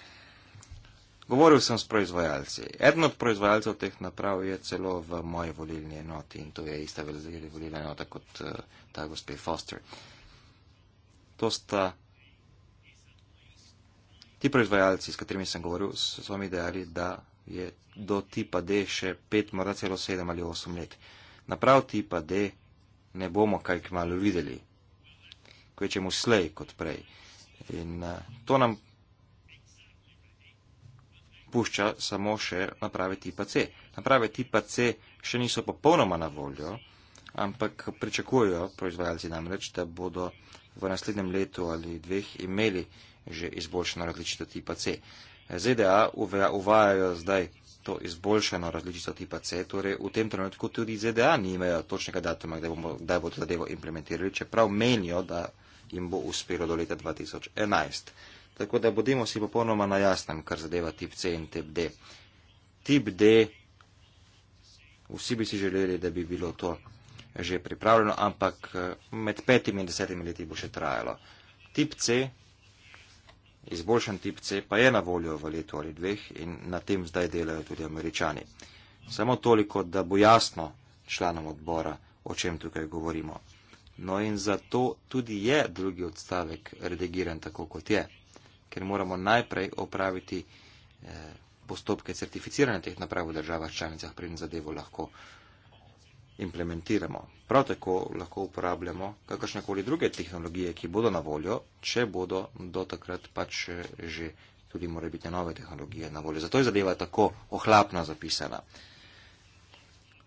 Govoril sem s proizvajalci. Eden od proizvajalcev teh naprav je celo v moji volilni enoti in to je ista volilna enota kot eh, ta gospe Foster. To sta ti proizvajalci, s katerimi sem govoril, so mi dejali, da je do tipa D še 5, morda celo 7 ali 8 let. Naprav tipa D ne bomo kaj kmalo videli, kaj čemu slej kot prej. In eh, to nam pušča samo še naprave tipa C. Naprave tipa C še niso popolnoma na voljo, ampak pričakujejo proizvajalci namreč, da bodo v naslednjem letu ali dveh imeli že izboljšeno različico tipa C. ZDA uvajajo zdaj to izboljšano različico tipa C, torej v tem trenutku tudi ZDA nimajo točnega datuma, da, bomo, da bo to zadevo implementirali, čeprav menijo, da jim bo uspelo do leta 2011. Tako da bodimo si popolnoma na jasnem, kar zadeva tip C in tip D. Tip D, vsi bi si želeli, da bi bilo to že pripravljeno, ampak eh, med petimi in desetimi leti bo še trajalo. Tip C, Izboljšan tip C pa je na voljo v letu ali dveh in na tem zdaj delajo tudi američani. Samo toliko, da bo jasno članom odbora, o čem tukaj govorimo. No in zato tudi je drugi odstavek redigiran tako, kot je, ker moramo najprej opraviti eh, postopke certificiranja teh naprav v državah članicah, preden zadevo lahko implementiramo. Prav tako lahko uporabljamo kakršnekoli druge tehnologije, ki bodo na voljo, če bodo do takrat pač že tudi mora biti nove tehnologije na voljo. Zato je zadeva tako ohlapno zapisana.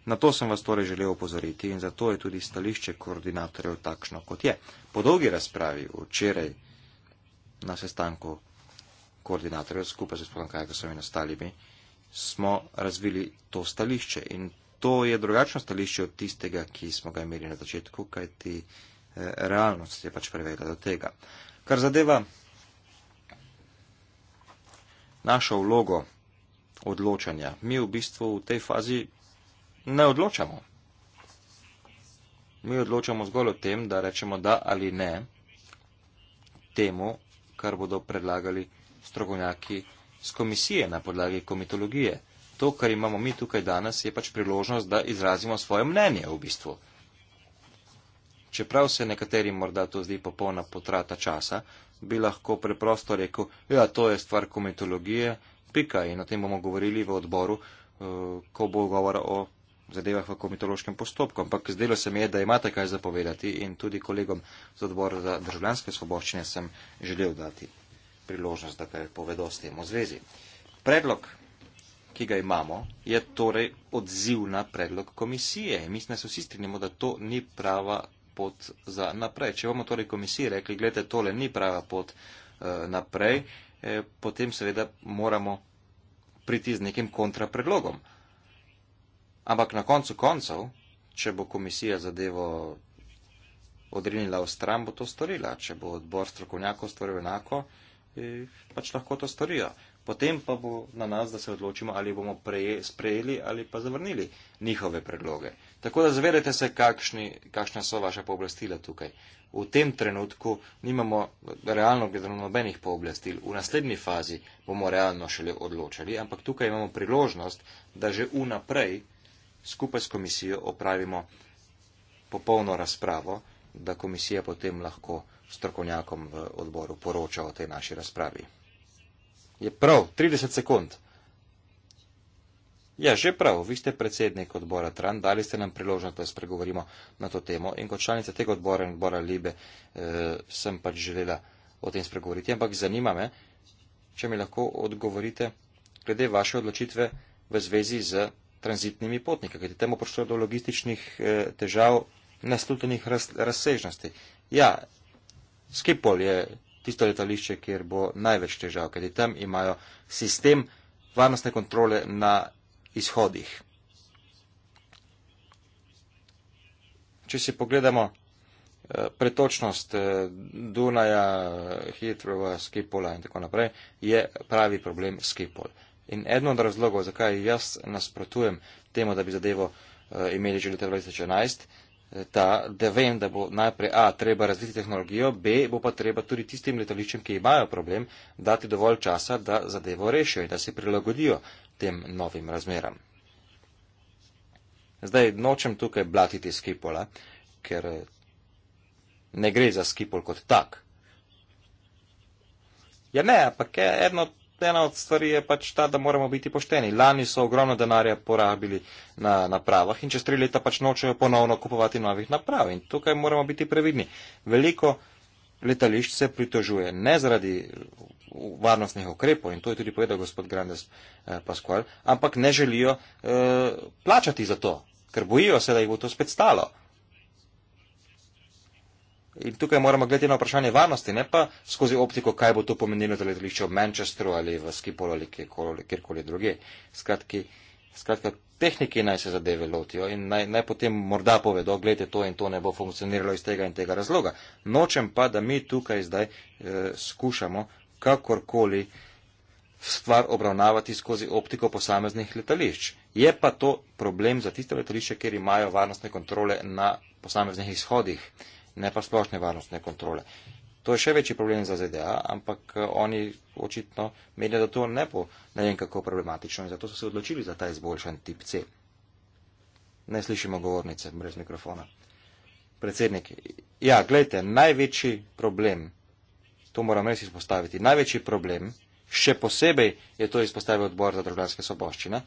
Na to sem vas torej želel opozoriti in zato je tudi stališče koordinatorjev takšno, kot je. Po dolgi razpravi včeraj na sestanku koordinatorjev skupaj s gospodom Kajkosom in ostalimi smo razvili to stališče in to je drugačno stališče od tistega, ki smo ga imeli na začetku, kajti eh, realnost je pač prevedla do tega. Kar zadeva našo vlogo odločanja, mi v bistvu v tej fazi ne odločamo. Mi odločamo zgolj o tem, da rečemo da ali ne temu, kar bodo predlagali strokovnjaki z komisije na podlagi komitologije to, kar imamo mi tukaj danes, je pač priložnost, da izrazimo svoje mnenje v bistvu. Čeprav se nekaterim morda to zdi popolna potrata časa, bi lahko preprosto rekel, ja, to je stvar komitologije, pika in o tem bomo govorili v odboru, eh, ko bo govora o zadevah v komitološkem postopku. Ampak zdelo se mi je, da imate kaj zapovedati in tudi kolegom z odbora za državljanske svoboščine sem želel dati priložnost, da kaj povedo s tem v zvezi. Predlog ki ga imamo, je torej odziv na predlog komisije. Mislim, da se vsi strinjamo, da to ni prava pot za naprej. Če bomo torej komisiji rekli, gledajte, tole ni prava pot uh, naprej, eh, potem seveda moramo priti z nekim kontrapredlogom. Ampak na koncu koncev, če bo komisija zadevo odrinila v stran, bo to storila. Če bo odbor strokovnjakov storil enako, eh, pač lahko to storijo potem pa bo na nas, da se odločimo, ali bomo preje, sprejeli ali pa zavrnili njihove predloge. Tako da zavedajte se, kakšni, kakšna so vaša pooblastila tukaj. V tem trenutku nimamo realno gledano nobenih pooblastil, v naslednji fazi bomo realno šele odločali, ampak tukaj imamo priložnost, da že unaprej skupaj s komisijo opravimo popolno razpravo, da komisija potem lahko strokovnjakom v odboru poroča o tej naši razpravi. Je prav, 30 sekund. Ja, že prav, vi ste predsednik odbora Tran, dali ste nam priložnost, da spregovorimo na to temo in kot članica tega odbora in odbora Libe eh, sem pač želela o tem spregovoriti, ampak zanima me, če mi lahko odgovorite glede vaše odločitve v zvezi z tranzitnimi potniki, kajti temu prišlo do logističnih eh, težav, naslutenih raz, razsežnosti. Ja, Skipol je tisto letališče, kjer bo največ težav, kajti tam imajo sistem varnostne kontrole na izhodih. Če si pogledamo eh, pretočnost eh, Dunaja, Heathrow, Skipola in tako naprej, je pravi problem Skipol. In eden od razlogov, zakaj jaz nasprotujem temu, da bi zadevo eh, imeli že leta 2011, ta, da vem, da bo najprej A, treba razviti tehnologijo, B, bo pa treba tudi tistim letališčem, ki imajo problem, dati dovolj časa, da zadevo rešijo in da se prilagodijo tem novim razmeram. Zdaj nočem tukaj blatiti skipola, ker ne gre za skipol kot tak. Ja ne, ampak je eno od ena od stvari je pač ta, da moramo biti pošteni. Lani so ogromno denarja porabili na napravah in čez tri leta pač nočejo ponovno kupovati novih naprav. In tukaj moramo biti previdni. Veliko letališč se pritožuje ne zaradi varnostnih ukrepov in to je tudi povedal gospod Grandes eh, Pasqual, ampak ne želijo eh, plačati za to, ker bojijo se, da jih bo to spet stalo. In tukaj moramo gledati na vprašanje varnosti, ne pa skozi optiko, kaj bo to pomenilo za letališče v Manchesteru ali v Skipolu ali kjerkoli druge. Skratka, tehniki naj se zadeve lotijo in naj, naj potem morda povedo, gledajte, to in to ne bo funkcioniralo iz tega in tega razloga. Nočem pa, da mi tukaj zdaj e, skušamo kakorkoli stvar obravnavati skozi optiko posameznih letališč. Je pa to problem za tiste letališče, kjer imajo varnostne kontrole na posameznih izhodih ne pa splošne varnostne kontrole. To je še večji problem za ZDA, ampak eh, oni očitno menijo, da to ne bo ne vem kako problematično in zato so se odločili za ta izboljšan tip C. Ne slišimo govornice brez mikrofona. Predsednik, ja, gledajte, največji problem, to moram res izpostaviti, največji problem, še posebej je to izpostavil odbor za državljanske soboščine,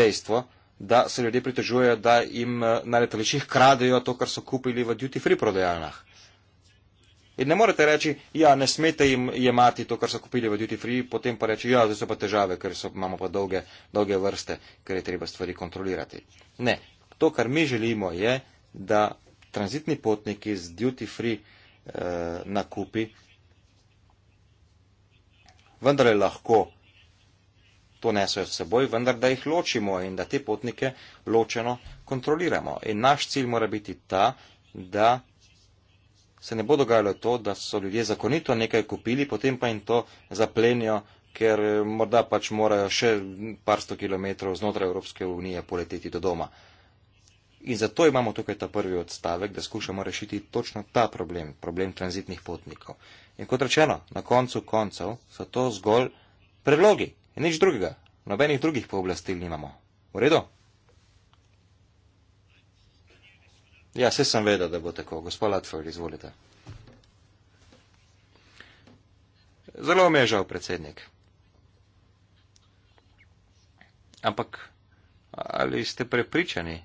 dejstvo, da se ljudje pritožujejo, da jim eh, na letališčih kradejo to, kar so kupili v duty free prodajalnah. In ne morete reči, ja, ne smete jim jemati to, kar so kupili v duty free, potem pa reči, ja, zdaj so pa težave, ker so, imamo pa dolge, dolge vrste, ker je treba stvari kontrolirati. Ne, to, kar mi želimo, je, da tranzitni potniki z duty free eh, nakupi vendarle lahko to nesajo s seboj, vendar da jih ločimo in da te potnike ločeno kontroliramo. In naš cilj mora biti ta, da se ne bo dogajalo to, da so ljudje zakonito nekaj kupili, potem pa jim to zaplenijo, ker morda pač morajo še par sto kilometrov znotraj Evropske unije poleteti do doma. In zato imamo tukaj ta prvi odstavek, da skušamo rešiti točno ta problem, problem tranzitnih potnikov. In kot rečeno, na koncu koncev so to zgolj predlogi. In nič drugega, nobenih drugih pooblastil nimamo. V redu? Ja, vse sem vedel, da bo tako. Gospod Latford, izvolite. Zelo mi je žal, predsednik. Ampak ali ste prepričani?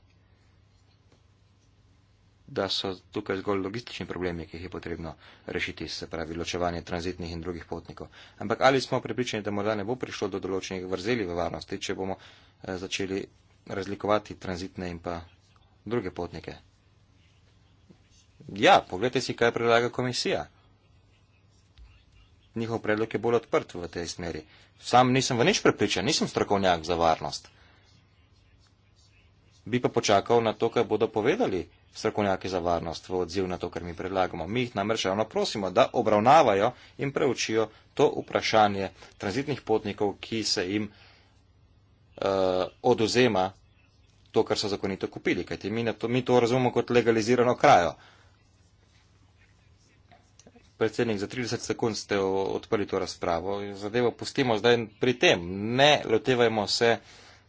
da so tukaj zgolj logistični problemi, ki jih je potrebno rešiti, se pravi ločevanje tranzitnih in drugih potnikov. Ampak ali smo pripričani, da morda ne bo prišlo do določenih vrzeli v varnosti, če bomo eh, začeli razlikovati tranzitne in pa druge potnike? Ja, pogledajte si, kaj predlaga komisija. Njihov predlog je bolj odprt v tej smeri. Sam nisem v nič prepričan, nisem strokovnjak za varnost. Bi pa počakal na to, kaj bodo povedali strokovnjake za varnost v odziv na to, kar mi predlagamo. Mi jih namreč ravno prosimo, da obravnavajo in preučijo to vprašanje tranzitnih potnikov, ki se jim uh, eh, oduzema to, kar so zakonito kupili, kajti mi, to, mi to razumemo kot legalizirano krajo. Predsednik, za 30 sekund ste odprli to razpravo. Zadevo pustimo zdaj pri tem. Ne lotevajmo se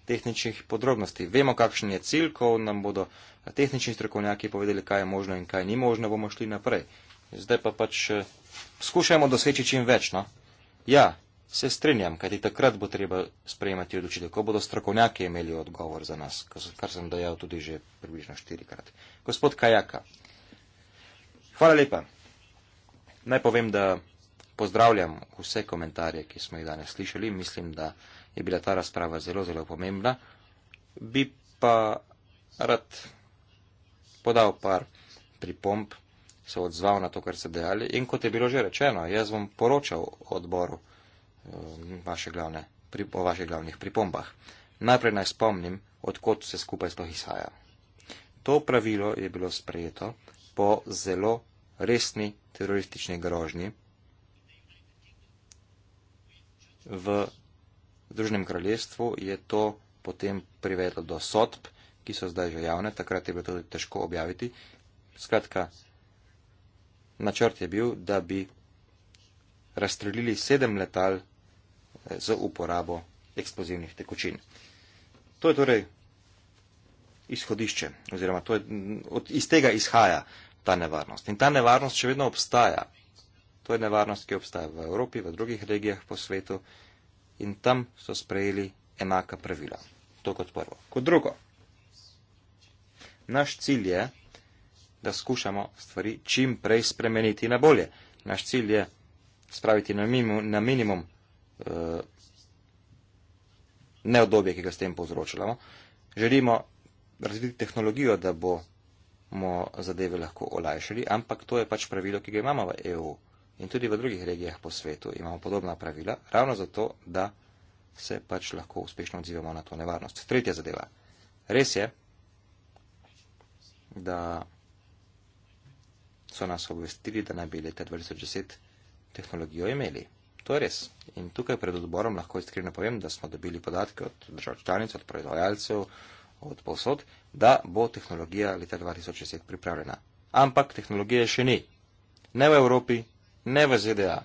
tehničnih podrobnosti. Vemo, kakšen je cilj, ko nam bodo tehnični strokovnjaki povedali, kaj je možno in kaj ni možno, bomo šli naprej. Zdaj pa pač eh, skušajmo doseči čim več. No? Ja, se strinjam, kajti takrat bo treba sprejemati odločitev, ko bodo strokovnjaki imeli odgovor za nas, kar sem dejal tudi že približno štirikrat. Gospod Kajaka, hvala lepa. Naj povem, da pozdravljam vse komentarje, ki smo jih danes slišali. Mislim, da je bila ta razprava zelo, zelo pomembna. Bi pa rad podal par pripomp, se odzval na to, kar ste dejali in kot je bilo že rečeno, jaz bom poročal odboru eh, vaše glavne, pri, o vaših glavnih pripombah. Najprej naj spomnim, odkot se skupaj sploh izhaja. To pravilo je bilo sprejeto po zelo resni teroristični grožnji v Združenem kraljestvu je to potem privedlo do sodb ki so zdaj že javne, takrat je bilo to težko objaviti. Skratka, načrt je bil, da bi razstrelili sedem letal eh, z uporabo eksplozivnih tekočin. To je torej izhodišče oziroma to je, od, iz tega izhaja ta nevarnost. In ta nevarnost še vedno obstaja. To je nevarnost, ki obstaja v Evropi, v drugih regijah po svetu in tam so sprejeli enaka pravila. To kot prvo. Kot drugo. Naš cilj je, da skušamo stvari čim prej spremeniti na bolje. Naš cilj je spraviti na minimum, na minimum uh, neodobje, ki ga s tem povzročilamo. Želimo razviti tehnologijo, da bomo zadeve lahko olajšali, ampak to je pač pravilo, ki ga imamo v EU. In tudi v drugih regijah po svetu imamo podobna pravila, ravno zato, da se pač lahko uspešno odzivamo na to nevarnost. Tretja zadeva. Res je, da so nas obvestili, da naj bi leta 2010 tehnologijo imeli. To je res. In tukaj pred odborom lahko iskreno povem, da smo dobili podatke od držav članic, od proizvajalcev, od povsod, da bo tehnologija leta 2010 pripravljena. Ampak tehnologije še ni. Ne v Evropi, ne v ZDA,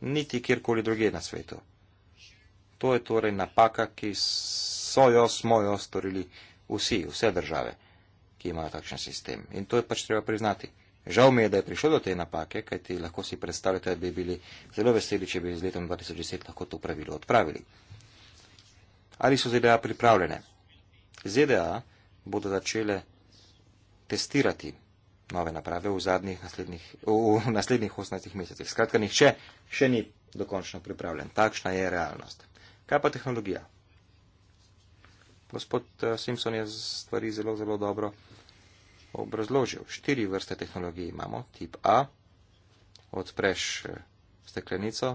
niti kjerkoli druge na svetu. To je torej napaka, ki so jo, smo jo storili vsi, vse države ki imajo takšen sistem. In to je pač treba priznati. Žal mi je, da je prišlo do te napake, kajti lahko si predstavljate, da bi bili zelo veseli, če bi z letom 2010 lahko to pravilo odpravili. Ali so ZDA pripravljene? ZDA bodo začele testirati nove naprave v, zadnjih, naslednjih, v naslednjih 18 mesecih. Skratka, nihče še ni dokončno pripravljen. Takšna je realnost. Kaj pa tehnologija? Gospod eh, Simpson je stvari zelo, zelo dobro obrazložil. Štiri vrste tehnologij imamo. Tip A, odpreš eh, steklenico,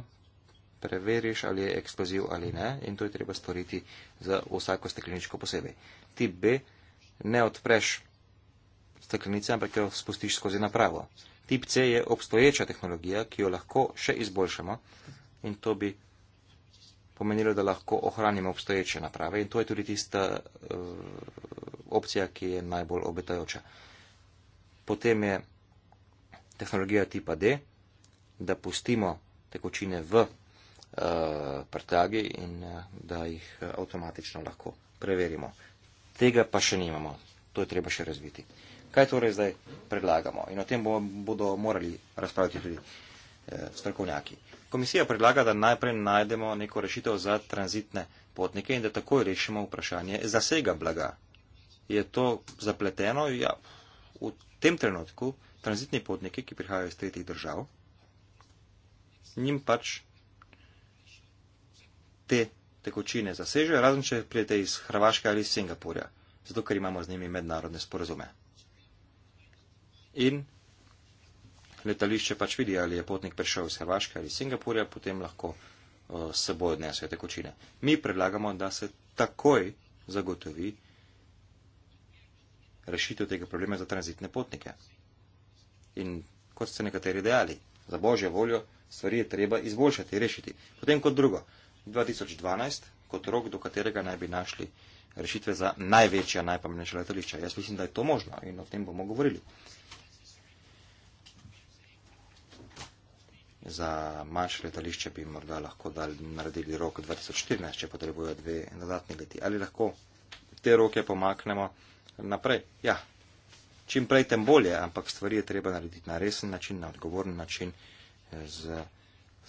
preveriš, ali je eksploziv ali ne in to je treba storiti za vsako stekleničko posebej. Tip B, ne odpreš steklenice, ampak jo spustiš skozi napravo. Tip C je obstoječa tehnologija, ki jo lahko še izboljšamo in to bi pomenilo, da lahko ohranimo obstoječe naprave in to je tudi tista uh, opcija, ki je najbolj obetajoča. Potem je tehnologija tipa D, da pustimo tekočine v uh, eh, prtagi in uh, da jih avtomatično lahko preverimo. Tega pa še nimamo, to je treba še razviti. Kaj torej zdaj predlagamo? In o tem bo, bodo morali razpravljati tudi uh, strokovnjaki. Komisija predlaga, da najprej najdemo neko rešitev za tranzitne potnike in da takoj rešimo vprašanje zasega blaga. Je to zapleteno? Ja, v tem trenutku tranzitni potniki, ki prihajajo iz tretjih držav, njim pač te tekočine zasežejo, razen če pridete iz Hrvaške ali iz Singapurja, zato ker imamo z njimi mednarodne sporozume. In letališče pač vidi, ali je potnik prišel iz Hrvaške ali Singapurja, potem lahko uh, seboj odnesejo tekočine. Mi predlagamo, da se takoj zagotovi rešitev tega problema za tranzitne potnike. In kot ste nekateri dejali, za božjo voljo stvari je treba izboljšati, rešiti. Potem kot drugo, 2012 kot rok, do katerega naj bi našli rešitve za največja, najpametnejša letališča. Jaz mislim, da je to možno in o tem bomo govorili. Za manjše letališče bi morda lahko dal, naredili rok 2014, če potrebujejo dve dodatni leti. Ali lahko te roke pomaknemo naprej? Ja, čim prej, tem bolje, ampak stvari je treba narediti na resen način, na odgovoren način eh, z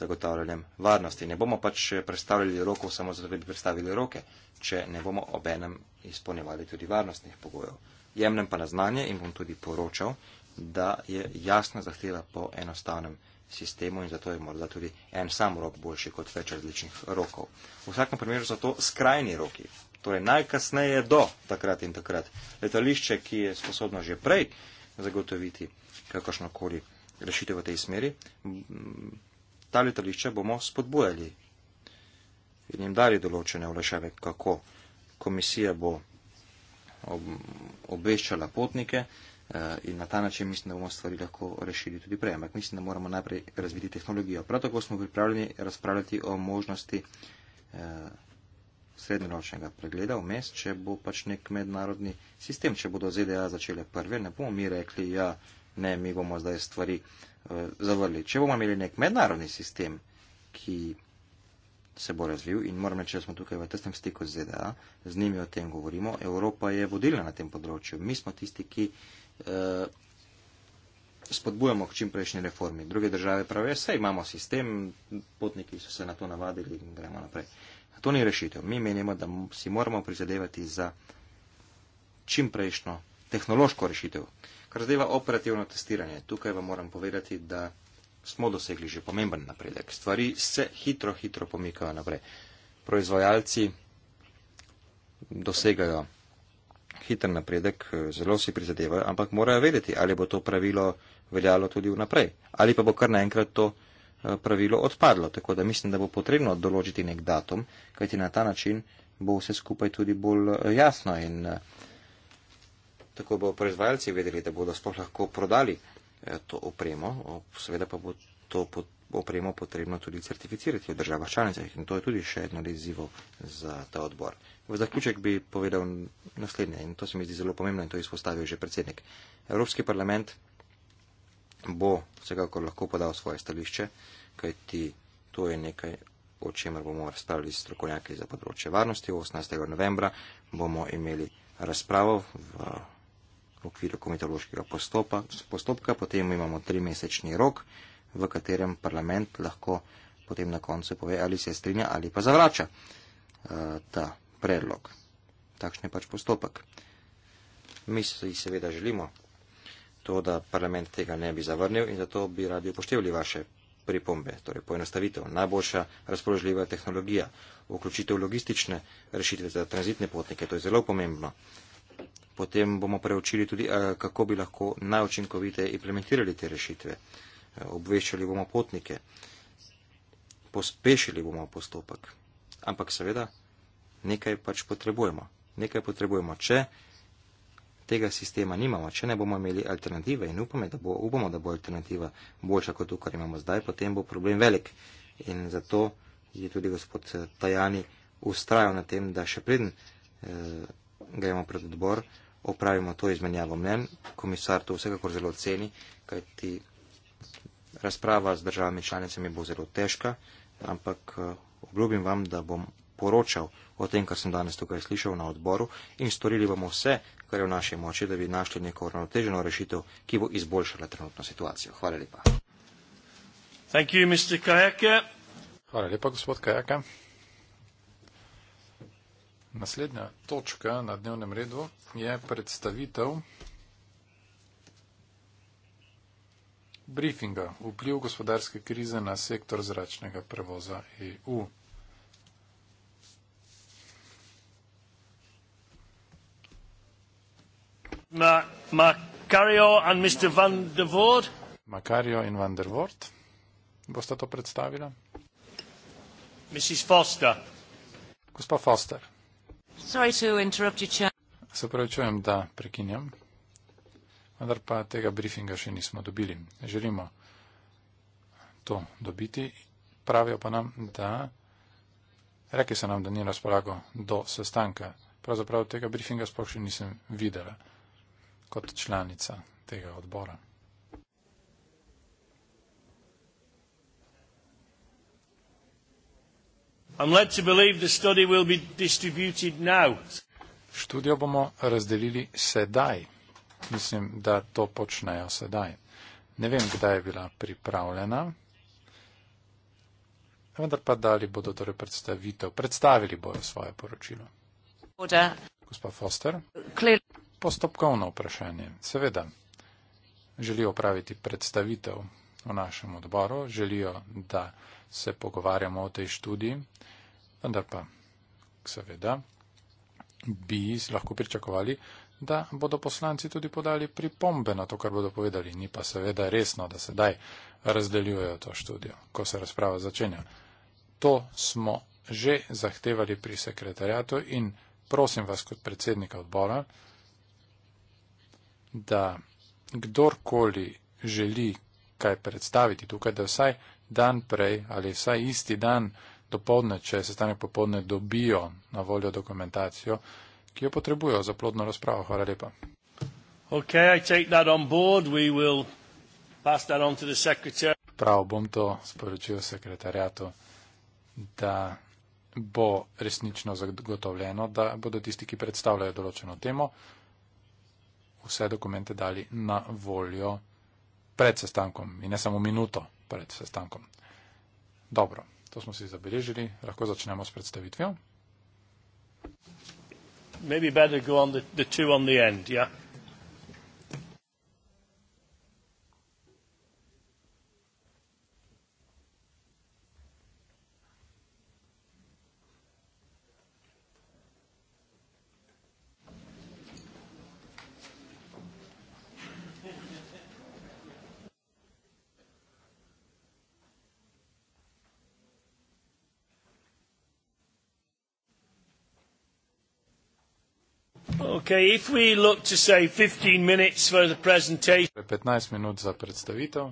zagotavljanjem varnosti. Ne bomo pač eh, predstavljali rokov samo zato, da bi predstavili roke, če ne bomo obenem izpolnjevali tudi varnostnih pogojev. Jemnem pa na znanje in bom tudi poročal, da je jasna zahteva po enostavnem sistemov in zato je morda tudi en sam rok boljši kot več različnih rokov. V vsakem primeru so to skrajni roki, torej najkasneje do takrat in takrat. Letališče, ki je sposobno že prej zagotoviti kakršnokoli rešitev v tej smeri, ta letališče bomo spodbujali in jim dali določene olešave, kako komisija bo obveščala potnike, Eh, in na ta način mislim, da bomo stvari lahko rešili tudi prej. Ampak mislim, da moramo najprej razviti tehnologijo. Prav tako smo pripravljeni razpravljati o možnosti eh, srednjeročnega pregleda vmes, če bo pač nek mednarodni sistem, če bodo ZDA začele prve, ne bomo mi rekli, ja, ne, mi bomo zdaj stvari eh, zavrli. Če bomo imeli nek mednarodni sistem, ki se bo razvil in moram reči, da smo tukaj v tesnem stiku z ZDA, z njimi o tem govorimo, Evropa je vodilna na tem področju. Mi smo tisti, ki Eh, spodbujamo k čimprejšnji reformi. Druge države pravijo, vse ja, imamo sistem, potniki so se na to navadili in gremo naprej. To ni rešitev. Mi menimo, da si moramo prizadevati za čimprejšnjo tehnološko rešitev. Kar zdaj je operativno testiranje, tukaj vam moram povedati, da smo dosegli že pomemben napredek. Stvari se hitro, hitro pomikajo naprej. Proizvajalci dosegajo hiter napredek, eh, zelo si prizadevajo, ampak morajo vedeti, ali bo to pravilo veljalo tudi vnaprej, ali pa bo kar naenkrat to eh, pravilo odpadlo. Tako da mislim, da bo potrebno določiti nek datum, kajti na ta način bo vse skupaj tudi bolj eh, jasno in tako bo proizvajalci vedeli, da bodo sploh lahko prodali to opremo, seveda pa bo to opremo potrebno tudi certificirati v državah članicah in to je tudi še eno izzivo za ta odbor. V zaključek bi povedal naslednje in to se mi zdi zelo pomembno in to je izpostavil že predsednik. Evropski parlament bo vsekakor lahko podal svoje stališče, kajti to je nekaj, o čemer bomo razpravljali s strokovnjaki za področje varnosti. 18. novembra bomo imeli razpravo v okviru komitološkega postopka, potem imamo tri mesečni rok, v katerem parlament lahko potem na koncu pove, ali se strinja ali pa zavrača eh, ta predlog. Takšen je pač postopek. Mi si seveda želimo to, da parlament tega ne bi zavrnil in zato bi radi upoštevali vaše pripombe, torej poenostavitev, najboljša razpoložljiva tehnologija, vključitev logistične rešitve za tranzitne potnike, to je zelo pomembno. Potem bomo preučili tudi, kako bi lahko najučinkovite implementirali te rešitve. Obveščali bomo potnike, pospešili bomo postopek. Ampak seveda, nekaj pač potrebujemo. Nekaj potrebujemo, če tega sistema nimamo, če ne bomo imeli alternative in upamo, da bo, upamo, da bo alternativa boljša kot to, kar imamo zdaj, potem bo problem velik. In zato je tudi gospod eh, Tajani ustrajal na tem, da še preden eh, gremo pred odbor, opravimo to izmenjavo mnen. Komisar to vsekakor zelo ceni, kajti razprava z državami članicami bo zelo težka, ampak eh, obljubim vam, da bom poročal o tem, kar sem danes tukaj slišal na odboru in storili bomo vse, kar je v naši moči, da bi našli neko uravnoteženo rešitev, ki bo izboljšala trenutno situacijo. Hvala lepa. Thank you, Mr. Kajake. Hvala lepa, gospod Kajake. Naslednja točka na dnevnem redu je predstavitev briefinga vpliv gospodarske krize na sektor zračnega prevoza EU. Ma, ma Cario and Mr. Van der Voort. Macario in Van der Voort. Bosta to predstavila? Mrs. Foster. Gospa Foster. Sorry to interrupt you, chair. Se pravičujem, da prekinjam. Vendar pa tega briefinga še nismo dobili. Želimo to dobiti. Pravijo pa nam, da Rekli so nam, da ni razpolago do sestanka. Pravzaprav tega briefinga sploh še nisem videla kot članica tega odbora. Študijo bomo razdelili sedaj. Mislim, da to počnejo sedaj. Ne vem, kdaj je bila pripravljena, vendar pa dali bodo torej predstavitev. Predstavili bojo svoje poročilo. Gospa Foster postopkovno vprašanje. Seveda, želijo praviti predstavitev o našem odboru, želijo, da se pogovarjamo o tej študiji, vendar pa, seveda, bi lahko pričakovali, da bodo poslanci tudi podali pripombe na to, kar bodo povedali. Ni pa seveda resno, da sedaj razdeljujejo to študijo, ko se razprava začenja. To smo že zahtevali pri sekretarjatu in prosim vas kot predsednika odbora, da kdorkoli želi kaj predstaviti tukaj, da vsaj dan prej ali vsaj isti dan dopoledne, če se stane popoldne, dobijo na voljo dokumentacijo, ki jo potrebujo za plodno razpravo. Hvala lepa. Okay, Prav bom to sporočil sekretarjatu, da bo resnično zagotovljeno, da bodo tisti, ki predstavljajo določeno temo, vse dokumente dali na voljo pred sestankom in ne samo minuto pred sestankom. Dobro, to smo si zabeležili, lahko začnemo s predstavitvijo. Maybe better go on the, the two on the end, yeah? Okay, if we look to say 15 minutes for the presentation. 15 minut za predstavitev.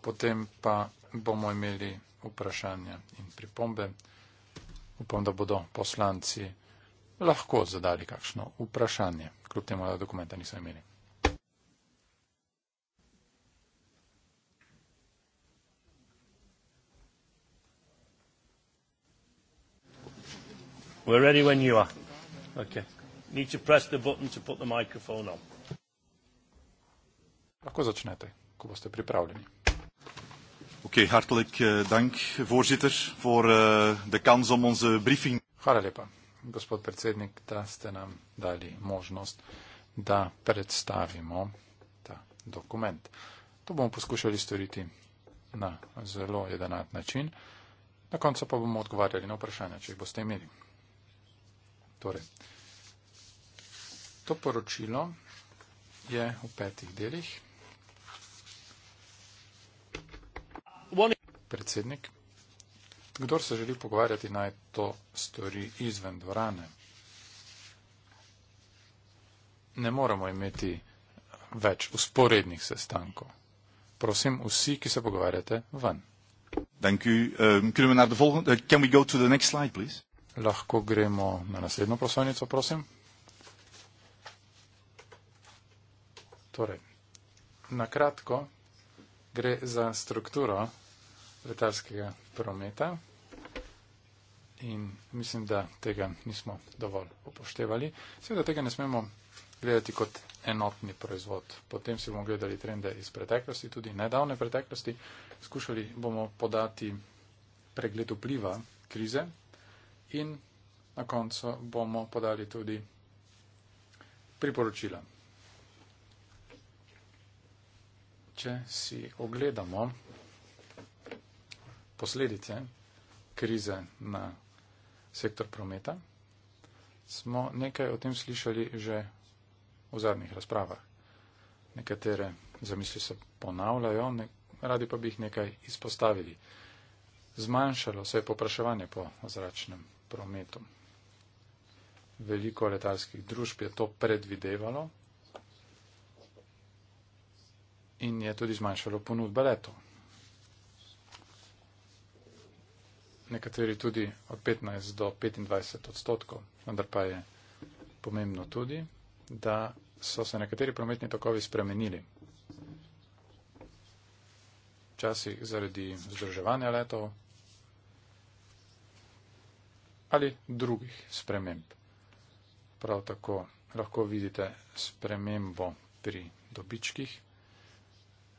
Potem pa bomo imeli vprašanja in pripombe. Upam, da bodo poslanci lahko zadali kakšno vprašanje, kljub temu, da dokumenta niso imeli. We're ready when you are. Okay need to press the button to put the microphone on. Lahko začnete, ko boste pripravljeni. Ok, hartelijk uh, dank, voorzitter, voor uh, de kans om onze briefing. Hvala lepa, gospod predsednik, da ste nam dali možnost, da predstavimo ta dokument. To bomo poskušali storiti na zelo jedenat način. Na koncu pa bomo odgovarjali na vprašanja, če jih boste imeli. Torej, To poročilo je v petih delih. Predsednik, kdor se želi pogovarjati, naj to stori izven dvorane. Ne moramo imeti več usporednih sestankov. Prosim, vsi, ki se pogovarjate, ven. Ehm, eh, Lahko gremo na naslednjo prosojnico, prosim. Torej, na kratko gre za strukturo letalskega prometa in mislim, da tega nismo dovolj upoštevali. Seveda tega ne smemo gledati kot enotni proizvod. Potem si bomo gledali trende iz preteklosti, tudi nedavne preteklosti. Skušali bomo podati pregled vpliva krize in na koncu bomo podali tudi priporočila če si ogledamo posledice krize na sektor prometa, smo nekaj o tem slišali že v zadnjih razpravah. Nekatere zamisli se ponavljajo, ne, radi pa bi jih nekaj izpostavili. Zmanjšalo se je popraševanje po zračnem prometu. Veliko letalskih družb je to predvidevalo, in je tudi zmanjšalo ponudbe leto. Nekateri tudi od 15 do 25 odstotkov, vendar pa je pomembno tudi, da so se nekateri prometni tokovi spremenili. Včasih zaradi združevanja letov ali drugih sprememb. Prav tako lahko vidite spremembo pri dobičkih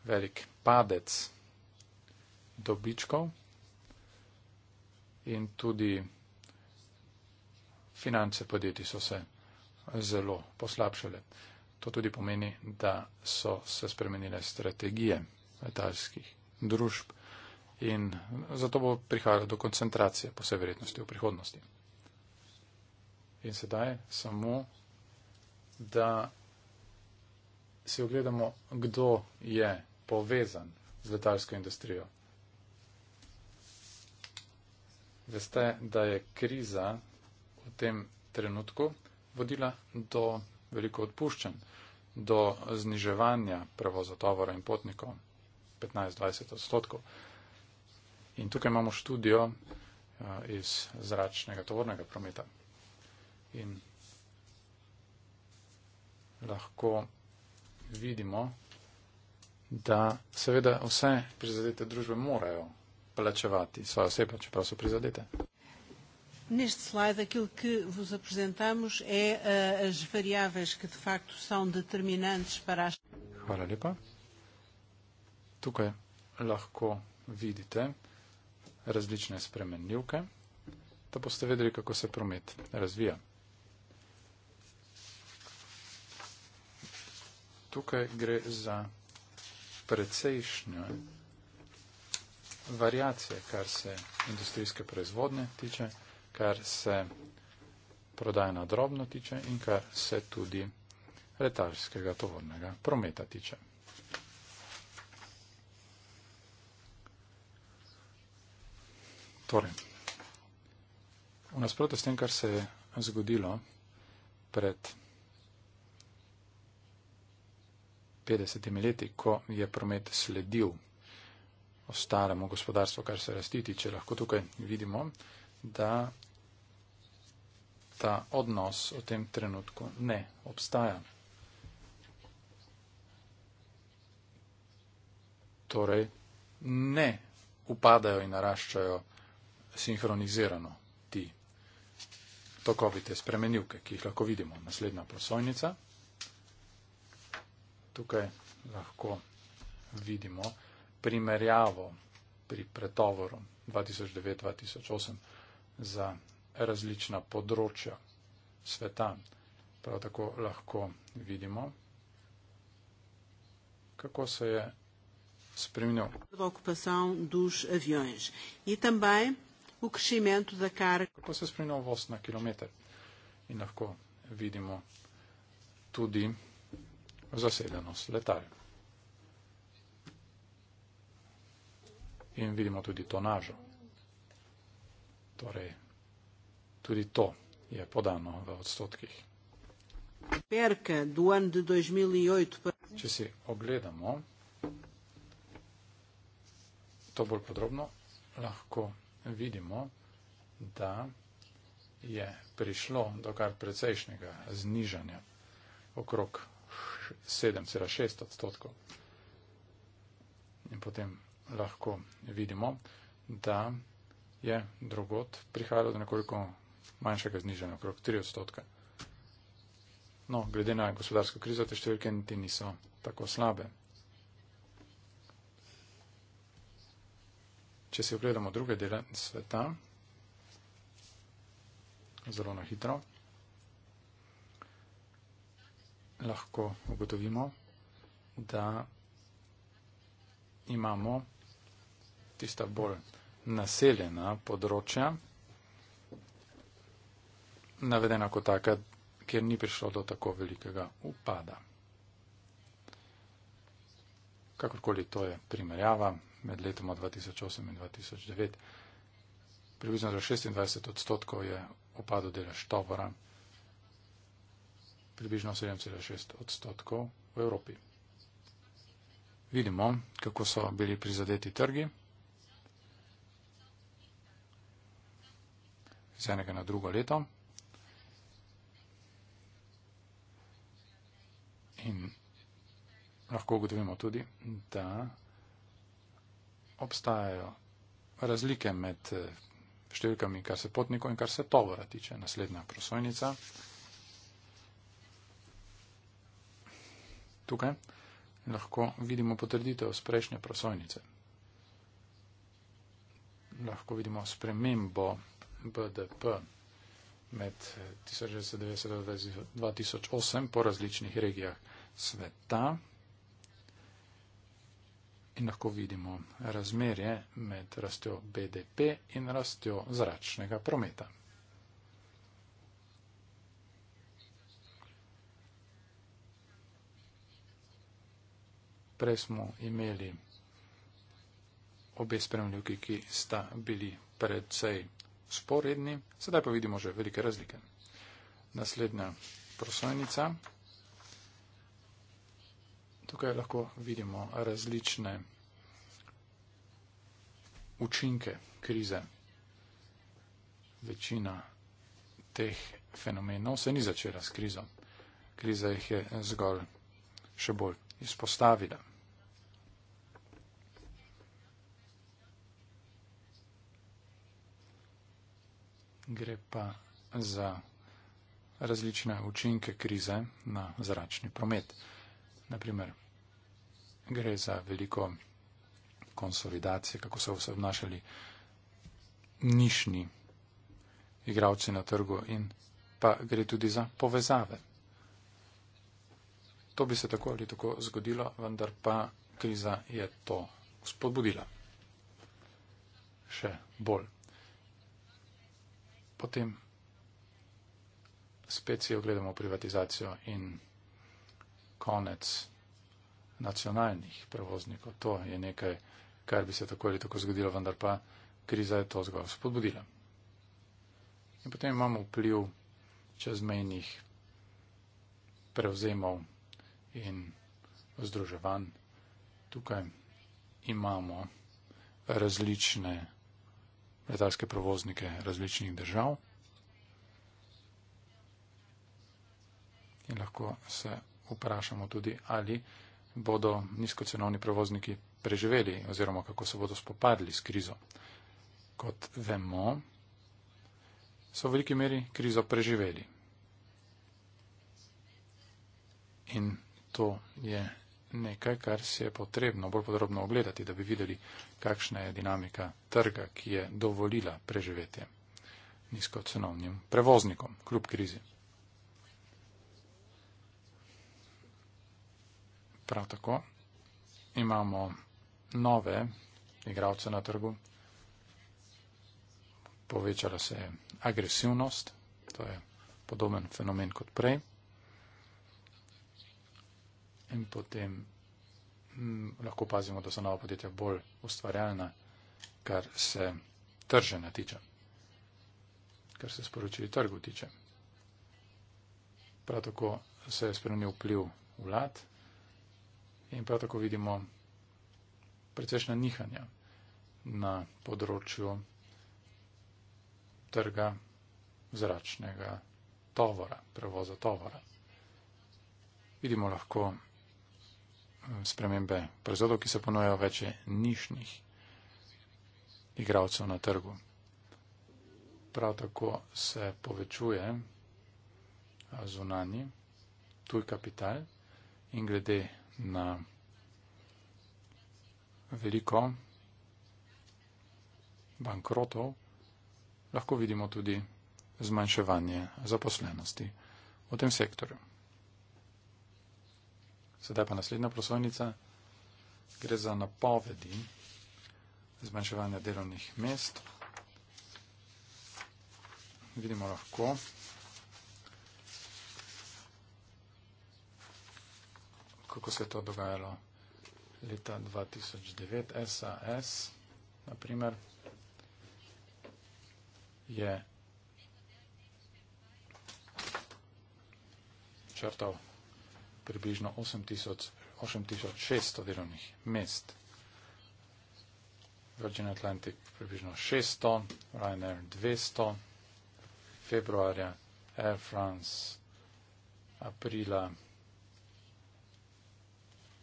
velik padec dobičkov in tudi finance podjetij so se zelo poslabšale. To tudi pomeni, da so se spremenile strategije letalskih družb in zato bo prihajalo do koncentracije po vsej verjetnosti v prihodnosti. In sedaj samo, da si ogledamo, kdo je povezan z letalsko industrijo. Veste, da je kriza v tem trenutku vodila do veliko odpuščanj, do zniževanja prevoza tovora in potnikov 15-20 odstotkov. In tukaj imamo študijo eh, iz zračnega tovornega prometa. In lahko vidimo, da seveda vse prizadete družbe morajo plačevati svoje osebe, čeprav so prizadete. Neste slide aquilo que vos apresentamos é uh, as variáveis que de facto são determinantes para as... Hvala lepa. Tukaj lahko vidite različne spremenljivke, da boste vedeli, kako se promet razvija. Tukaj gre za precejšnja variacija, kar se industrijske proizvodnje tiče, kar se prodaje na drobno tiče in kar se tudi letalskega tovornega prometa tiče. Torej, v nasprotju s tem, kar se je zgodilo pred 50 leti, ko je promet sledil ostalemu gospodarstvu, kar se rasti tiče, lahko tukaj vidimo, da ta odnos v tem trenutku ne obstaja. Torej, ne upadajo in naraščajo sinhronizirano ti tokovite spremenilke, ki jih lahko vidimo. Naslednja prosojnica tukaj lahko vidimo primerjavo pri pretovoru 2009-2008 za različna področja sveta. Prav tako lahko vidimo, kako se je spremenil. E kako se je spremenil voz na kilometr. In lahko vidimo tudi zasedenost letal. In vidimo tudi tonažo. Torej, tudi to je podano v odstotkih. Če si ogledamo to bolj podrobno, lahko vidimo, da je prišlo do kar precejšnjega znižanja okrog 7,6 odstotkov. In potem lahko vidimo, da je drugot prihajalo do nekoliko manjšega zniženja, okrog 3 odstotka. No, glede na gospodarsko krizo, te številke niti niso tako slabe. Če si ogledamo druge dele sveta, zelo na hitro, lahko ugotovimo, da imamo tista bolj naseljena področja, navedena kot taka, kjer ni prišlo do tako velikega upada. Kakorkoli to je primerjava med letoma 2008 in 2009, približno za 26 odstotkov je upadu delež tovora približno 7,6 odstotkov v Evropi. Vidimo, kako so bili prizadeti trgi. Z enega na drugo leto. In lahko ugotovimo tudi, da obstajajo razlike med eh, številkami, kar se potnikov in kar se tovora tiče. Naslednja prosojnica. tukaj in lahko vidimo potrditev z prejšnje prosojnice. Lahko vidimo spremembo BDP med 1998 po različnih regijah sveta in lahko vidimo razmerje med rastjo BDP in rastjo zračnega prometa. Prej smo imeli obe spremljivki, ki sta bili predvsej sporedni, sedaj pa vidimo že velike razlike. Naslednja prosojnica. Tukaj lahko vidimo različne učinke krize. Večina teh fenomenov se ni začela s krizo. Kriza jih je zgolj še bolj izpostavila. Gre pa za različne učinke krize na zračni promet. Naprimer, gre za veliko konsolidacije, kako so se obnašali nišni igravci na trgu in pa gre tudi za povezave. To bi se tako ali tako zgodilo, vendar pa kriza je to spodbudila. Še bolj. Potem spet si ogledamo privatizacijo in konec nacionalnih prevoznikov. To je nekaj, kar bi se tako ali tako zgodilo, vendar pa kriza je to zgolj spodbudila. In potem imamo vpliv čezmejnih prevzemov in združevanj. Tukaj imamo različne letalske provoznike različnih držav in lahko se vprašamo tudi, ali bodo nizkocenovni provozniki preživeli oziroma kako se bodo spopadli s krizo. Kot vemo, so v veliki meri krizo preživeli. In to je nekaj, kar se je potrebno bolj podrobno ogledati, da bi videli, kakšna je dinamika trga, ki je dovolila preživetje nizkocenovnim prevoznikom kljub krizi. Prav tako imamo nove igralce na trgu. Povečala se je agresivnost, to je podoben fenomen kot prej in potem m, hm, lahko pazimo, da so nova podjetja bolj ustvarjalna, kar se trženja tiče, kar se sporočili trgu tiče. Prav tako se je spremenil vpliv vlad in prav tako vidimo precejšnja nihanja na področju trga zračnega tovora, prevoza tovora. Vidimo lahko Eh, spremembe proizvodov, ki se ponujajo več nišnih igralcev na trgu. Prav tako se povečuje eh, zunanji tuj kapital in glede na veliko bankrotov lahko vidimo tudi zmanjševanje zaposlenosti v tem sektorju. Sedaj pa naslednja prosojnica. Gre za napovedi zmanjševanja delovnih mest. Vidimo lahko. kako se je to dogajalo leta 2009. SAS, naprimer, je črtal približno 8600 delovnih mest. Virgin Atlantic približno 600, Ryanair 200, februarja Air France aprila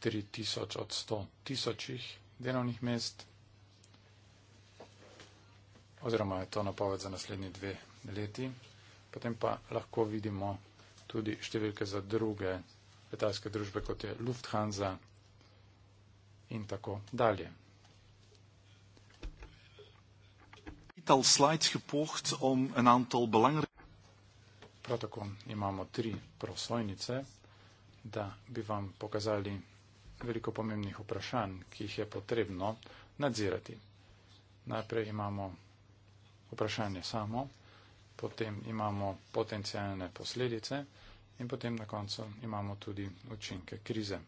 3000 od 100 tisočih delovnih mest. Oziroma je to napoved za naslednji dve leti. Potem pa lahko vidimo tudi številke za druge letalske družbe, kot je Lufthansa in tako dalje. Tal slides gepocht om een aantal belangrijke. Prav tako imamo tri prosojnice, da bi vam pokazali veliko pomembnih vprašanj, ki jih je potrebno nadzirati. Najprej imamo vprašanje samo, potem imamo potencijalne posledice in potem na koncu imamo tudi učinke krize.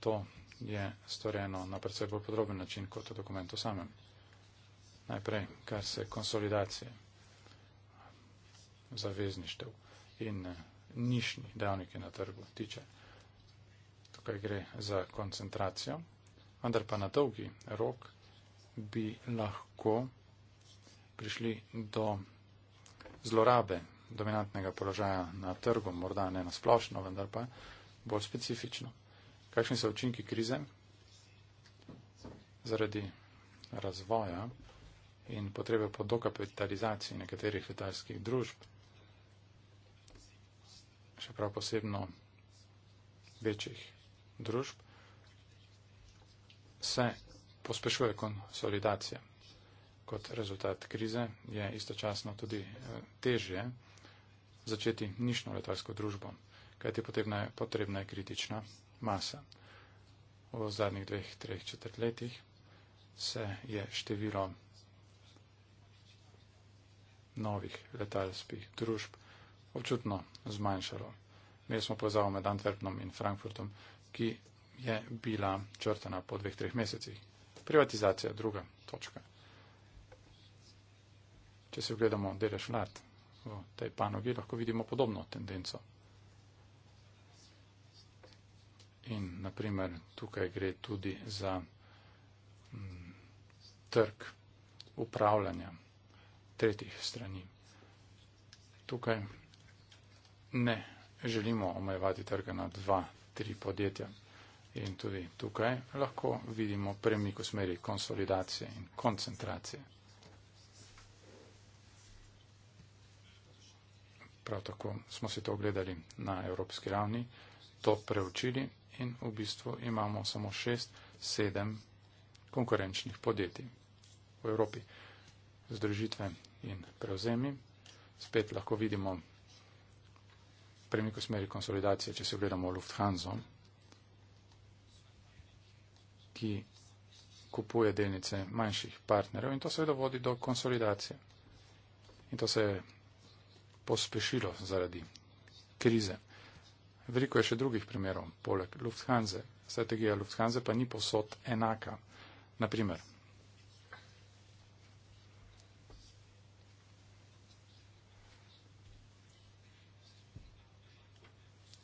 To je storjeno na predvsej bolj podroben način kot v dokumentu samem. Najprej, kar se konsolidacije zavezništev in eh, nišni dejavniki na trgu tiče. Tukaj gre za koncentracijo, vendar pa na dolgi rok bi lahko prišli do zlorabe dominantnega položaja na trgu, morda ne na splošno, vendar pa bolj specifično. Kakšni so učinki krize zaradi razvoja in potrebe po dokapitalizaciji nekaterih letalskih družb, še prav posebno večjih družb, se pospešuje konsolidacija. Kot rezultat krize je istočasno tudi eh, težje začeti nišno letalsko družbo, kajti potrebna je, potrebna je kritična masa. V zadnjih dveh, treh četrtletjih se je število novih letalskih družb občutno zmanjšalo. Imeli smo povezavo med Antwerpnom in Frankfurtom, ki je bila črtena po dveh, treh mesecih. Privatizacija, druga točka. Če se ogledamo delež vlad, v tej panogi, lahko vidimo podobno tendenco. In naprimer tukaj gre tudi za m, mm, trg upravljanja tretjih strani. Tukaj ne želimo omejevati trga na dva, tri podjetja. In tudi tukaj lahko vidimo premik v smeri konsolidacije in koncentracije. prav tako smo si to ogledali na evropski ravni, to preučili in v bistvu imamo samo 6-7 konkurenčnih podjetij v Evropi. Združitve in prevzemi, spet lahko vidimo premik v smeri konsolidacije, če se ogledamo Lufthansa, ki kupuje delnice manjših partnerjev in to seveda vodi do konsolidacije. In to se je pospešilo zaradi krize. Veliko je še drugih primerov, poleg Lufthansa. Strategija Lufthansa pa ni posod enaka. Naprimer,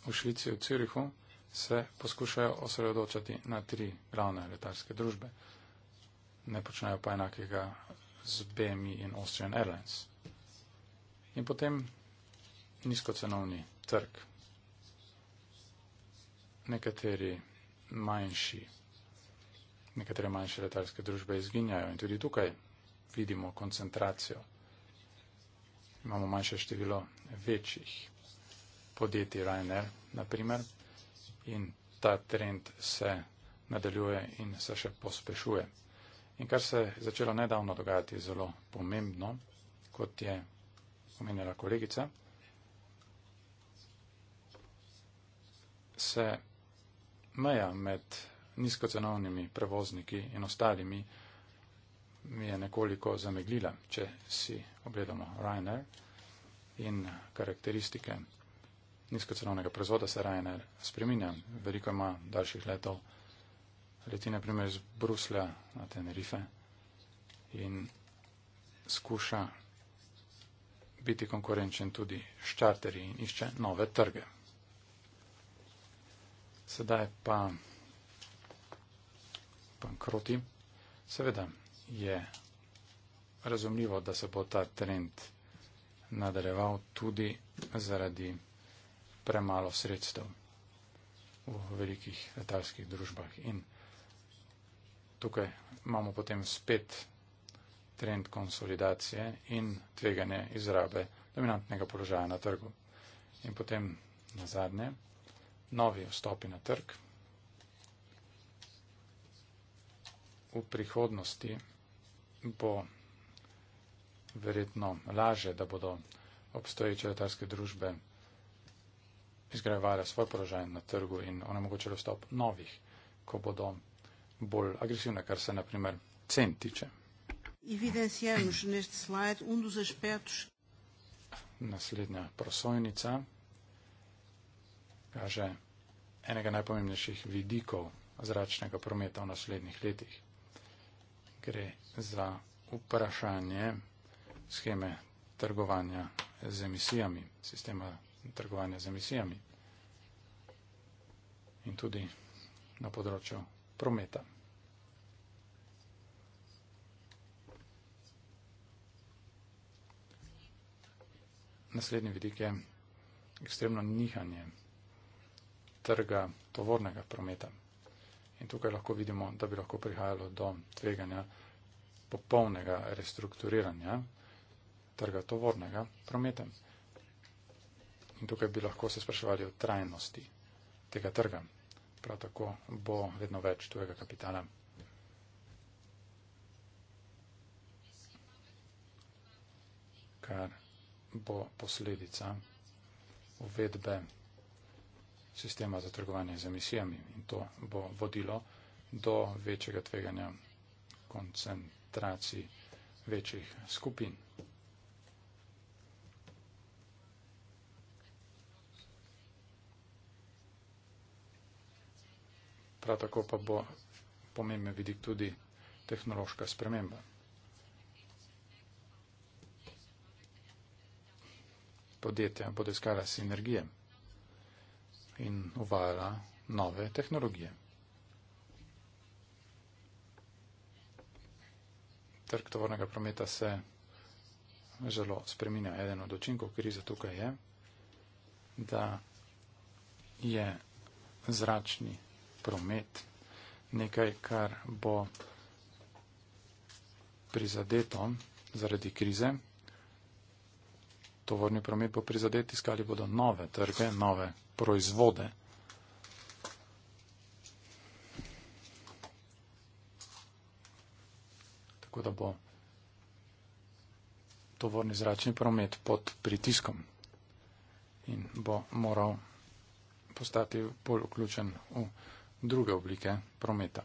v Švici, v Cirihu se poskušajo osredotočati na tri glavne letarske družbe. Ne počnejo pa enakega z BMI in Austrian Airlines in potem nizkocenovni trg. Nekateri manjši, nekatere manjše letalske družbe izginjajo in tudi tukaj vidimo koncentracijo. Imamo manjše število večjih podjetij Ryanair, na primer, in ta trend se nadaljuje in se še pospešuje. In kar se je začelo nedavno dogajati zelo pomembno, kot je omenjala kolegica, se meja med nizkocenovnimi prevozniki in ostalimi mi je nekoliko zameglila, če si ogledamo Ryanair in karakteristike nizkocenovnega prevoza se Ryanair spreminja. Veliko ima daljših letov, leti na primer iz Bruslja na Tenerife in skuša biti konkurenčen tudi ščarteri in išče nove trge. Sedaj pa bankroti. Seveda je razumljivo, da se bo ta trend nadaljeval tudi zaradi premalo sredstev v velikih letalskih družbah. In tukaj imamo potem spet trend konsolidacije in tveganje izrabe dominantnega položaja na trgu. In potem na zadnje, novi vstopi na trg. V prihodnosti bo verjetno laže, da bodo obstoječe letalske družbe izgrajevale svoj položaj na trgu in onemogočile vstop novih, ko bodo bolj agresivne, kar se naprimer cen tiče. Evidenciamos neste slide um dos aspectos. Naslednja prosojnica kaže enega najpomembnejših vidikov zračnega prometa v naslednjih letih. Gre za vprašanje scheme trgovanja z emisijami, sistema trgovanja z emisijami in tudi na področju prometa. naslednji vidik je ekstremno nihanje trga tovornega prometa. In tukaj lahko vidimo, da bi lahko prihajalo do tveganja popolnega restrukturiranja trga tovornega prometa. In tukaj bi lahko se spraševali o trajnosti tega trga. Prav tako bo vedno več tujega kapitala. Kar bo posledica uvedbe sistema za trgovanje z emisijami in to bo vodilo do večjega tveganja koncentracij večjih skupin. Prav tako pa bo pomemben vidik tudi tehnološka sprememba. podjetja bodo iskala sinergije in uvajala nove tehnologije. Trg tovornega prometa se zelo spreminja. Eden od očinkov krize tukaj je, da je zračni promet nekaj, kar bo prizadeto zaradi krize tovorni promet bo prizadet, iskali bodo nove trge, nove proizvode. Tako da bo tovorni zračni promet pod pritiskom in bo moral postati bolj vključen v druge oblike prometa.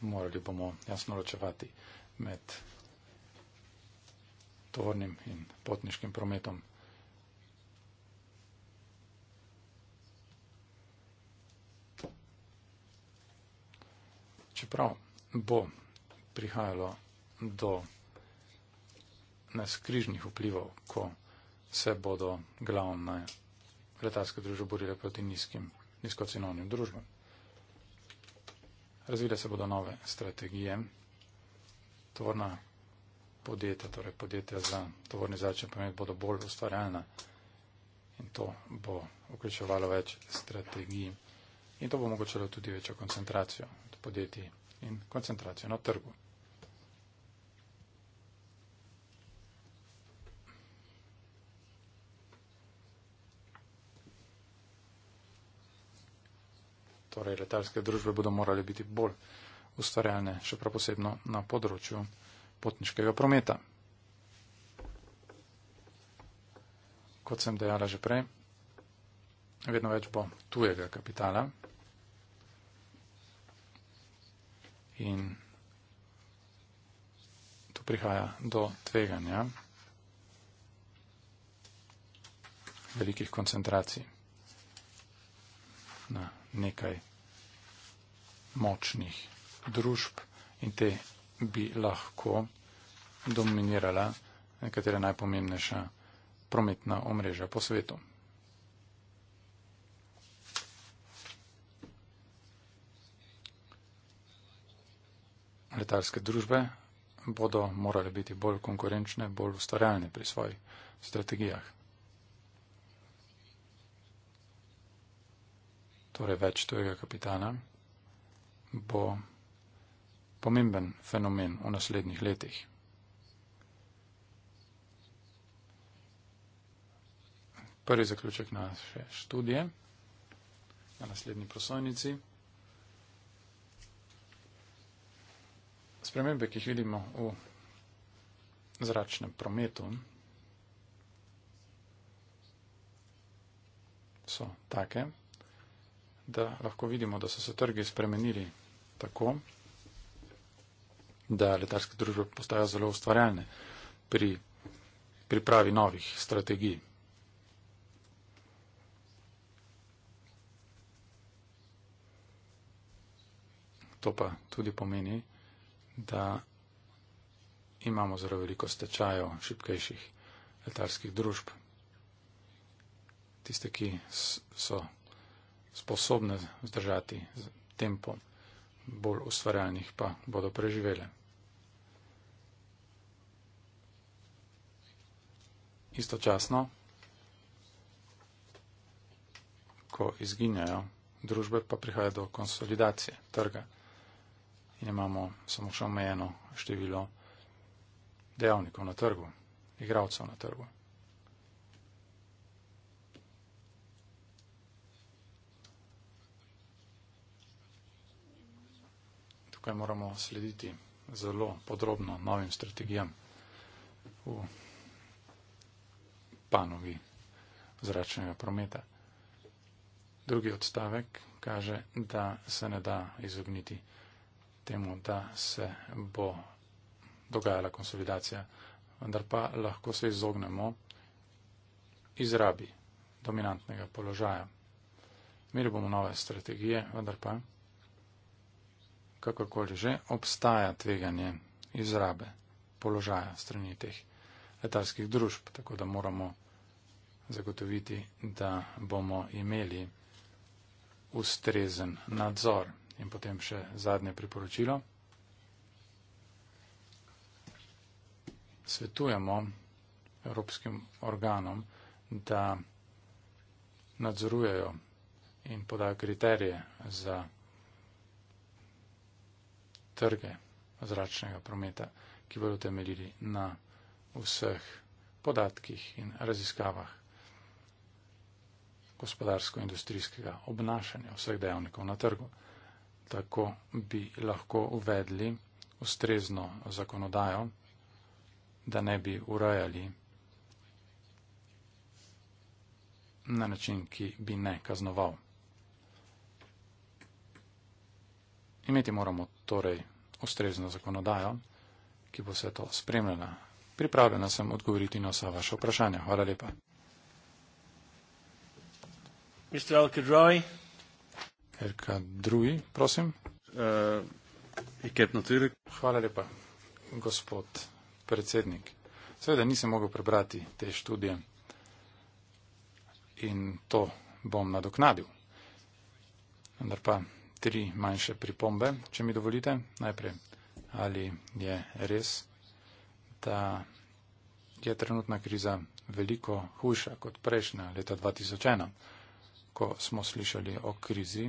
morali bomo jasno ločevati med tovornim in potniškim prometom. Čeprav bo prihajalo do neskrižnih vplivov, ko se bodo glavne letalske družbe borile proti nizkim, nizkocenovnim družbam. Razvile se bodo nove strategije, tvorna podjetja, torej podjetja za tvorni začin pomen, bodo bolj ustvarjalna in to bo vključevalo več strategij in to bo omogočalo tudi večjo koncentracijo podjetij in koncentracijo na trgu. torej letalske družbe bodo morale biti bolj ustvarjalne, še prav posebno na področju potniškega prometa. Kot sem dejala že prej, vedno več bo tujega kapitala in tu prihaja do tveganja velikih koncentracij na nekaj močnih družb in te bi lahko dominirala nekatera najpomembnejša prometna omrežja po svetu. Letalske družbe bodo morale biti bolj konkurenčne, bolj ustvarjalne pri svojih strategijah. Torej več tujega kapitana, bo pomemben fenomen v naslednjih letih. Prvi zaključek naše študije na naslednji prosojnici. Spremembe, ki jih vidimo v zračnem prometu, so take da lahko vidimo, da so se trgi spremenili tako, da letarske družbe postajo zelo ustvarjalne pri pripravi novih strategij. To pa tudi pomeni, da imamo zelo veliko stečajev šipkejših letarskih družb. Tiste, ki so sposobne zdržati tempo bolj ustvarjalnih, pa bodo preživele. Istočasno, ko izginjajo družbe, pa prihaja do konsolidacije trga in imamo samo še omejeno število dejavnikov na trgu, igralcev na trgu. tukaj moramo slediti zelo podrobno novim strategijam v panogi zračnega prometa. Drugi odstavek kaže, da se ne da izogniti temu, da se bo dogajala konsolidacija, vendar pa lahko se izognemo izrabi dominantnega položaja. Imeli bomo nove strategije, vendar pa kakorkoli že, obstaja tveganje izrabe položaja strani teh letalskih družb, tako da moramo zagotoviti, da bomo imeli ustrezen nadzor. In potem še zadnje priporočilo. Svetujemo evropskim organom, da nadzorujejo in podajo kriterije za trge zračnega prometa, ki bodo temeljili na vseh podatkih in raziskavah gospodarsko-industrijskega obnašanja vseh dejavnikov na trgu. Tako bi lahko uvedli ustrezno zakonodajo, da ne bi urajali na način, ki bi ne kaznoval. Imeti moramo torej ustrezno zakonodajo, ki bo vse to spremljena. Pripravljena sem odgovoriti na vsa vaše vprašanja. Hvala lepa. Mr. Alkidroj. Erka Drugi, prosim. Uh, Hvala lepa, gospod predsednik. Seveda nisem mogel prebrati te študije in to bom nadoknadil. Vendar pa tri manjše pripombe, če mi dovolite. Najprej, ali je res, da je trenutna kriza veliko hujša kot prejšnja leta 2001, ko smo slišali o krizi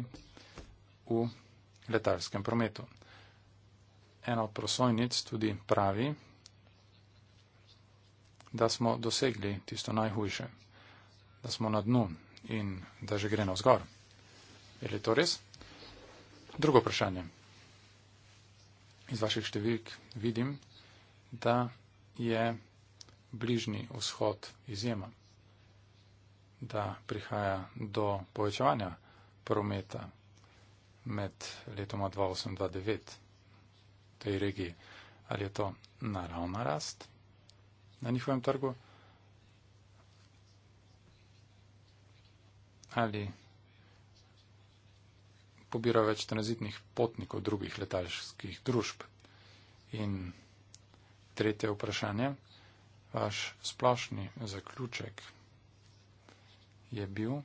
v letalskem prometu. Eno od prosojnic tudi pravi, da smo dosegli tisto najhujše, da smo na dnu in da že gre na vzgor. Je li to res? Drugo vprašanje. Iz vaših številk vidim, da je bližnji vzhod izjema, da prihaja do povečevanja prometa med letoma 2008 2009 v tej regiji. Ali je to naravna rast na njihovem trgu? Ali pobira več tranzitnih potnikov drugih letalskih družb. In tretje vprašanje, vaš splošni zaključek je bil,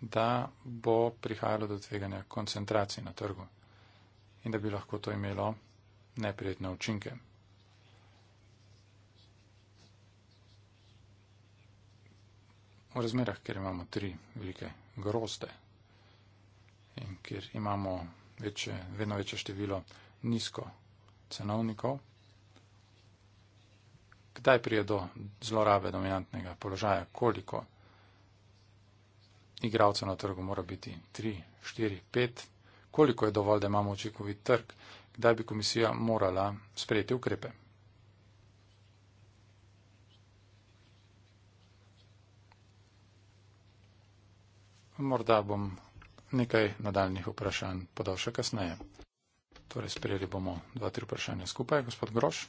da bo prihajalo do tveganja koncentracij na trgu in da bi lahko to imelo neprijetne učinke. V razmerah, kjer imamo tri velike grozde in kjer imamo večje, vedno večje število nizko cenovnikov. Kdaj prije do zlorabe dominantnega položaja, koliko igralcev na trgu mora biti? 3, 4, 5, koliko je dovolj, da imamo očekovit trg, kdaj bi komisija morala sprejeti ukrepe? Morda bom nekaj nadaljnih vprašanj podal še kasneje. Torej, sprejeli bomo dva, tri vprašanja skupaj. Gospod Groš.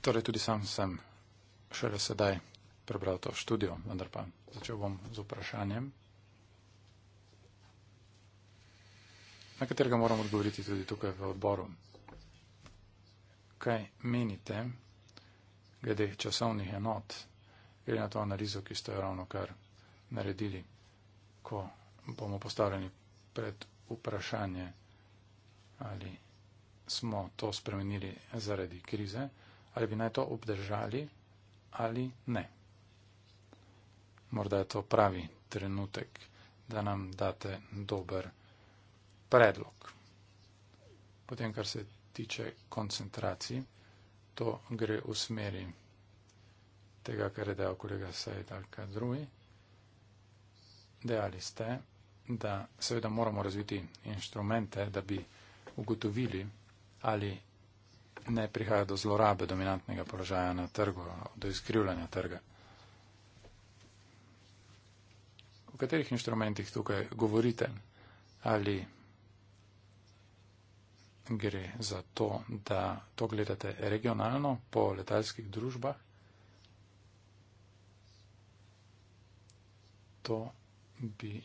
Torej, tudi sam sem šele sedaj prebral to študijo, vendar pa začel bom z vprašanjem, na katerega moram odgovoriti tudi tukaj v odboru. Kaj menite glede časovnih enot glede na to analizo, ki ste jo ravno kar naredili, ko bomo postavljeni pred vprašanje, ali smo to spremenili zaradi krize, ali bi naj to obdržali ali ne. Morda je to pravi trenutek, da nam date dober predlog. Potem, kar se tiče koncentracij, to gre v smeri tega, kar je dejal kolega Sejd Al-Kadruji. Dejali ste, da seveda moramo razviti inštrumente, da bi ugotovili, ali ne prihaja do zlorabe dominantnega položaja na trgu, do izkrivljanja trga. V katerih inštrumentih tukaj govorite, ali gre za to, da to gledate regionalno po letalskih družbah to bi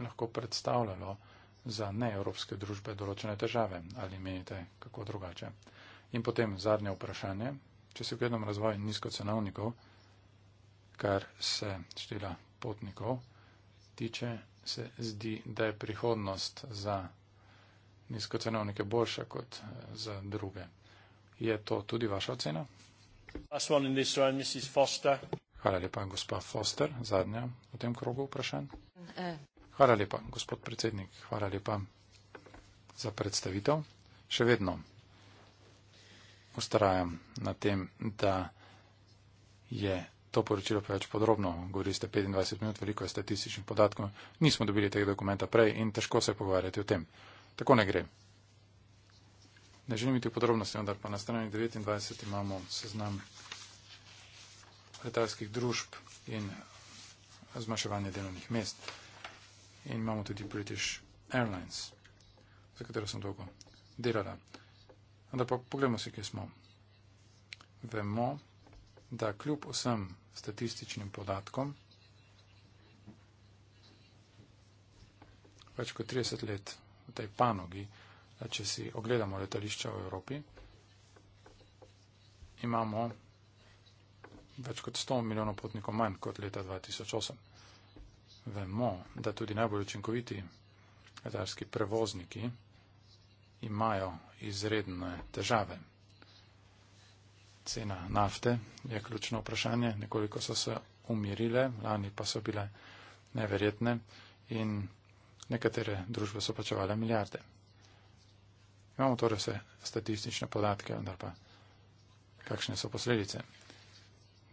lahko predstavljalo za neevropske družbe določene težave. Ali menite kako drugače? In potem zadnje vprašanje. Če se gledam razvoj nizkocenovnikov, kar se števila potnikov tiče, se zdi, da je prihodnost za nizkocenovnike boljša kot eh, za druge. Je to tudi vaša ocena? Last one in this round, Mrs. Foster. Hvala lepa, gospa Foster, zadnja v tem krogu vprašanj. Eh. Hvala lepa, gospod predsednik, hvala lepa za predstavitev. Še vedno ustrajam na tem, da je to poročilo preveč podrobno. Govorite 25 minut, veliko je statističnih podatkov. Nismo dobili tega dokumenta prej in težko se pogovarjati o tem. Tako ne gre. Ne želim iti v podrobnosti, vendar pa na strani 29 imamo seznam letalskih družb in zmaševanje delovnih mest. In imamo tudi British Airlines, za katero sem dolgo delala. Ampak pa pogledamo si, kje smo. Vemo, da kljub vsem statističnim podatkom, več kot 30 let v tej panogi, da če si ogledamo letališča v Evropi, imamo več kot 100 milijonov potnikov manj kot leta 2008. Vemo, da tudi najbolj učinkoviti letalski prevozniki imajo izredne težave. Cena nafte je ključno vprašanje, nekoliko so se umirile, lani pa so bile neverjetne in nekatere družbe so plačevale milijarde. Imamo torej vse statistične podatke, vendar pa kakšne so posledice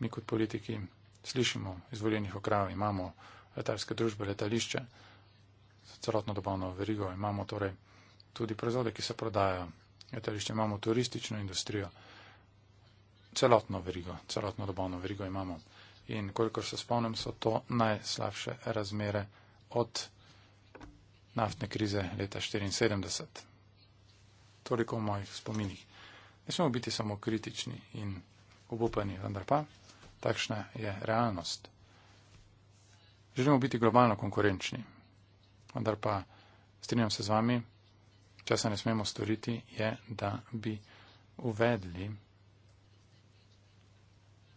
mi kot politiki slišimo izvoljenih okrajev, imamo letalske družbe, letališče, celotno dobavno verigo, imamo torej tudi proizvode, ki se prodajajo, letališče, imamo turistično industrijo, celotno verigo, celotno dobavno verigo imamo. In koliko se spomnim, so to najslabše razmere od naftne krize leta 1974. Toliko v mojih spominih. Ne smemo biti samo kritični in obupani, vendar pa. Takšna je realnost. Želimo biti globalno konkurenčni, vendar pa strinjam se z vami, časa ne smemo storiti, je, da bi uvedli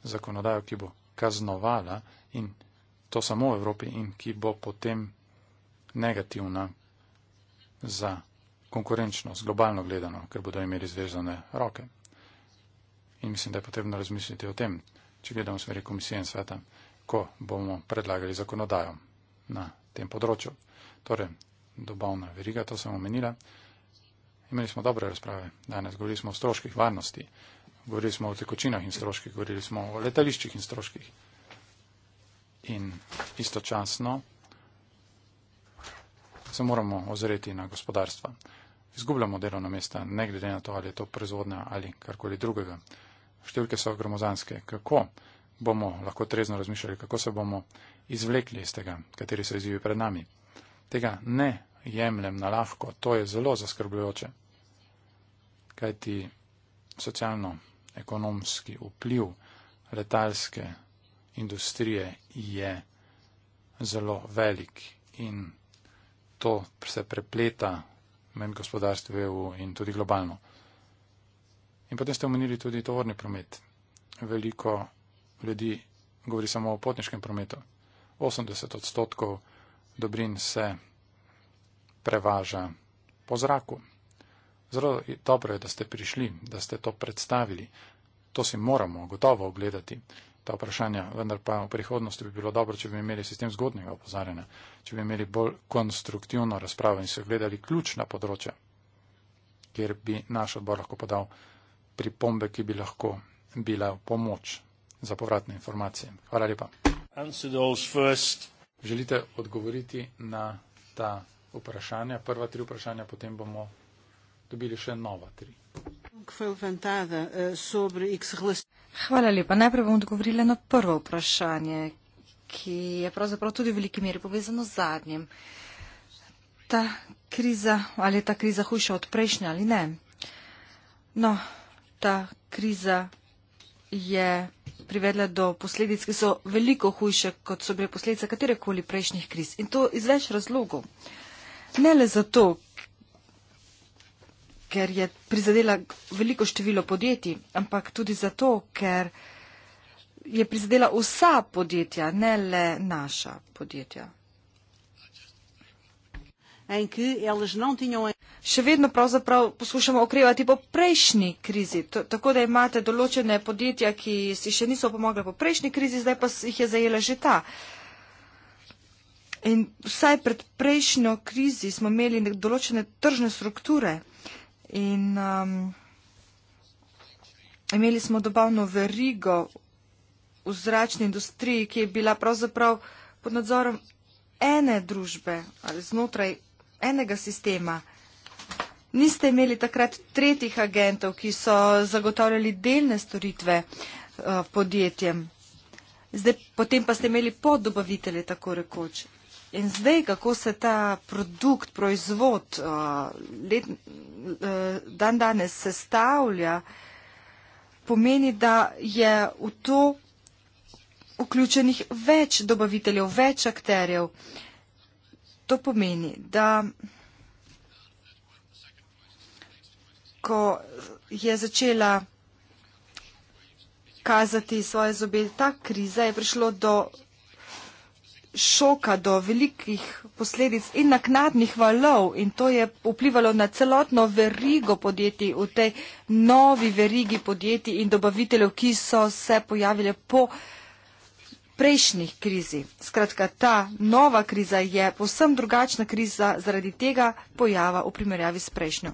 zakonodajo, ki bo kaznovala in to samo v Evropi in ki bo potem negativna za konkurenčnost, globalno gledano, ker bodo imeli zvezane roke. In mislim, da je potrebno razmisliti o tem če gledamo v smeri komisije in sveta, ko bomo predlagali zakonodajo na tem področju. Torej, dobavna veriga, to sem omenila. Imeli smo dobre razprave danes, govorili smo o stroških varnosti, govorili smo o tekočinah in stroških, govorili smo o letališčih in stroških. In istočasno se moramo ozreti na gospodarstva. Izgubljamo delovna mesta, ne glede na to, ali je to proizvodnja ali karkoli drugega številke so gromozanske. Kako bomo lahko trezno razmišljali, kako se bomo izvlekli iz tega, kateri so izzivi pred nami. Tega ne jemljem na lahko, to je zelo zaskrbljujoče. Kaj ti socialno-ekonomski vpliv letalske industrije je zelo velik in to se prepleta med gospodarstvom EU in tudi globalno. In potem ste omenili tudi tovorni promet. Veliko ljudi govori samo o potniškem prometu. 80 odstotkov dobrin se prevaža po zraku. Zelo dobro je, da ste prišli, da ste to predstavili. To si moramo gotovo ogledati, ta vprašanja. Vendar pa v prihodnosti bi bilo dobro, če bi imeli sistem zgodnega opozarjanja, če bi imeli bolj konstruktivno razpravo in se ogledali ključna področja, kjer bi naš odbor lahko podal pripombe, ki bi lahko bila v pomoč za povratne informacije. Hvala lepa. Želite odgovoriti na ta vprašanja? Prva tri vprašanja, potem bomo dobili še nova tri. Eh, Hvala lepa. Najprej bom odgovorila na prvo vprašanje, ki je pravzaprav tudi v veliki meri povezano z zadnjim. Ta kriza, ali je ta kriza hujša od prejšnje ali ne? No, ta kriza je privedla do posledic, ki so veliko hujše, kot so bile posledice katerekoli prejšnjih kriz. In to iz več razlogov. Ne le zato, ker je prizadela veliko število podjetij, ampak tudi zato, ker je prizadela vsa podjetja, ne le naša podjetja še vedno pravzaprav poskušamo okrevati po prejšnji krizi. T tako da imate določene podjetja, ki si še niso pomagali po prejšnji krizi, zdaj pa jih je zajela že ta. In vsaj pred prejšnjo krizi smo imeli določene tržne strukture in um, imeli smo dobavno verigo v zračni industriji, ki je bila pravzaprav pod nadzorom ene družbe ali znotraj enega sistema. Niste imeli takrat tretjih agentov, ki so zagotavljali delne storitve eh, podjetjem. Zdaj, potem pa ste imeli poddobavitelje, tako rekoč. In zdaj, kako se ta produkt, proizvod eh, let, eh, dan danes sestavlja, pomeni, da je v to vključenih več dobaviteljev, več akterjev. To pomeni, da. ko je začela kazati svoje zobe. Ta kriza je prišlo do šoka, do velikih posledic in naknadnih valov in to je vplivalo na celotno verigo podjetij v tej novi verigi podjetij in dobaviteljev, ki so se pojavile po prejšnjih krizi. Skratka, ta nova kriza je posem drugačna kriza zaradi tega pojava v primerjavi s prejšnjo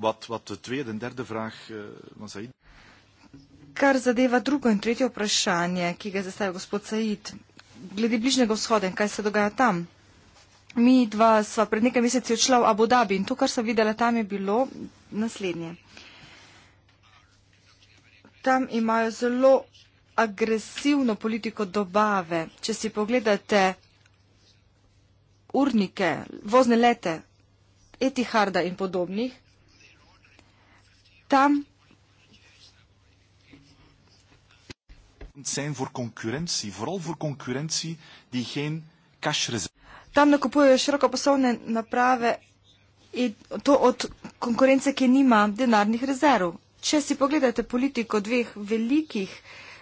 wat, wat de tweede en derde vraag uh, van Said. Kar zadeva drugo in tretje vprašanje, ki ga je zastavil gospod Said, glede bližnjega vzhoda in kaj se dogaja tam. Mi dva sva pred nekaj meseci odšla v Abu Dhabi in to, kar sem videla tam, je bilo naslednje. Tam imajo zelo agresivno politiko dobave. Če si pogledate urnike, vozne lete, Etiharda in podobnih, tam. zijn voor concurrentie, vooral voor concurrentie die geen cash Tam nakupujejo širokopasovne naprave in to od konkurence, ki nima denarnih rezerv. Če si pogledate politiko dveh velikih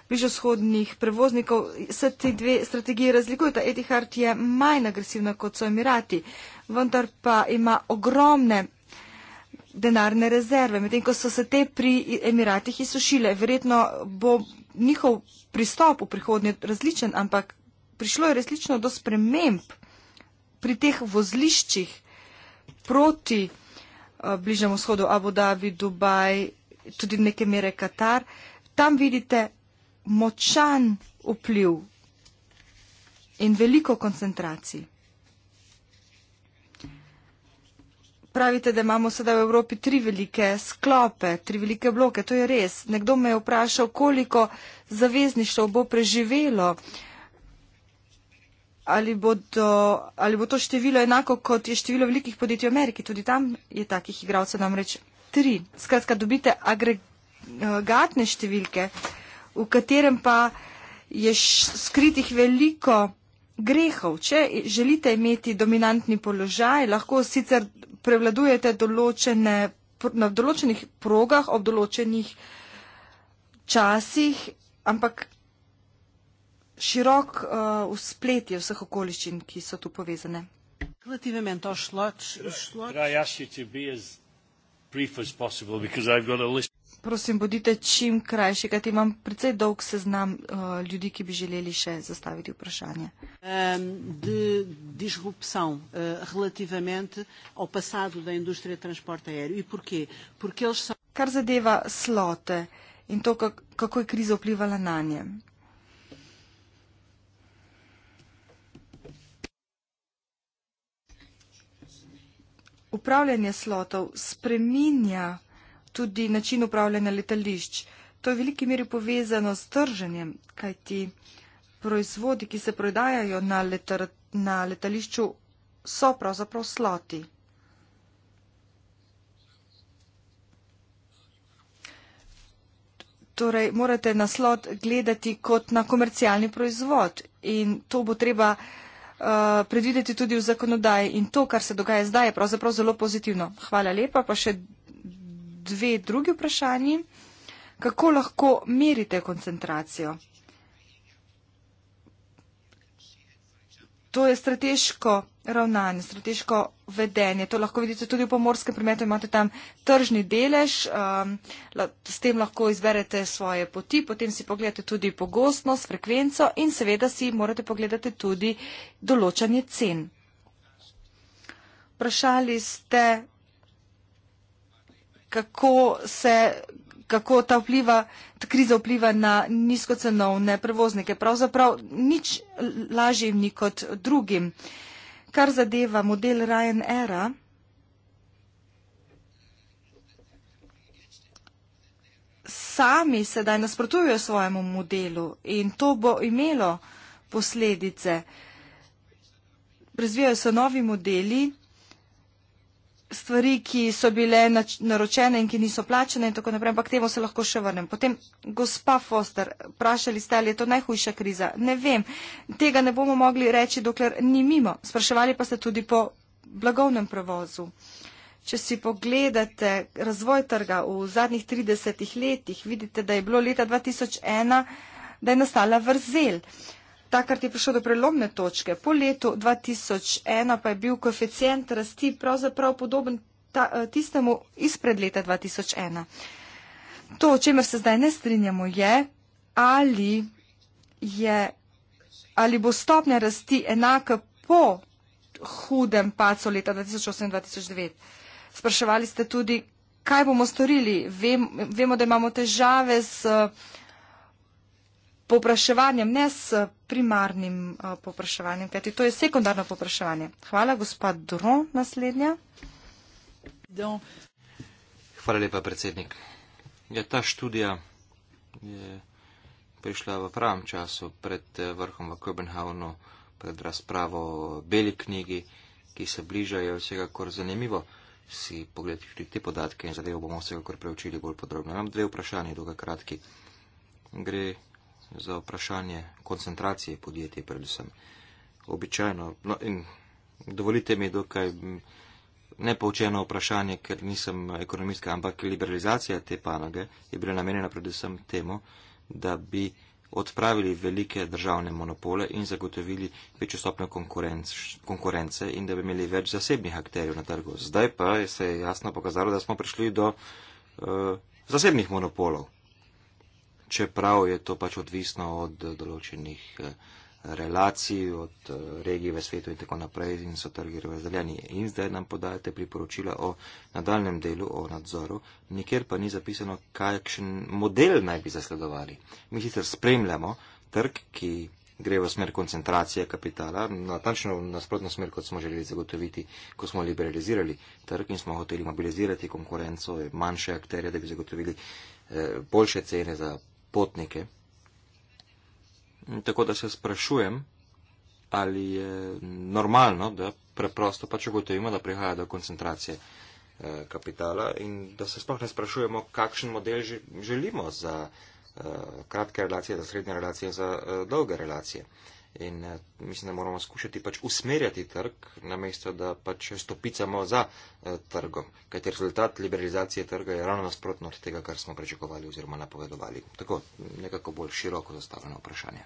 bližoshodnih prevoznikov, se te dve strategije razlikujeta. Etihard je manj agresivna kot so Emirati, vendar pa ima ogromne denarne rezerve, medtem ko so se te pri Emiratih izsušile. Verjetno bo njihov pristop v prihodnje različen, ampak prišlo je resnično do sprememb pri teh vozliščih proti eh, Bližnemu shodu, Abu Dhabi, Dubaj, tudi neke mere Katar. Tam vidite močan vpliv in veliko koncentracij. Pravite, da imamo sedaj v Evropi tri velike sklope, tri velike bloke. To je res. Nekdo me je vprašal, koliko zavezništvo bo preživelo. Ali, bodo, ali bo to število enako, kot je število velikih podjetij v Ameriki. Tudi tam je takih igralcev namreč tri. Skratka, dobite agregatne številke, v katerem pa je skritih veliko grehov. Če želite imeti dominantni položaj, lahko sicer prevladujete določene, na določenih progah, ob določenih časih, ampak širok uh, vzplet je vseh okoliščin, ki so tu povezane. Relativement to šloč. Could I ask you to be as brief as possible, because I've got a list prosim, bodite čim krajši, kajti imam precej dolg seznam uh, ljudi, ki bi želeli še zastaviti vprašanje. Um, de disrupção uh, relativamente ao passado da industrija transporta aéreo. E porquê? Porque eles são... Kar zadeva slote in to, kako je kriza vplivala na nje. Upravljanje slotov spreminja tudi način upravljanja letališč. To je v veliki meri povezano s trženjem, kajti proizvodi, ki se prodajajo na, letar, na letališču, so pravzaprav sloti. Torej, morate na slot gledati kot na komercialni proizvod in to bo treba uh, predvideti tudi v zakonodaji in to, kar se dogaja zdaj, je pravzaprav zelo pozitivno. Hvala lepa, pa še dve drugi vprašanji. Kako lahko merite koncentracijo? To je strateško ravnanje, strateško vedenje. To lahko vidite tudi v pomorskem primetu. Imate tam tržni delež, um, s tem lahko izberete svoje poti, potem si pogledate tudi pogostnost, frekvenco in seveda si morate pogledati tudi določanje cen. Vprašali ste kako se kako ta, vpliva, ta kriza vpliva na nizkocenovne prevoznike. Pravzaprav nič lažjim ni kot drugim. Kar zadeva model Ryanair, sami sedaj nasprotujejo svojemu modelu in to bo imelo posledice. Razvijajo se novi modeli stvari, ki so bile naročene in ki niso plačene in tako naprej, ampak temu se lahko še vrnem. Potem, gospa Foster, vprašali ste, ali je to najhujša kriza? Ne vem. Tega ne bomo mogli reči, dokler ni mimo. Spraševali pa ste tudi po blagovnem prevozu. Če si pogledate razvoj trga v zadnjih 30 letih, vidite, da je bilo leta 2001, da je nastala vrzel takrat je prišlo do prelomne točke. Po letu 2001 pa je bil koeficient rasti pravzaprav podoben ta, eh, tistemu izpred leta 2001. To, o čemer se zdaj ne strinjamo, je ali, je, ali bo stopnja rasti enaka po hudem pacu leta 2008-2009. Spraševali ste tudi, kaj bomo storili. Vem, vemo, da imamo težave z uh, popraševanjem, ne s primarnim eh, popraševanjem, kajti to je sekundarno popraševanje. Hvala, gospod Dro, naslednja. Hvala lepa, predsednik. Ja, ta študija je prišla v pravem času pred eh, vrhom v Kopenhavnu, pred razpravo o beli knjigi, ki se bližajo vsega, kar zanimivo. Si pogledati te podatke in zadevo bomo vsega, kar preučili bolj podrobno. Imam dve vprašanje, dolga kratki. Gre za vprašanje koncentracije podjetij predvsem. Običajno, no in dovolite mi dokaj nepoučeno vprašanje, ker nisem ekonomistka, ampak liberalizacija te panoge je bila namenjena predvsem temu, da bi odpravili velike državne monopole in zagotovili večjo stopnjo konkurenc, konkurence in da bi imeli več zasebnih akterjev na trgu. Zdaj pa se je jasno pokazalo, da smo prišli do uh, zasebnih monopolov čeprav je to pač odvisno od eh, določenih eh, relacij, od eh, regij v svetu in tako naprej in so trgi razdeljeni. In zdaj nam podajate priporočila o nadaljem delu, o nadzoru, nikjer pa ni zapisano, kakšen model naj bi zasledovali. Mi sicer spremljamo trg, ki gre v smer koncentracije kapitala, natančno v nasprotno smer, kot smo želeli zagotoviti, ko smo liberalizirali trg in smo hoteli mobilizirati konkurenco, manjše akterje, da bi zagotovili eh, boljše cene za potnike. Tako da se sprašujem, ali je normalno, da preprosto pač ugotovimo, da prihaja do koncentracije eh, kapitala in da se sploh ne sprašujemo, kakšen model želimo za eh, kratke relacije, za srednje relacije, za eh, dolge relacije. In eh, mislim, da moramo skušati pač usmerjati trg, namesto da pač stopicamo za eh, trgom. Kaj je rezultat liberalizacije trga, je ravno nasprotno od tega, kar smo prečakovali oziroma napovedovali. Tako nekako bolj široko zastavljeno vprašanje.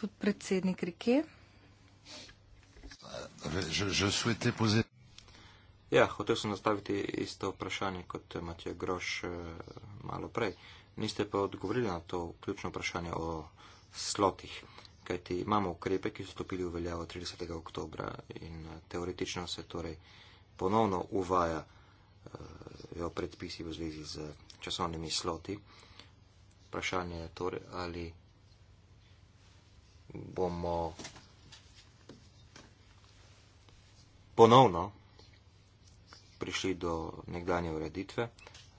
Podpredsednik Rike. Ja, hotel sem nastaviti isto vprašanje kot Matija Groš eh, malo prej. Niste pa odgovorili na to ključno vprašanje o slotih. Kajti imamo ukrepe, ki so stopili v veljavo 30. oktobra in eh, teoretično se torej ponovno uvaja eh, jo predpisi v zvezi z časovnimi sloti. Vprašanje je torej, ali bomo ponovno prišli do nekdanje ureditve,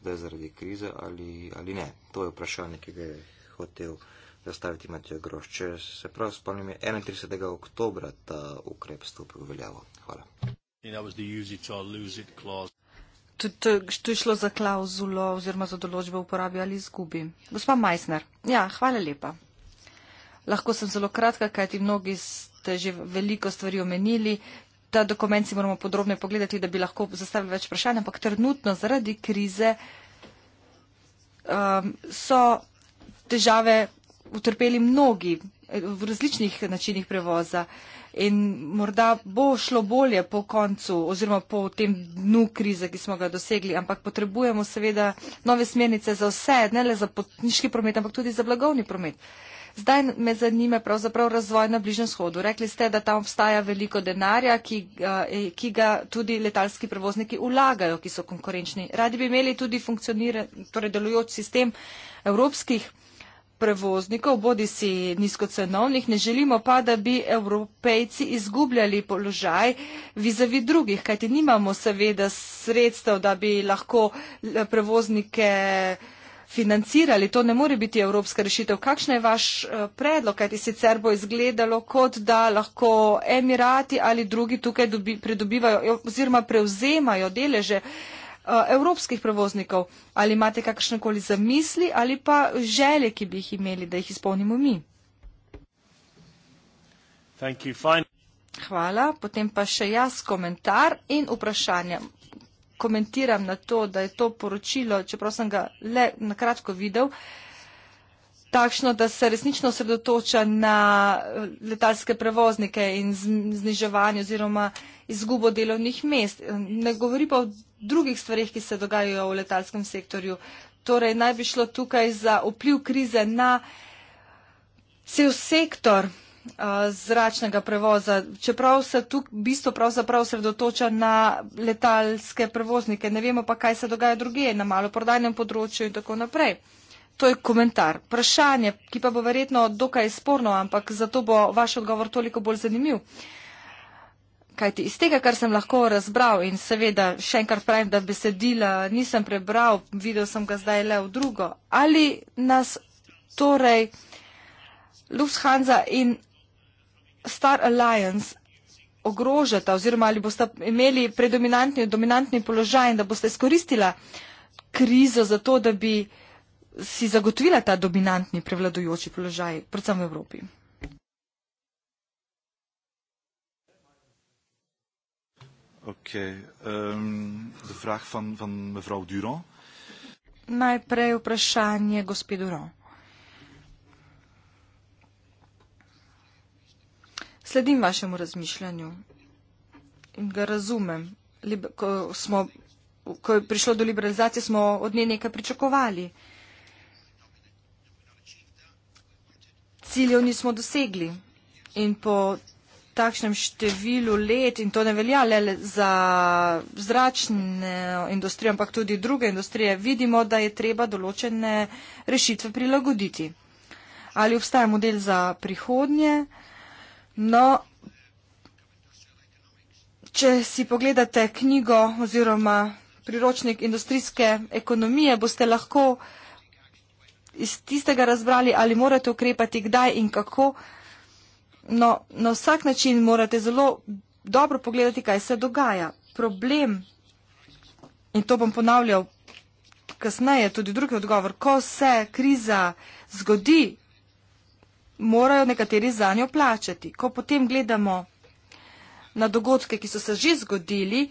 da je zaradi krize ali, ali ne. To je vprašanje, ki ga je hotel zastaviti Matijo Grošče. Se pravi, spomnim, 31. oktobra ta ukrep stopil v veljavo. Hvala. To je šlo za klauzulo oziroma za določbo uporabi ali izgubi. Gospa Meissner, ja, hvala lepa. Lahko sem zelo kratka, kajti mnogi ste že veliko stvari omenili. Ta dokument si moramo podrobno pogledati, da bi lahko zastavili več vprašanj, ampak trenutno zaradi krize um, so težave utrpeli mnogi eh, v različnih načinih prevoza in morda bo šlo bolje po koncu oziroma po tem dnu krize, ki smo ga dosegli, ampak potrebujemo seveda nove smernice za vse, ne le za potniški promet, ampak tudi za blagovni promet. Zdaj me zanima pravzaprav razvoj na Bližnem shodu. Rekli ste, da tam obstaja veliko denarja, ki, eh, eh, ki ga tudi letalski prevozniki vlagajo, ki so konkurenčni. Radi bi imeli tudi funkcioniran, torej delujoč sistem evropskih prevoznikov, bodi si nizkocenovnih, ne želimo pa, da bi evropejci izgubljali položaj vizavi drugih, kajti nimamo seveda sredstev, da bi lahko eh, prevoznike financirali. To ne more biti evropska rešitev. Kakšen je vaš eh, predlog, kajti sicer bo izgledalo, kot da lahko Emirati ali drugi tukaj dobi, pridobivajo oziroma prevzemajo deleže? Eh, evropskih prevoznikov. Ali imate kakšne koli zamisli ali pa želje, ki bi jih imeli, da jih izpolnimo mi? Hvala. Potem pa še jaz komentar in vprašanje. Komentiram na to, da je to poročilo, čeprav sem ga le na kratko videl, takšno, da se resnično sredotoča na eh, letalske prevoznike in zniževanje oziroma izgubo delovnih mest. Ne govori pa o drugih stvarih, ki se dogajajo v letalskem sektorju. Torej, naj bi šlo tukaj za vpliv krize na cel sektor eh, zračnega prevoza, čeprav se tu bistvo pravzaprav sredotoča na letalske prevoznike. Ne vemo pa, kaj se dogaja druge, na maloprodajnem področju in tako naprej. To je komentar. Vprašanje, ki pa bo verjetno dokaj sporno, ampak zato bo vaš odgovor toliko bolj zanimiv kajti iz tega, kar sem lahko razbral in seveda še enkrat pravim, da besedila nisem prebral, videl sem ga zdaj le v drugo, ali nas torej Lufthansa in Star Alliance ogrožata oziroma ali boste imeli predominantni dominantni položaj in da boste izkoristila krizo za to, da bi si zagotovila ta dominantni prevladujoči položaj, predvsem v Evropi. Oké, okay. um, ehm, de vraag van, van mevrouw Durand. Najprej vprašanje, gospe Durand. Sledim vašemu razmišljanju in ga razumem. Ko, smo, ko je prišlo do liberalizacije, smo od nje nekaj pričakovali. Ciljev nismo dosegli in po takšnem številu let in to ne velja le za zračno industrijo, ampak tudi druge industrije, vidimo, da je treba določene rešitve prilagoditi. Ali obstaja model za prihodnje? No, če si pogledate knjigo oziroma priročnik industrijske ekonomije, boste lahko iz tistega razbrali, ali morate ukrepati kdaj in kako no, na vsak način morate zelo dobro pogledati, kaj se dogaja. Problem, in to bom ponavljal kasneje, tudi drugi odgovor, ko se kriza zgodi, morajo nekateri za njo plačati. Ko potem gledamo na dogodke, ki so se že zgodili,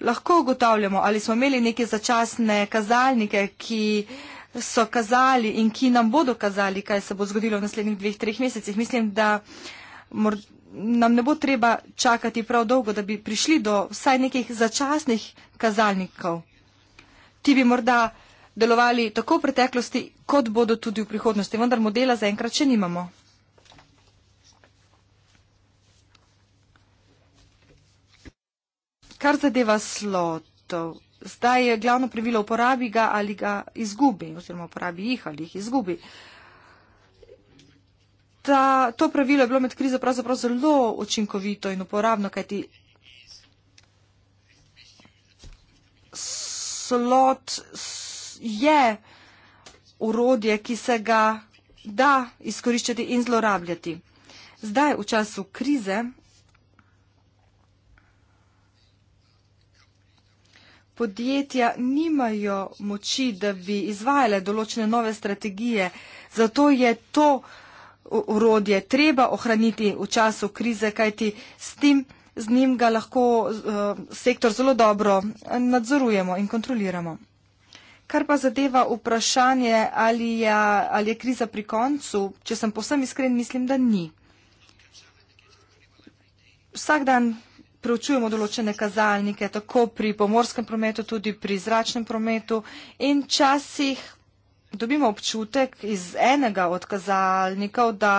lahko ugotavljamo, ali smo imeli neke začasne kazalnike, ki so kazali in ki nam bodo kazali, kaj se bo zgodilo v naslednjih dveh, treh mesecih. Mislim, da mor, nam ne bo treba čakati prav dolgo, da bi prišli do vsaj nekih začasnih kazalnikov. Ti bi morda delovali tako v preteklosti, kot bodo tudi v prihodnosti, vendar modela zaenkrat še nimamo. Kar zadeva slotov zdaj je glavno pravilo uporabi ga ali ga izgubi, oziroma uporabi jih ali jih izgubi. Ta, to pravilo je bilo med krizo pravzaprav zelo učinkovito in uporabno, kajti slot je urodje, ki se ga da izkoriščati in zlorabljati. Zdaj, v času krize, podjetja nimajo moči, da bi izvajale določene nove strategije. Zato je to urodje treba ohraniti v času krize, kajti s tem z njim ga lahko uh, sektor zelo dobro nadzorujemo in kontroliramo. Kar pa zadeva vprašanje, ali je, ali je kriza pri koncu, če sem posem iskren, mislim, da ni. Vsak dan preučujemo določene kazalnike, tako pri pomorskem prometu, tudi pri zračnem prometu in časih dobimo občutek iz enega od kazalnikov, da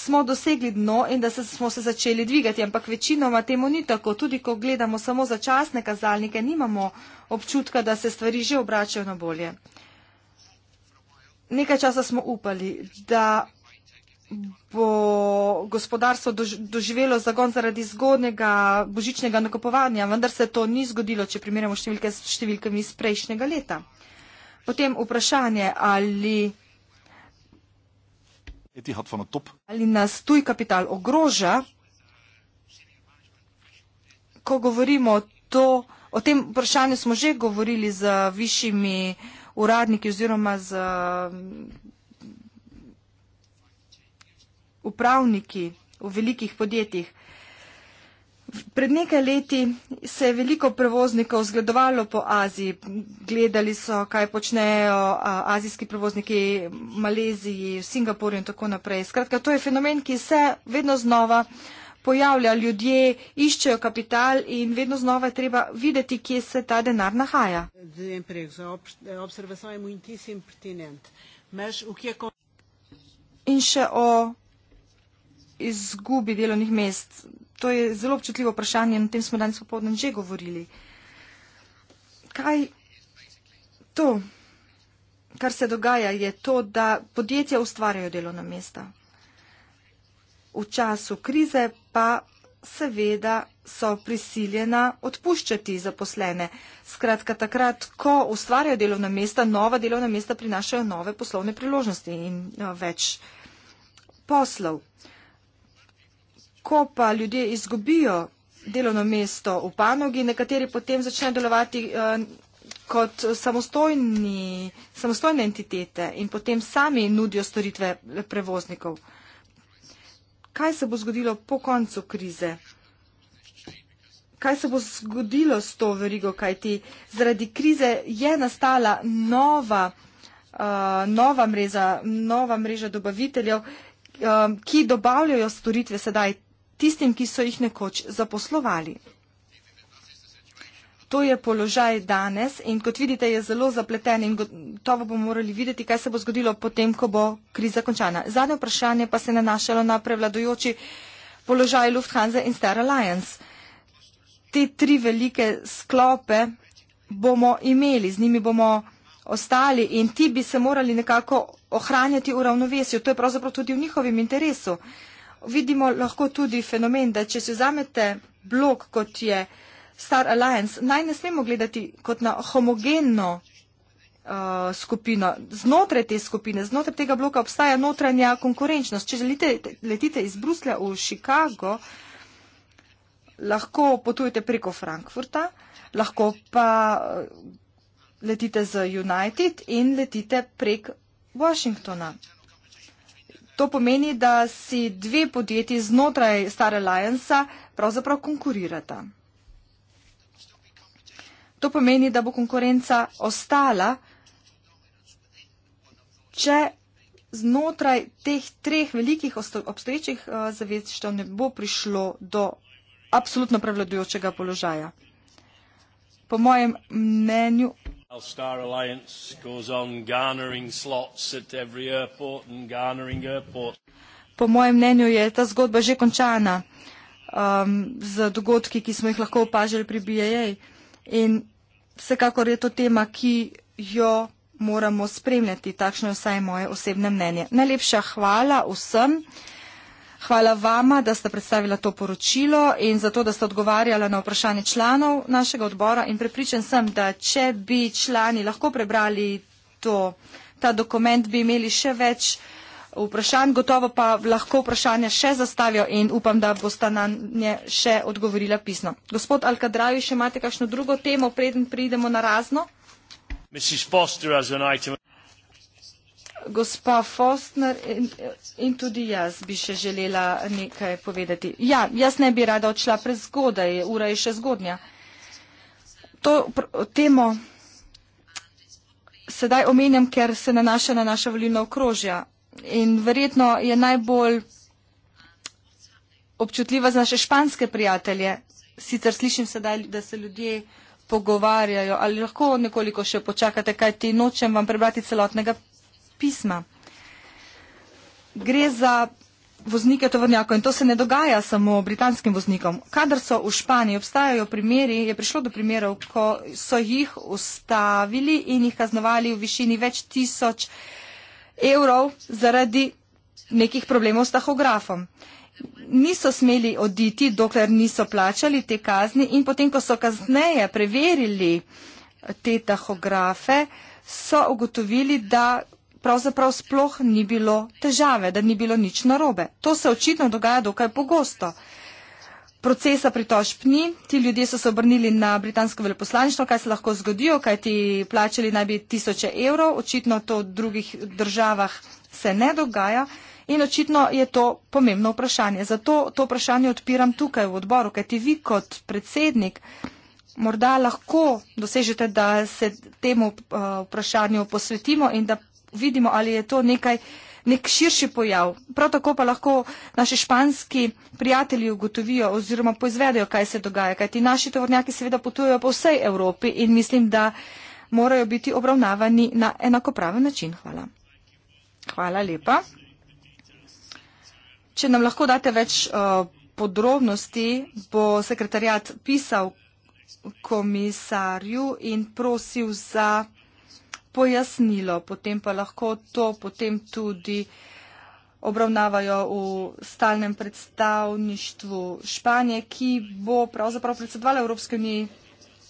smo dosegli dno in da smo se začeli dvigati, ampak večinoma temu ni tako. Tudi ko gledamo samo začasne kazalnike, nimamo občutka, da se stvari že obračajo na bolje. Nekaj časa smo upali, da bo gospodarstvo doživelo zagon zaradi zgodnega božičnega nakupovanja, vendar se to ni zgodilo, če primerjamo številke s številkami iz prejšnjega leta. Potem vprašanje, ali, ali nas tuj kapital ogroža, ko govorimo to, o tem vprašanju smo že govorili z višjimi uradniki oziroma z upravniki v velikih podjetjih. Pred nekaj leti se je veliko prevoznikov zgledovalo po Aziji. Gledali so, kaj počnejo azijski prevozniki v Maleziji, v Singapurju in tako naprej. Skratka, to je fenomen, ki se vedno znova pojavlja. Ljudje iščejo kapital in vedno znova je treba videti, kje se ta denar nahaja. In še o izgubi delovnih mest? To je zelo občutljivo vprašanje in o tem smo danes popoldne že govorili. Kaj to, kar se dogaja, je to, da podjetja ustvarjajo delovna mesta. V času krize pa seveda so prisiljena odpuščati zaposlene. Skratka, takrat, ko ustvarjajo delovna mesta, nova delovna mesta prinašajo nove poslovne priložnosti in ja, več poslov ko pa ljudje izgubijo delovno mesto v panogi, nekateri potem začnejo delovati eh, kot samostojni, samostojne entitete in potem sami nudijo storitve prevoznikov. Kaj se bo zgodilo po koncu krize? Kaj se bo zgodilo s to verigo, kajti zaradi krize je nastala nova, uh, nova, mreza, nova mreža dobaviteljev, uh, ki dobavljajo storitve sedaj tistim, ki so jih nekoč zaposlovali. To je položaj danes in kot vidite je zelo zapleten in gotovo bomo morali videti, kaj se bo zgodilo potem, ko bo kriza končana. Zadnje vprašanje pa se nanašalo na prevladojoči položaj Lufthansa in Star Alliance. Te tri velike sklope bomo imeli, z njimi bomo ostali in ti bi se morali nekako ohranjati v ravnovesju. To je pravzaprav tudi v njihovem interesu. Uh, vidimo lahko tudi fenomen, da če se vzamete blok, kot je Star Alliance, naj ne smemo gledati kot na homogeno uh, skupino. Znotraj te skupine, znotraj tega bloka obstaja notranja konkurenčnost. Če želite, letite iz Bruslja v Chicago, lahko potujete preko Frankfurta, lahko pa uh, letite z United in letite prek Washingtona. To pomeni, da si dve podjetji znotraj Star Alliance pravzaprav konkurirata. To pomeni, da bo konkurenca ostala, če znotraj teh treh velikih obstoječih eh, zavezništev ne bo prišlo do absolutno prevladujočega položaja. Po mojem mnenju While Star Alliance goes on garnering slots at every airport and garnering airport. Po mojem mnenju je ta zgodba že končana um, z dogodki, ki smo jih lahko opažali pri BAA. In vsekakor je to tema, ki jo moramo spremljati. Takšno je vsaj moje osebne mnenje. Najlepša hvala vsem. Hvala vama, da ste predstavila to poročilo in za to, da ste odgovarjala na vprašanje članov našega odbora in prepričan sem, da če bi člani lahko prebrali to, ta dokument, bi imeli še več vprašanj, gotovo pa lahko vprašanja še zastavijo in upam, da boste na nje še odgovorila pisno. Gospod Alkadravi, še imate kakšno drugo temo, preden pridemo na razno? Mrs. Foster has an item. Gospa Fostner in, in tudi jaz bi še želela nekaj povedati. Ja, jaz ne bi rada odšla prezgodaj, ura je še zgodnja. To temo sedaj omenjam, ker se nanaša na naša volilna okrožja in verjetno je najbolj občutljiva za naše španske prijatelje. Sicer slišim sedaj, da se ljudje pogovarjajo, ali lahko nekoliko še počakate, kaj ti nočem vam prebrati celotnega pisma. Gre za voznike tovornjakov in to se ne dogaja samo britanskim voznikom. Kadar so v Španiji, obstajajo primeri, je prišlo do primerov, ko so jih ustavili in jih kaznovali v višini več tisoč evrov zaradi nekih problemov s tahografom. Niso smeli oditi, dokler niso plačali te kazni in potem, ko so kasneje preverili te tahografe, so ugotovili, da pravzaprav sploh ni bilo težave, da ni bilo nič narobe. To se očitno dogaja dokaj pogosto. Procesa pritožb ni, ti ljudje so se obrnili na britansko veleposlaništvo, kaj se lahko zgodijo, kaj ti plačali naj bi tisoče evrov, očitno to v drugih državah se ne dogaja in očitno je to pomembno vprašanje. Zato to vprašanje odpiram tukaj v odboru, kaj ti vi kot predsednik morda lahko dosežete, da se temu eh, vprašanju posvetimo in da vidimo, ali je to nekaj, nek širši pojav. Prav tako pa lahko naši španski prijatelji ugotovijo oziroma poizvedajo, kaj se dogaja, kajti naši tovornjaki seveda potujejo po vsej Evropi in mislim, da morajo biti obravnavani na enakopraven način. Hvala. Hvala lepa. Če nam lahko date več uh, podrobnosti, bo sekretarjat pisal komisarju in prosil za pojasnilo, potem pa lahko to potem tudi obravnavajo v stalnem predstavništvu Španije, ki bo pravzaprav predsedovala Evropske unije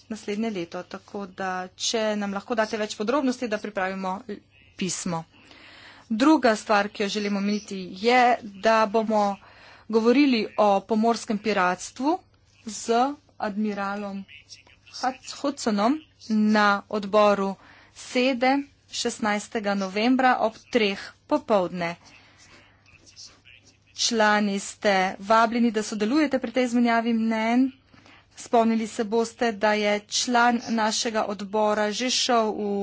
naslednje leto. Tako da, če nam lahko date več podrobnosti, da pripravimo pismo. Druga stvar, ki jo želimo omeniti, je, da bomo govorili o pomorskem piratstvu z admiralom Hudsonom na odboru sede 16. novembra ob 3. popovdne. Člani ste vabljeni, da sodelujete pri tej izmenjavi mnen. Spomnili se boste, da je član našega odbora že šel v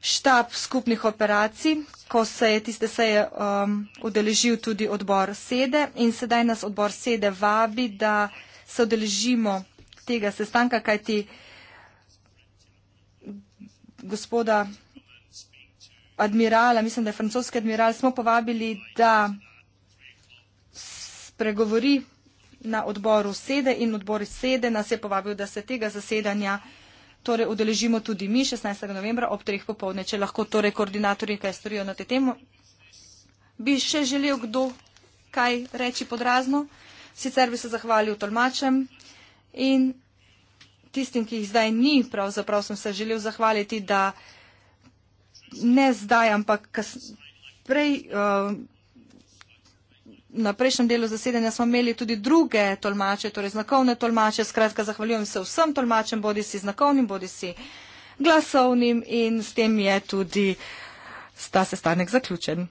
štab skupnih operacij, ko se je tiste seje um, udeležil tudi odbor sede in sedaj nas odbor sede vabi, da se udeležimo tega sestanka, kajti uh, gospoda admirala, mislim, da je francoski admiral, smo povabili, da spregovori na odboru sede in odbor sede nas je povabil, da se tega zasedanja torej udeležimo tudi mi 16. novembra ob treh popovdne, če lahko torej koordinatorji kaj storijo na te temo. Bi še želel kdo kaj reči podrazno? Sicer bi se zahvalil tolmačem in tistim, ki jih zdaj ni, pravzaprav sem se želel zahvaliti, da ne zdaj, ampak kas, prej, uh, na prejšnjem delu zasedanja smo imeli tudi druge tolmače, torej znakovne tolmače. Skratka, zahvaljujem se vsem tolmačem, bodi si znakovnim, bodi si glasovnim in s tem je tudi ta sestanek zaključen.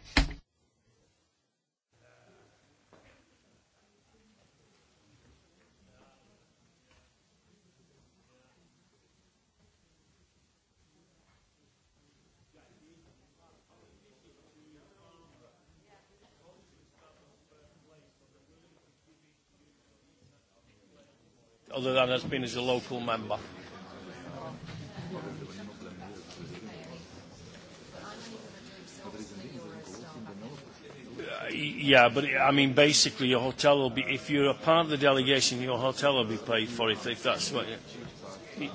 other than has been as a local member. Uh, yeah, but I mean, basically, your hotel will be, if you're a part of the delegation, your hotel will be paid for if, if that's what you.